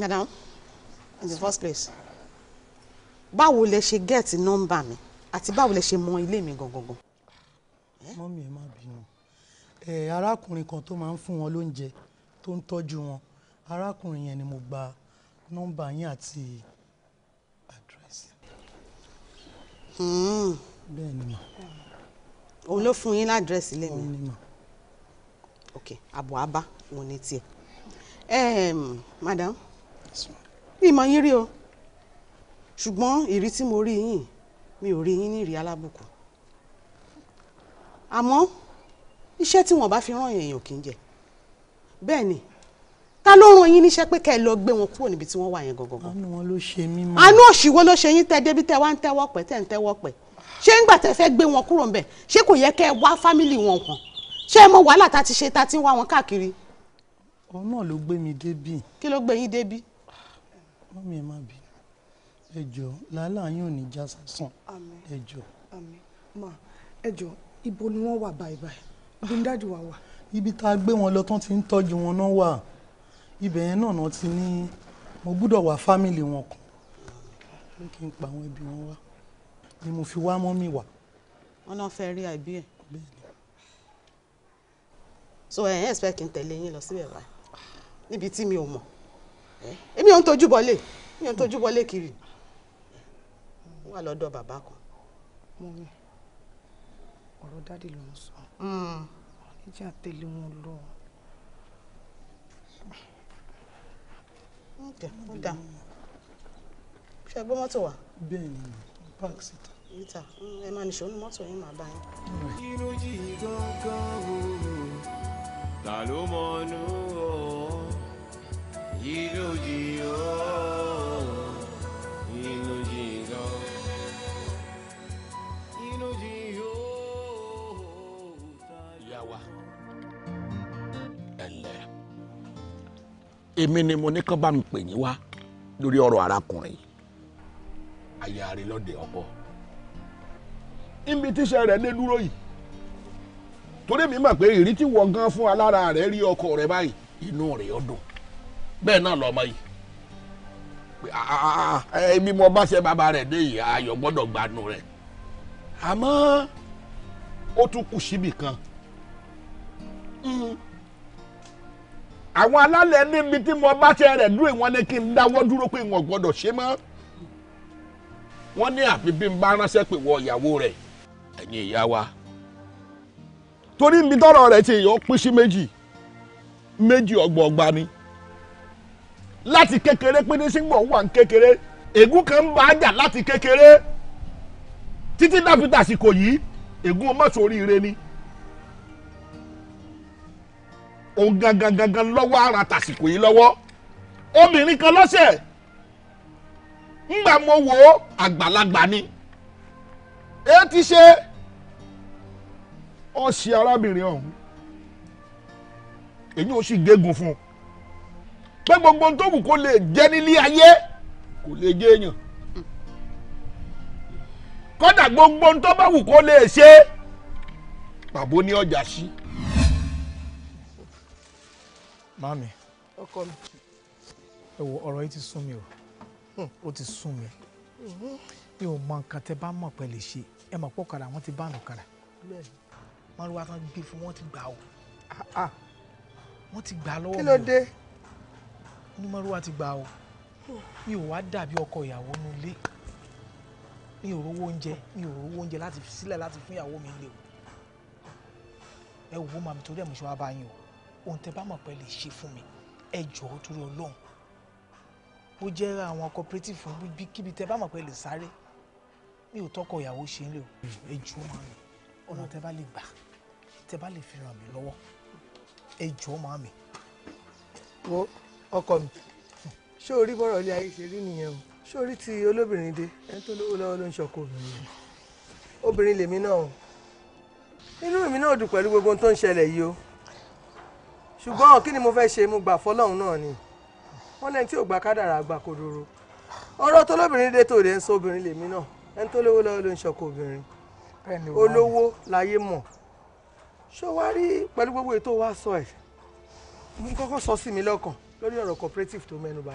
B: madam in the first place báwo
G: lẹ ṣe gẹ́ẹ̀tì nọ́mbà mi àti báwo lẹ ṣe mọ ilé mi gangan.
F: Eh? mọ́mí ẹ má bínú arákùnrin kan tó máa ń fún wọn lóúnjẹ tó ń tọ́jú wọn arákùnrin yẹn ni mo gba nọ́mbà yín àti àdírẹ́sì.
B: Hmm. bẹ́ẹ̀ ni mà. òun ló fún yín ládírẹ́sì lẹ́nu. òun ni mà. ok àbọ̀ abá òun ni tiẹ̀. madam ìmọ̀ yín rí o ṣùgbọ́n ìrí tí mo rí yín mi ò rí yín ní ìrí alábùkù àmọ́ iṣẹ́ tí wọ́n bá fi rán èèyàn kì í jẹ bẹ́ẹ̀ ni ta ló rán yín níṣẹ́ pé kẹ́ ẹ lọ gbé wọn kúrò níbi tí
F: wọ́n wà yẹn gangan. àánú wọn ló ṣe mí mọ́.
B: àánú òṣìwò ló ṣe yín tẹ débi tẹ wá ń tẹ́wọ́ pẹ́ tẹ̀ ń tẹ́wọ́ pẹ́ ṣé ńgbà tẹ fẹ́ gbé wọn kúrò ńbẹ̀ ṣé kò yẹ kẹ́ ẹ wá fámìlì wọn kan ṣé ẹ mọ wàhálà tá ti ṣe tá ti ń wá wọn káàkiri. òun náà ló gbé mi débì. kí ló gbé yín débì. mọ́mí ẹ má bí ẹ jọ yín
F: ò ní já sásán
B: ẹ jọ. ibo ni wọ́n wà báyìí
F: báyìí ibẹ̀
B: yẹn náà náà ti ní mo gbúdọ̀ wá fámìlì wọn kan pé kí n pa àwọn ẹbí wọn wá ni mo fi wá mọ́mì wá. wọn náà fẹ́ rí àìbí ẹ̀. so ẹ̀yin expect kí n tẹ̀lé yín lọ síbẹ̀ wá níbi tí mi ò
D: mọ̀
F: èmi ò ń tojú bọlé mi ò ń tojú bọlé kiri wà lọ́dọ̀ bàbá kan.
D: mọ́mì ọ̀rọ̀ dáàdì ló ń sọ. Hmm. ẹ jẹ́ wọn lọ.
B: ọ̀dà ọ̀dà ṣe gbọ́ mọ́tò wa. bẹ́ẹ̀ ni park sit. níta ẹ máa nìṣó ní mọ́tò yín màá bá yín.
H: inú yí
I: gángan o ta ló mọ̀ nù ọ́ inú yí
B: èmi ni mo ní kán bá mi pè yín wá lórí ọ̀rọ̀ arákùnrin aya rẹ̀ lọ́dẹ ọkọ níbi tíṣẹ́ rẹ̀ lé dúró yìí torí mi mọ̀ pé ìrí tí wọ́n gan fún alára rẹ̀ rí ọkọ rẹ̀ báyìí inú rẹ̀ ó dùn bẹ́ẹ̀ náà lọ́mọ yìí ah, ah, ah, ẹbí mo bá ṣe bàbá rẹ̀ dé yìí ayọ̀ gbọ́dọ̀ gbanú rẹ̀ àmọ́ ó tún kù síbì àwọn alálẹ̀ níbi tí mo bá tẹ rẹ̀ dúró ìwọ́n ní kí n dáwọ́ dúró pé ìwọ̀n gbọ́dọ̀ ṣe mọ́ wọ́n ní àfi bí n bá ránṣẹ́ pé wọ ìyàwó rẹ̀ ẹ̀yin ìyá wa torí mi tọrọ rẹ̀ ti yọ pín sí méjì méjì ọgbọọgba ni láti kékeré pínlẹ sígbọn wà ní kékeré ègún kan ń bá jà láti kékeré títí dàbí tàsíkò yìí ègún ọmọ sórí ire ni òun gangan gangan lọ́wọ́ ara tàsìkò yìí lọ́wọ́ kan lọ́sẹ̀ ńgbà mo wò ó ni e ti ṣe arábìnrin ọ̀hún èyí ò sì gégùn fún un gbogbo tó wù kó lè jẹ́ nílé ayé kò lè gbogbo tó bá wù kó lè ṣe pàbó Mami. Ọkọ mi. Ẹ wo ọ̀rọ̀ yìí ti sún mi o. Hmm. Ó ti sún mi. Mi ò mọ nǹkan tẹ bá mọ̀ pẹ́ lè ṣe. Ẹ mọ̀ pọ̀ kàrà wọ́n ti bá ànàkàrà. Márùwá tán gbé fún wọn ti gbà o. Ah, ah. Wọ́n ti gbà lọ́wọ́ mi o. Kí ló dé? Ní Márùwá ti gbà o. Mi ò wá dàbí ọkọ ìyàwó nulẹ̀ mi ò rówó oúnjẹ mi ò rówó oúnjẹ láti sílẹ̀ láti fún ìyàwó mi lé o ẹ wò ó màmí torí ẹ̀ mo ṣe wá bá yín o ohun tẹ bá mọ̀ pé lè ṣe fún mi ẹ jọ̀ọ́ torí ọlọ́run mo jẹ́ àwọn cooperative fún bíbí kíbi tẹ bá mọ̀ pé lè sáré mi ò tọkọ ìyàwó ṣe ń lè o ẹ jọ̀ọ́ màmí ọ̀nà tẹ bá lè gbà
F: tẹ bá lè fi ràn mí lọ́wọ́ ẹ jọ̀ọ́ màmí. wo ọkọ mi ṣé orí bọ́rọ̀ ilé ayé ṣe rí nìyẹn o ṣé orí ti olóbìnrin dé ẹni tó lówó lọ́wọ́ ló ń ṣọkọ obìnrin lèmi náà o inú mi náà dùn pẹ̀lú gbogbo ohun tó ń ṣẹlẹ̀ yìí o ṣùgbọ́n kí ni mo fẹ́ ṣe mo gbà fọlọ́run náà ni wọ́n lẹ́ni tí ò gba kádàrà àgbà kò dúró ọ̀rọ̀ tó lóbìnrin dé tó dé ń sọ obìnrin lèmi náà ẹni tó lówó lọ́wọ́ ló ń ṣọkọ obìnrin olówó láyé mọ̀ ṣó wá rí pẹ̀lú gbogbo ètò wa sọ ẹ̀ mo kọ́kọ́ sọ sí mi lọ́kàn lórí ọ̀rọ̀ cooperative tó mẹ́nu bá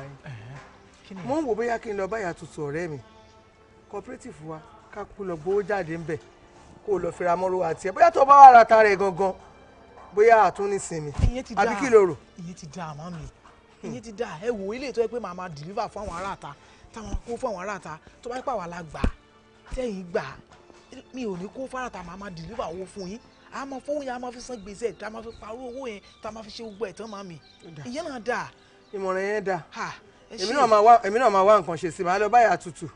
F: mo ń wò bóyá kí n lọ báyà tuntun ọ̀rẹ́ mi cooperative wa ká kú lọ gbowó jáde ńbẹ̀ kó o lọ fi ra mọ́rọ́ àti ẹ̀ bóyá tó bá wà ra ẹ̀ gangan bóyá àtún ní sinmi àbí kí ló rò. iye ti da àmọ́ mi iye
B: ti da ẹ wò ilé ìtọ́ ẹ pé màá máa deliver fún àwọn aráàta táwọn kó fún àwọn aráàta tó bá yẹ pé àwa la gbà tẹ́yìn gbà mi ò ní kó fárata màá máa deliver owó fún yín a máa fowó yẹn
F: a máa fi san gbèsè tá a máa fi parọ́ owó yẹn tá a máa fi ṣe gbogbo ẹ̀ tán màmí ìyẹn náà dà. ìmọ̀ràn yẹn dà èmi náà máa wá nǹkan ṣe sí màá lọ báyà tutù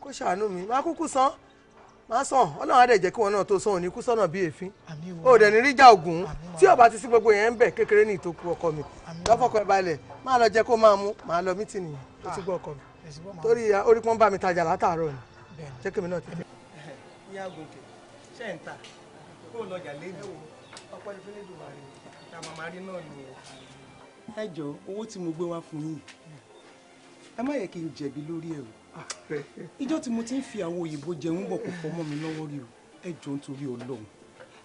F: kó ṣàánú mi màá kúkú san má sàn ọlọ́run á dẹ̀ jẹ́ kí wọn náà tó sọ̀hún ní kú sọ̀nà bíi èéfín ó dẹ̀ ní ríjà ògùn tí ọba ti sí gbogbo yẹn ń bẹ̀ kékeré ní ìtókù ọkọ mi lọ́fọ̀kọ̀ ìbalẹ̀ máa lọ jẹ́ kó máa mú máa lọ mítì nìyẹn tó ti gbọ́ ọkọ mi ah, torí orí pọ́n bá mi tajà látàárọ̀ ni jẹ́ kí mi náà tẹ̀lé. ìyá gòkè ṣe ń ta kó lọjà lẹ́nu ọ̀pọ̀ ìpínlẹ̀ dùbàrẹ̀ ta o. ẹ jọ owó tí mo gbé wá
B: fún yín ẹ má yẹ kí n jẹ̀bi lórí ẹ̀rù ìjọ́ tí mo ti ń fi àwọn òyìnbó jẹun bọ̀ kò fọmọ́ mi lọ́wọ́ rí o ẹ jọ nítorí ọlọ́run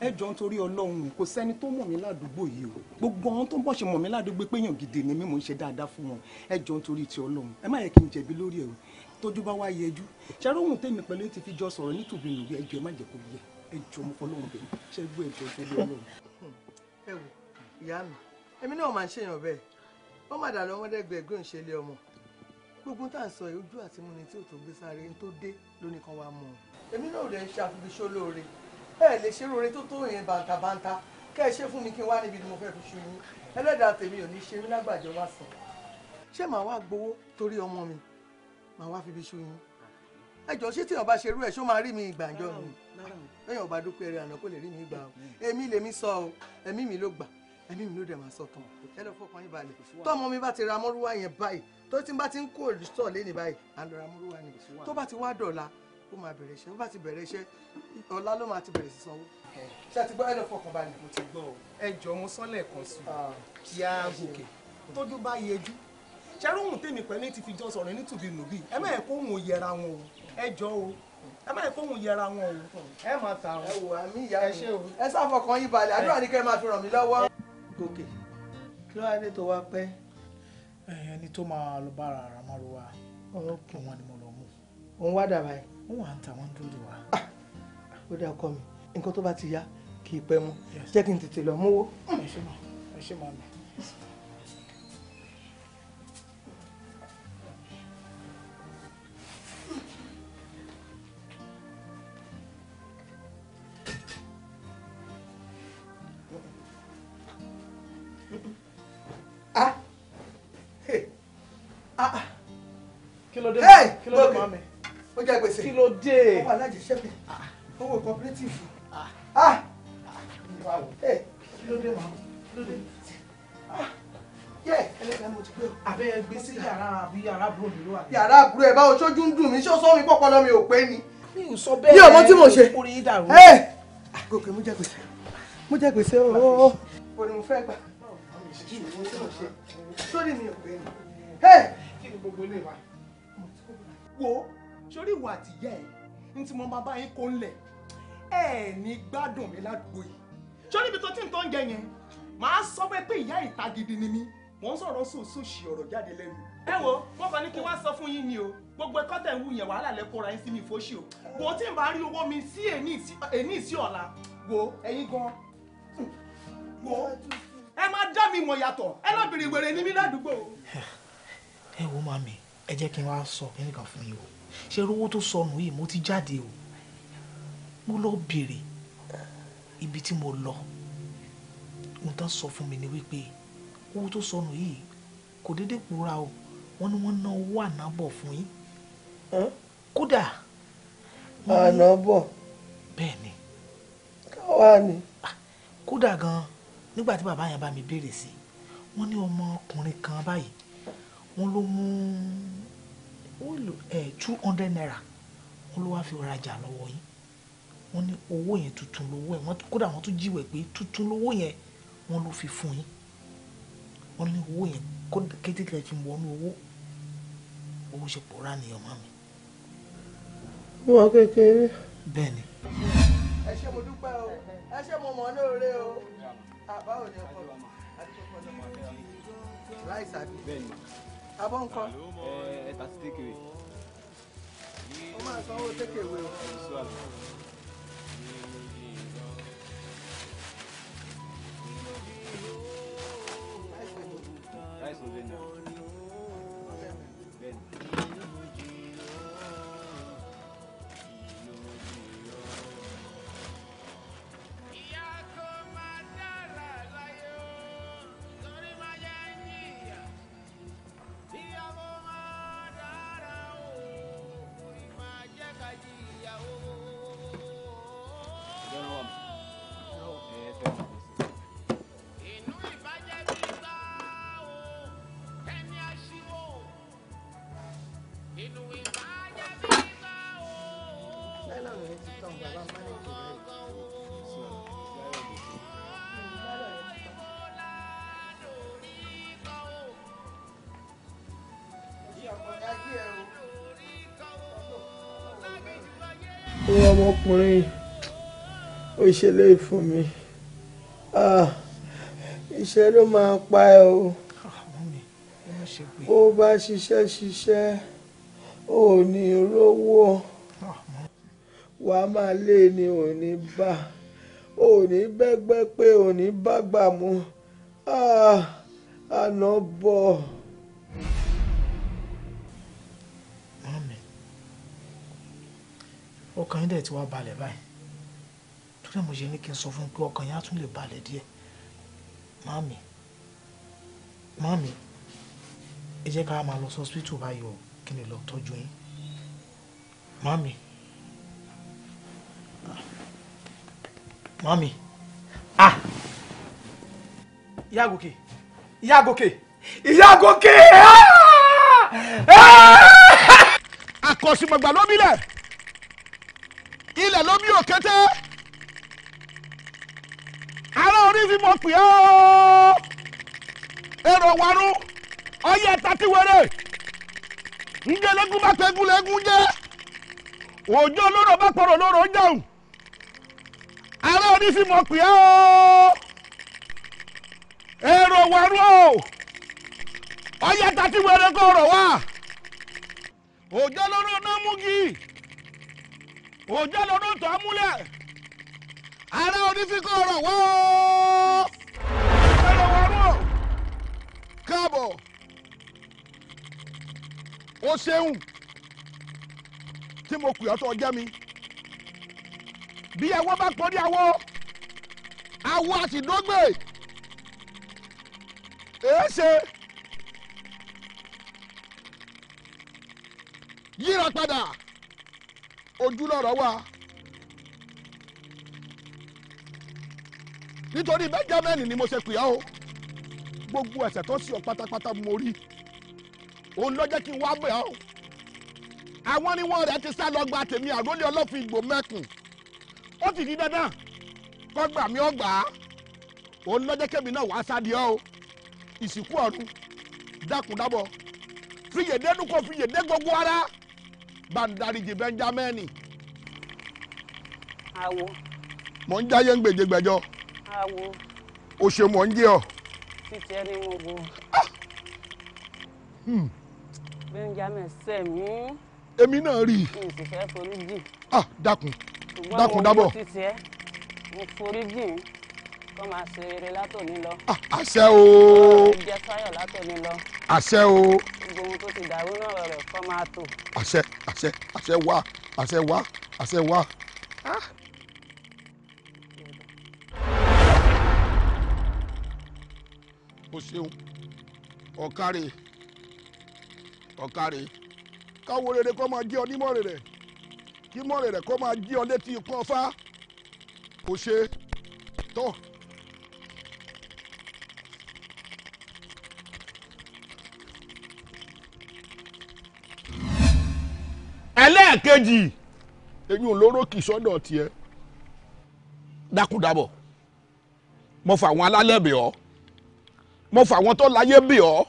B: ẹ jọ nítorí ọlọ́run kò sẹ́ni tó mọ̀ mí ládùúgbò yìí o gbogbo àwọn tó ń bọ̀ ṣe mọ̀ mí ládùúgbò pé èèyàn gidi ni mí mò ń ṣe dáadáa fún wọn ẹ jọ nítorí ti ọlọ́run ẹ má yẹ kí n jẹ̀bi lórí ẹ̀ tójú bá wá yẹjú ṣàròhùn tèmi pẹ̀lú ti fi jọ sọ̀rọ̀ nítòbí nìyí ẹ jọ ẹ má jẹ́ kó yẹ ẹ jọ mo fọlọ́run bẹ̀rẹ̀ ṣẹ́ gbọ́ ẹ jọ nítorí ọlọ́run.
F: ẹ wò ìyá mi èmi náà máa ń ṣèyàn bẹ́ẹ̀ gbogbo tá à ń sọ yìí ojú àti múni tí ò tó gbé sáré tó dé lónìí kan wá mú un. èmi náà rẹ̀ ń ṣàfihàn lóore ẹ lè ṣe lóore tó tó yẹn bàǹtàbàǹtà kẹ́ ẹ ṣe fún mi kí n wá níbi ni mo fẹ́ fi ṣu yín ẹlẹ́dàá tèmi ò ní ṣe mí lágbàjọ wá sàn. ṣé màá wá gbowó torí ọmọ mi màá wá fi fi ṣu yín. ẹ jọ ṣé tíyàn bá ṣe irú ẹ ṣó máa rí mi ìgbàjọ mi lẹ́yìn ọba dúpẹ́ rẹ̀ àná kó lè rí mi gbà o èmi lèmi sọ o ẹ̀mí mi ló gbà ẹ̀mí mi ló dẹ̀ máa sọ tán ẹ lọ fọkàn yín balẹ̀ tọ́mọ mi bá ti ra mọ́rúwá yẹn báyìí tó ti bá ti ń kó sọ̀ lẹ́ni báyìí à ń lọ ra mọ́rúwá ni tó bá ti wá dọ̀la ó máa bẹ̀rẹ̀ iṣẹ́ ó bá ti bẹ̀rẹ̀ iṣẹ́ ọ̀la ló máa ti bẹ̀rẹ̀ sí sanwó. ṣé a ti gbọ́ ẹ lọ fọkàn balẹ̀. mo ti gbọ́ ẹ jọ mo sọ́lẹ̀ kan sùn ah. kí gòkè tójú bá yẹjú
B: ṣẹ́rùhùn tèmi pẹ̀lú ti fi jọ sọ̀rọ̀ nítùbí nùbí ẹ má yẹ kóhùn yẹra wọn o ẹ jọ o
F: ẹ má yẹ kóhùn yẹra wọn o ẹ má ta o ẹ wò àmì ìyá mi ẹ ṣe o ẹ sáfọkàn yín balẹ̀ àdúrà ni kẹ́ ẹ máa fi ràn mí lọ́wọ́ gòkè kí ló wá dé tó wá pẹ́. ẹni tó máa lọ bá ara ara máa ro wa kí ni mo lọ mú. òun wá dàbà yìí. wọn wà ń ta wọn dúró de wa. Ah, ó dá ọkọ mi nǹkan tó bá ti yá kì í pẹ́ mọ́ jẹ́ kí n tètè lọ mú wó. ẹ ṣe máa ẹ ṣe máa mi. dé. ó wà lájẹsẹ́bẹ̀ owó ah, cooperative. Ah, ah. kí ló dé màá kí ló dé. abẹ́ gbé sí yàrá àbí yàrá àbúrò mi ló wà. yàrá àbúrò ẹ̀ báwo sójú ń dùn mí ṣó sọ́mi pọ́pọ́lọ́ mi ò pé ni. mi ò sọ bẹ́ẹ̀ mi ò mọ tí mo ṣe. gòkè mo jẹ gbèsè mo jẹ gbèsè ooo. o ní mo fẹ́ gbà sórí mi ò pé ni. kí ni gbogbo ilé wa. wo sórí ìwà àtìyẹ ẹ
B: ní tí mo máa bá yín kó ń lẹ̀ ẹ ní gbádùn mi ládùúgbò yìí sórí ibi tó ti ń tó ń jẹ yẹn màá sọ pé pé ìyá ìta gidi ni mí mò ń sọ̀rọ̀ sòsòsì ọ̀rọ̀ jáde lẹ́nu. ẹ wo mo kàn ní kí wá sọ fún yín ni o gbogbo ẹ̀kọ́ tẹ̀ ń wù yẹn wàhálà lẹ kóra yín sí mi fóṣì o bó tí n bá rí owó mi sí èní sí ọ̀la wo ẹ̀yin gan wo ẹ má dá mi mọ̀ yàtọ̀ ẹ lọ́bìnrin wèrè ní mi ládùúgbò.
D: ẹ wo màmí ẹ jẹ́ kí n wá sọ kíní fún yín o
B: ṣe rówó tó sọnù yìí mo ti jáde o mo lọ bèrè ibi tí mo lọ ohun tán sọ fún mi ni wípé owó tó sọnù yìí kò déédéé pòórá o wọ́n ní wọ́n ná owó ànábọ̀ fún yín kódà.
F: ànábọ̀. bẹ́ẹ̀ ni. káwa ni. kódà gan-an nígbà tí bàbá yẹn bá mi béèrè sí wọ́n ní ọmọkùnrin kan báyìí
B: wọ́n ló mú ó lò ẹ two hundred naira wọn ló wáá rajà lọ́wọ́ yín wọ́n ní owó yẹn tuntun lówó ẹ̀ kódà wọ́n tún jíwèé pé tuntun lówó yẹn wọ́n ló fi fún yín wọ́n ní owó yẹn kódà kétékè ti wọnú owó owó ṣe pòórá nìyẹn ọmọ mi.
F: wọn kékeré. bẹ́ẹ̀ ni. ẹ ṣé mo dúpẹ́ o ẹ ṣé mo mọ̀ ní òre o àbá ò ní ọkọ láìsàbí abọ́ nǹkan. ẹ tà sí tékèwé. ó máa sanwó tékèwé
D: o.
I: Nice one, Daniel.
F: ọmọkùnrin ó ṣẹlẹ̀ fún mi ah, iṣẹ́ ló máa pa ẹ́ o ó bá ṣiṣẹ́ ṣiṣẹ́ ó ní olówó wà á máa lé ní òní bá òní bẹ́gbẹ́ pé òní bá gbà mú ah, àná bọ̀. Ah,
B: ọkàn yín dẹ̀ ti wá balẹ̀ báyìí torí ẹ̀ mo ṣe ní kí n sọ fún un pé ọkàn yín á tún lè balẹ̀ díẹ̀ màmí màmí ẹ jẹ́ ká máa lọ sí hospital báyìí o kí n lè lọ tọ́jú yín màmí màmí ah ìyá àgòkè ìyá àgòkè ìyá àgòkè. akọ̀sìmọ̀gbà lómi lẹ̀ ilẹ̀ ló bí òkété ará orí fi mọ̀ pé ó èrò warú ọyẹ tatiwere ngelegun bá pẹ́gun lẹ́gun jẹ́ òjò olóró bá pọ̀rọ̀ lóró jẹun ará orí fi mọ̀ pé ó èrò warú ọyẹ tatiwere kọ̀ ọ̀rọ̀ wá òjò olóró náà mú gi
A: òjò lọ́dún tó múlẹ̀. ará onífíkọ́ ọ̀rọ̀ wọ́ọ́. ẹ̀rọ wọ́ọ́rọ́ káàbọ̀
B: o ṣeun tí mo pè ọ́ tó jẹ́ mi bí ẹwọ́ bá pọ́n ní awọ́ awọ́ àtìdógbè èé ṣe yíra padà ojú lọ̀rọ̀ wà. nítorí benjamin ni mo ṣe pè á o gbogbo ẹ̀ṣẹ̀ tó sì ọ pátápátá mo rí òun ló kí n wá bẹ̀ á o àwọn oníwọ̀n rẹ̀ ti sá lọ gba tèmi àrólé ọlọ́fin ìgbò mẹ́kùn ó ti di dandan kọ́gbà mi ọgbà á òun ló jẹ́ kẹ́mi náà wàá sáde ọ́ o ìsìnkú ọ̀run dákúndábọ̀ fìyèdé nù kó fìyèdé gbogbo ara bá ń dáríjì bẹ́ńjámẹ́nì. àwo. mò ń jáyé ń gbèjègbèjọ. àwo. o ṣe mò ń jẹ ọ.
G: títí ẹni mo bo. Ah! Hmm. bẹ́ńjámẹ́ sẹ̀ mí. èmi náà rí i. mi ò sì fẹ́ forí jì.
B: ah dákun dákun dábọ̀. ṣùgbọ́n mo
G: ti tiẹ̀ mo forí jì kọ́ máa ṣe eré
B: látòní lọ. Ah, àṣẹ o. kọ́ máa jẹ fáyọ̀ látòní lọ. àṣẹ o gbogbo ohun tó ti dàrú náà rọrọ kọ máa tò. àṣẹ àṣẹ àṣẹ wá àṣẹ wá àṣẹ wá. Ah! o ṣeun ọ̀kàrẹ̀ ọ̀kàrẹ̀ káwo rere kó máa jẹ́ ọ nímọ̀ rẹ̀ kí mọ̀ rẹ̀ kó máa jẹ́ ọ létí ikú ọ̀fà kò ṣe tọ́. ẹlẹ́ẹ̀kejì èyí ò lóró kì í sọ́dọ̀ tiẹ̀ dákúdàbọ̀ mo fà àwọn alálẹ̀ bẹ̀ ọ́ mo fà àwọn tó láyé bẹ̀ ọ́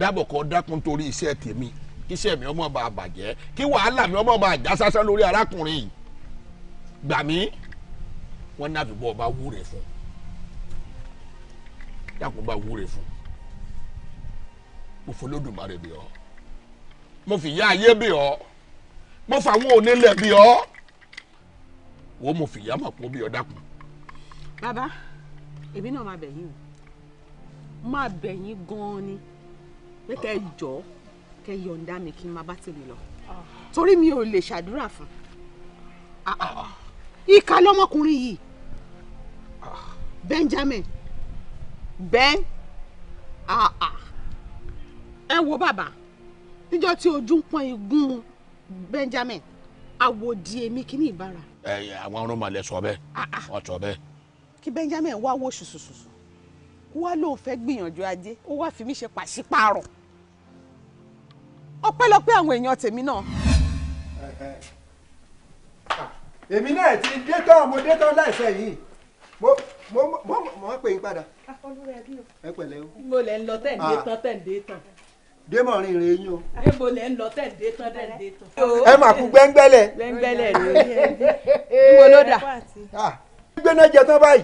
B: dábọ̀ kọ́ dákun torí iṣẹ́ tèmi kí iṣẹ́ mi ọmọ bá bàjẹ́ kí wàhálà mi ọmọ bá já sásán lórí arákùnrin yìí gbà mí wọn ní àdúgbò ọba wúre fún dákun bá wúre fún òfò lódùmarè bẹ̀ ọ́ mo fìyà ayé bì ọ́ mo fàwọn onílẹ̀ bì ọ́ wo mo fìyà mà pọ̀ bí ọ dákun. bàbá èmi náà máa bẹ̀ yín o máa bẹ̀ yín gan-an ni pé kẹ́ ẹ jọ kẹ́ ẹ yọ̀ǹda mi kí n máa bá tèmi lọ torí mi ò lè ṣàdúrà fún ah, ah. ìka lọmọkùnrin yìí ah. Benjamin Ben ẹ wo bàbá níjọ́ tí ojú ń pọn igun Benjamin àwòdì èmi kí ní ìbára. ẹ ẹ àwọn ọrùn màlẹ sọ bẹ́ẹ̀ wọn sọ bẹ́ẹ̀. kí Benjamin wá wò ṣùṣùṣùṣù kó wá lóun fẹ́ gbìyànjú ajé ó wá fi mí ṣe pàṣípààrọ̀ ọpẹ́lọpẹ́ àwọn èèyàn tèmi náà. èmi náà ti dé tán mo dé tán láìsẹ̀ yìí mo mo mo mo pè yín padà.
F: ẹ pẹ̀lẹ́ o. mo lè ń lọ tẹ̀ ń dé tán tẹ̀ ń dé
E: tán
B: démọ̀ rìn rìn yín o.
E: débo lẹ ń lọ tẹ̀ dé tán dẹ̀ dé tán. ẹ mà kú gbẹ́ngbẹ́lẹ̀.
B: gbẹ́ngbẹ́lẹ̀ ni ìwọ ló dà gbéná jẹ tán báyìí.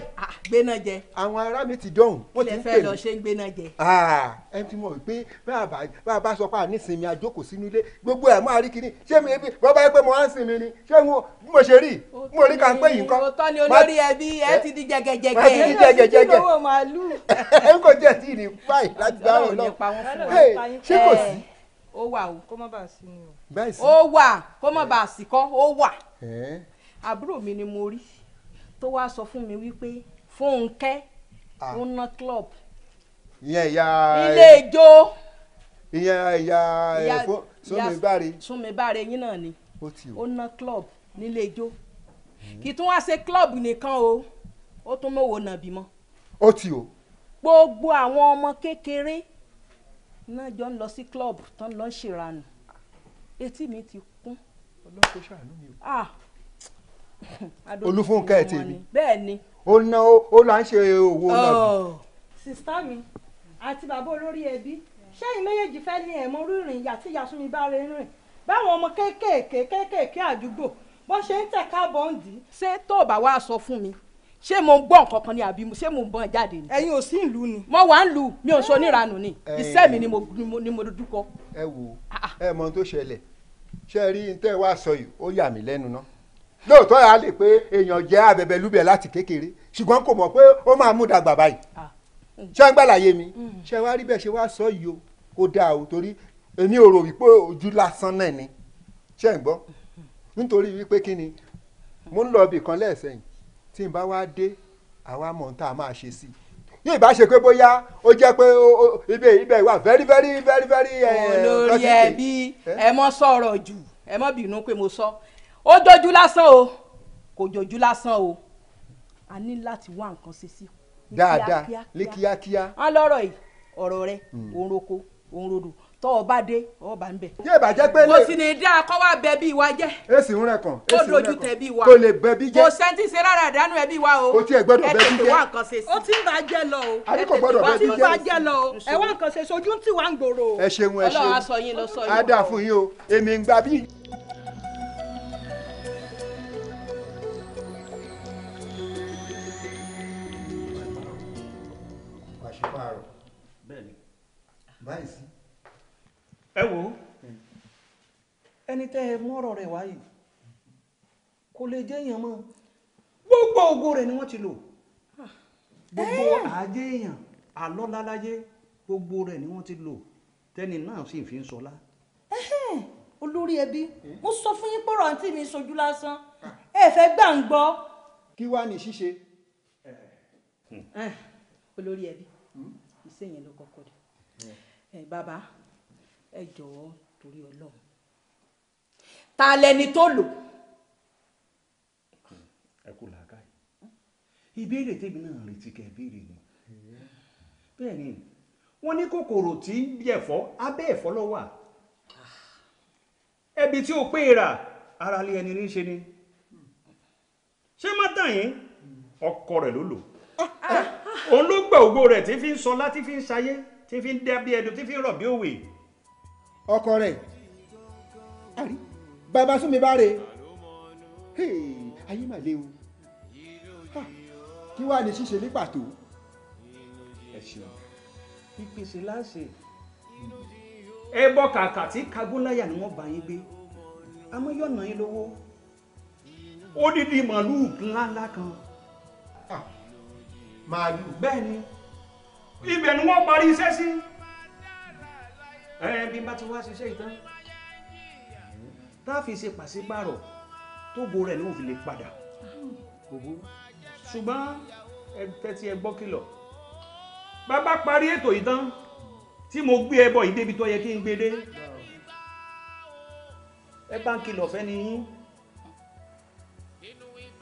B: gbéná jẹ. àwọn ará mi ti dọ̀hùn. wọ́n ti ń pè mí. ilé fẹ́ lọ ṣe ń gbéná jẹ. ẹ ti mọ̀ pé bá a bá sọ pé àníṣinmi àjókòó sínú ilé gbogbo ẹ̀ máa rí kiri ṣé mi ebi bọ́ bá yẹ pé mo á ń sinmi ni ṣé mo bí mo ṣe rí mo rí ká ń pè yín kan. òótọ́ ni olórí ẹbí ẹ ti di jẹgẹjẹgẹ. má ti di jẹgẹjẹgẹ. ẹ ń kò jẹ́ tí ní báyìí láti dá ọ̀rọ̀ náà. ṣé kò sí. ó wà o
E: kó má bàa sí ni
B: o. ó wà kó má bàa sí kọ́ ó wà. àbúrò mi ni mo rí tó wá sọ fún mi wípé Fúnkẹ́ ah. ó ná club. ìyẹn ìyá ilé ijó. ìyẹn ìyá eh, Sùnmíbáre. Sùnmíbáre yín náà ni ó ná club nílé ijó hmm. kì í tún wá ṣe club nìkan o ó tún mọ̀wó nàbí mọ́. ó ti o. gbogbo àwọn ọmọ kékeré náà jọ ń lọ sí club tán lọ ń ṣèrànù etí mi ti kún. ọlọ́kọ̀ ṣàánú mi o. Ah, olúfúnkẹ́ tèmi bẹ́ẹ̀ ni ó ná
D: ó là ń ṣe owó oh. náà.
E: sista mi àti bàbá olórí ẹbí ṣẹ́yìn méjèèjì fẹ́ ní ẹ̀mọ́ rírìn ìyá tí Yasumi bá rẹ rìn báwọn ọmọ kéékèèké kéékèèké
B: àdúgbò bó ṣe ń tẹ̀ka bọ́ǹdì. ṣé tó o bá wá sọ fún mi ṣé mo ń gbọ́ nǹkan kan ni àbí ṣé mo ń bọ́n jáde ni. ẹ̀yin ò sí ìlú ni. mo wà ń lu mi ò sọ níranù ni eh. iṣẹ́ mi ni mo dúkọ. ẹ wo ah, ah. ẹ mọ ohun tó ṣẹlẹ̀ ṣe rí ní tẹ́ wá sọ yìí ó yà mí lẹ́nu náà lóòótọ́ yà á lè pé èèyàn jẹ́ abẹ̀bẹ̀lúbẹ̀ láti kékeré ṣùgbọ́n kò mọ̀ pé ó máa mú dàgbà báyìí ah. ṣé ń gbàlàyé mi hmm. ṣé wá rí bẹ́ẹ̀ ṣe wá sọ yìí o kò dáa o torí èmi ò rò wípé ojú lásán náà ni ṣé ń gbọ́ nítorí wípé kí ni mo ń lọ ibì kan lẹ́ẹ̀sẹ̀yìn tí n bá wá dé àwa mọ̀ tá a máa ṣe sí i yóò bá pé bóyá ó jẹ́ pé ibẹ̀ ibẹ̀ wà very very very very. Eh, olórí ẹbí eh? ẹ mọ sọ̀rọ̀ jù ẹ mọ bínú pé mo sọ ó jojú lásán o kò jojú lásán o a ní láti wá nǹkan ṣe sí. dáadáa ní kíákíá. a lọ́rọ̀ yìí ọ̀rọ̀ rẹ hmm. òun roko òun rodò tọ́ ọ bá dé ọ bá ń bẹ̀. yé ìbàjẹ́ pé lè. kò sì ní dá akọ́ wa bẹ bí wa jẹ́. èsì ń rẹ̀ èsì ń rẹ̀ kó dojú tẹ bí wa. kò lè bẹ bí jẹ́. kò sẹ́ńtì ṣe rárá àdánù ẹ bí wa o. o tiẹ̀ gbọ́dọ̀ bẹ bí jẹ́. ẹ tètè ti ń bá jẹ́ lọ o. a ní kò gbọ́dọ̀ bẹ bí jẹ́. ó ti ń bá lọ o. ẹ wá nǹkan ṣe sojú ń tì wá ń gbòòrò. ẹ ṣeun ẹ ṣeun. ọlọ́run aṣọ yín lọ sọ yín. a dà fún yín o èmi ń gbà bí báyìí sí. ẹ wo hmm.
F: ẹni tẹ́ ẹ mọ́rọ̀ rẹ̀ wáyé
B: kò lè jẹ́ èèyàn mọ́ gbogbo ògo rẹ̀ ni wọ́n ti lò
C: ah. gbogbo
B: àjẹ́ eh. èèyàn àlọ́láláyé gbogbo rẹ̀ ni wọ́n ti lò tẹ́ni náà sì fi ń sọlá. olórí ẹbí hmm. mo sọ fún yín pọ̀rọ̀ àǹtí mi ṣojú lásán ẹ fẹ́ gbà ń gbọ́. kí wàá ní ṣíṣe.
E: Eh, olórí ẹbí hmm. ìṣèyàn ló kọ́kọ́ dé ẹ bàbá ẹ jọ̀ọ́ torí Ọlọ́run
C: ta lẹni tó
B: lò. ẹ kú làákà yìí ìbéèrè tèmi náà retí kẹ ìbéèrè ni bẹ́ẹ̀ ni wọ́n ní kòkòrò tí ń yẹ̀fọ́ abẹ́ ẹ̀fọ́ ló wà ẹbí tí ó pé rà ara lé ẹni ní ṣe ni ṣé má tàn yín ọkọ rẹ̀ ló lò ah, ah, ah. òun ló gbà ògo rẹ̀ tí fi ń sọ láti fi ń ṣayé tí fi ń dẹ́ bí ẹdun tí fi ń rọ̀ bí òwe. ọkọ rẹ àrí bàbá súnmi bá rè ayé mà léwu kí wàá ní ṣíṣe ní pàtó. ẹ ṣeun ìpèsè láṣẹ ẹbọ kàkà tí kagúnláyà ni wọn bá yín gbé àmọ́ yọnà yín lówó ó dídí màálù ńláńlá kan. Ah, màálù bẹ́ẹ̀ ni ibẹ̀ ni wọ́n parí iṣẹ́ sí ẹ bí n bá ti wá ṣiṣẹ́ ìtàn tá a fi ṣe pàṣípàrọ̀ tó bo rẹ̀ lóun fi lè padà gbogbo ṣùgbọ́n ẹ tẹ́tí ẹ gbọ́ kìlọ̀ bàbá parí ètò ìtàn tí mo gbé ẹbọ yìí débi tó yẹ kí n gbé dé ẹ bá ń kìlọ̀ fẹ́ ni yín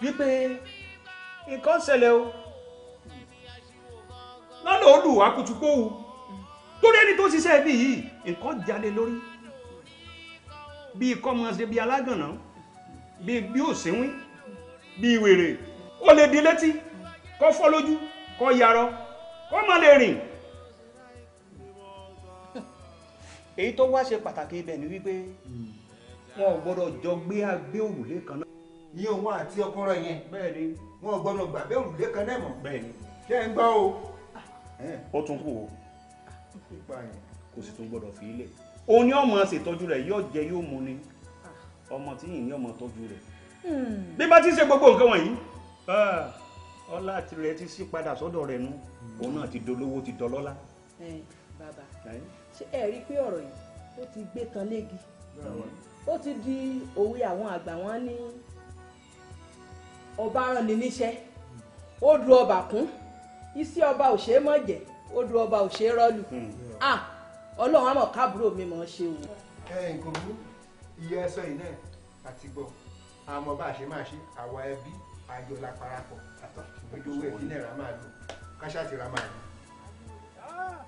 B: wípé nǹkan ṣẹlẹ̀ o lọ́nà olùwà kùtùkóhù torí ẹni tó ṣiṣẹ́ bí yìí nǹkan jáde lórí bí ikọ́ máa ṣe bí alágànná bí bí òṣèwín bí wèrè ó lè di létí kó fọ́ lójú kó yarọ kó má lè rìn èyí tó wá ṣe pàtàkì ibẹ̀ ni wípé wọn ò gbọ́dọ̀ jọ gbé agbé òrùlé kan náà. iye òun àti ọkọ rẹ yẹn. bẹ́ẹ̀ni. wọn ò gbọ́dọ̀ gbàgbé òrùlé kan náà mọ́. bẹ́ẹ̀ni. ṣé ń gbọ́ o ó tún kù o kò sì tún gbọdọ̀ fi ilẹ̀ o ní ọmọ ṣètọ́jú rẹ̀ yóò jẹ yóò mu ni ọmọ tí yìí ní ọmọ tọ́jú rẹ̀ hmm. bí bá ti ṣe gbogbo nǹkan wọ̀nyí ah, ọlá rẹ̀ ti ṣí padà sọ́dọ̀ rẹ̀ nu òun náà ti dolówó ti dọlọ́lá. bàbá ṣé ẹ rí i pé ọ̀rọ̀ yìí ó ti gbé kan léegi ó ti di òwe àwọn àgbà wọn ní ọba rán ni ó du ọbàkún iṣẹ́ ọba ò ṣe é mọ̀ jẹ́ odò ọba ò ṣe é rọ́lù ah ọlọ́run àmọ̀ mi mọ̀ ṣe o. ẹ nǹkan mú iye ẹsọ yìí náà àti gbọ́ àmọ́ bá a ṣe máa ṣe àwa ẹbí àjọlá parapọ̀ àtọ̀jú owó ẹbí náà máa lò káṣá ti ra máa lò.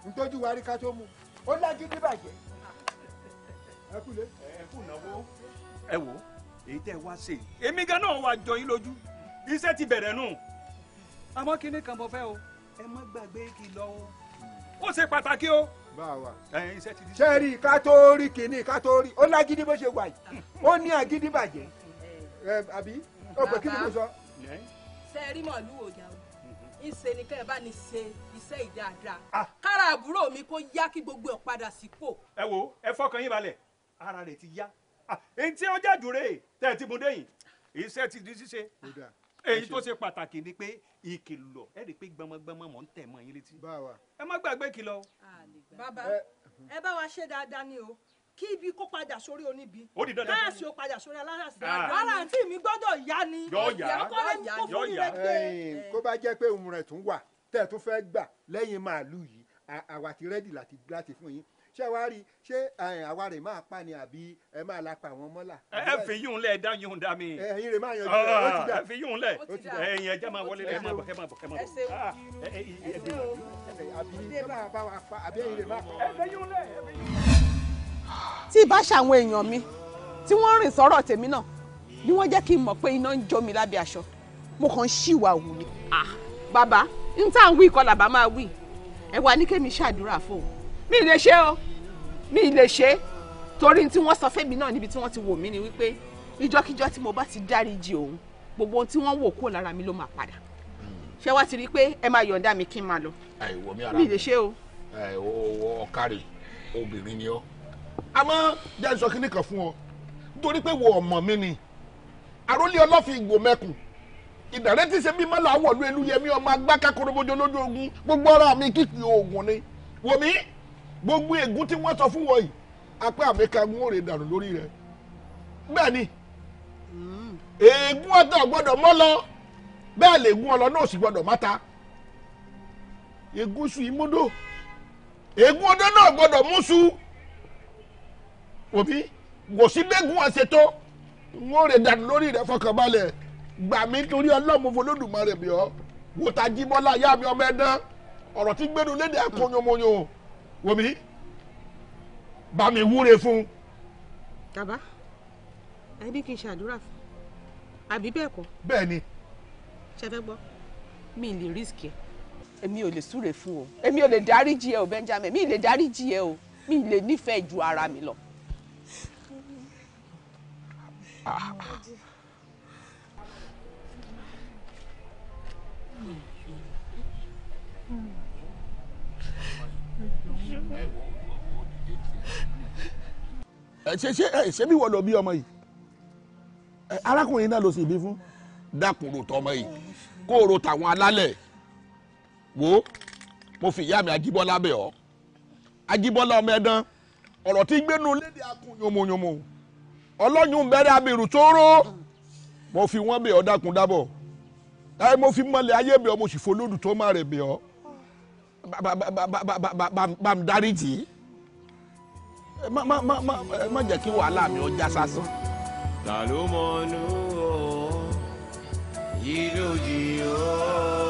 B: ntọ́jú wa rí ká tó mú ó lájú ní bàjẹ́ ẹ kú lé ẹ kú náwó ẹ wò èyí tẹ́ wá ṣe èmi gan náà wàá jọ yín lójú iṣẹ́ ti bẹ̀rẹ̀ nù àmọ́ kinní kan mo fẹ́ o ẹ má gbàgbé kìlọ̀ o ó ṣe pàtàkì o. ṣe rí ká tó rí kìíní ká tó rí ó lágídí bó ṣe wà yìí ó ní àgídí bàjẹ́ àbí ó pè kí ni mo sọ. ṣe rí màálù òjà o ìṣe ni kẹ́ ẹ bá ní ṣe iṣẹ́ ìdáadáa ah. kára àbúrò mi kó yá kí gbogbo ẹ̀ padà sípò. ẹ wo ẹ fọkàn yín balẹ̀ ara rẹ̀ ti yá ẹ̀ ah, ń tí ó jáde tẹ̀ ti mú dẹ́yìn iṣẹ́ ti di ṣíṣe èyí tó ṣe pàtàkì ni pé ìkìlọ̀ ẹ rí i pé gbọmọgbọmọ mọ̀ ń tẹ̀ mọ́ yín létí. báwa ẹ má gbàgbé kìlọ̀. bàbá ẹ bá wa ṣe dáadáa ni o kí ibi kó padà sórí oníbi káyàsí ó padà sórí alárasí ara ah. àǹtí mi gbọ́dọ̀ yá ni ìyàkọ́ lẹ́yìn kó fún ilẹ̀ gbé. kó bá jẹ́ pé òun rẹ̀ tún wà tẹ̀ tún fẹ́ gbà lẹ́yìn màálù yìí àwa ti rẹ́dì láti fún yín ṣé wàá rí ṣé eh, àwa rè máa pa ni àbí ẹ máa la pa àwọn mọ́là. ẹ fi yún lẹ dá yún dá mi. Eh, ẹyin rè máa yanjú ah, ẹ ti dà ẹ fi yún lẹ ẹyin ẹjẹ máa wọlé ẹ máa bọ ẹ máa bọ ẹ máa bọ. Ah, àbí ẹ bá wa fa àbí ẹyin rè máa pa. ẹ fi yún lẹ. tí ìbá ṣàwọn èèyàn mi tí wọ́n rìn sọ́rọ̀ tèmi náà ni wọ́n jẹ́ kí n mọ̀ pé iná ń jó mi lábẹ́ aṣọ mo kàn ń ṣìwà wù ni. Ah. bàbá n tá à wí kọ́ làbá máa wí ẹ wà ní kémi ṣàdúrà fóun mi ì lè ṣe o mi lè ṣe torí tí wọ́n sọ fẹ́mi náà níbi tí wọ́n ti wò mí ni wípé ìjọ́kíjọ́ tí mo bá ti dáríjì òun gbogbo ohun tí wọ́n wò kúrò lára mi ló máa padà ṣé wá ti rí i pé ẹ máa yọ̀ǹda mi kí n máa lọ mi lè ṣe o. ọ̀kàrẹ̀ obìnrin ni ọ́ àmọ́ jẹ́ ìsọ kínní kan fún ọ nítorí pé wo ọmọ mi ni àròlé ọlọ́fin ìgbò mẹ́kùn ìdàrẹ́ ti ṣe bí mọ́lá wọ̀lú elúyẹmí ọmọ agbáka korobójó lójú ogun gbogbo ọ̀rọ̀ mi kìkì oògùn ni wòmí gbogbo ègún tí wọ́n sọ fún wọ̀nyí apá àmẹ́kagun ó rè dànù lórí rẹ̀ bẹ́ẹ̀ ni ègún ọ̀tá gbọ́dọ̀ mọ́ lọ bẹ́ẹ̀ lè gún ọlọ náà sì gbọ́dọ̀ má ta ègún su ìmúdò ègún ọdọ náà gbọ́dọ̀ mú su òbí wò sí gbẹ́gun àṣetó wọ́n rè dànù lórí rẹ̀ fọkànbalẹ̀ gbà mí torí ọlọ́mọfọ lódùmarè bí ọ wò tá jíbọ́lá yá mi ọmọ ẹ̀dán ọ̀rọ̀ tí gbẹ́nu léde àkóyọmọyọ. Mm wòmí bá mi wúre fún. bàbá ẹ ní kí n ṣàdúrà fún àbí bẹ́ẹ̀ kọ́. bẹ́ẹ̀ ni. ṣe fẹ́ gbọ́ mi lè risk ẹ. èmi ò lè súre fún o èmi ò lè dáríjì ẹ o Benjamin mi lè dáríjì ẹ o mi lè nífẹ̀ẹ́ ju ara mi lọ. ṣe ṣe ṣe bí wọ́n lọ bí ọmọ yìí arákùnrin náà ló sì bí fún dákùnrò tọmọ yìí kó o ro tàwọn alálẹ̀ wo mo fi ìyá mi Ajíbọ́lá bẹ̀ ọ́ Ajíbọ́lá ọmọ ẹ̀dán ọ̀rọ̀ tí gbénu léde akun yomoyomo ọlọ́yún bẹ̀rẹ̀ abirù tóóró mo fi wọ́n bẹ̀ ọ́ dákun dábọ̀ ẹ mo fi mọ́lẹ̀ ayé bẹ̀ ọ́ mo sì folódù tó má rẹ̀ bẹ̀ ọ́ Bam, mi dárí tì í
I: má má má má jẹ́ kí
B: wàhálà mi ó já sásán.
I: ta ló mọ̀ nù ọ́ yìí ló jì ọ́.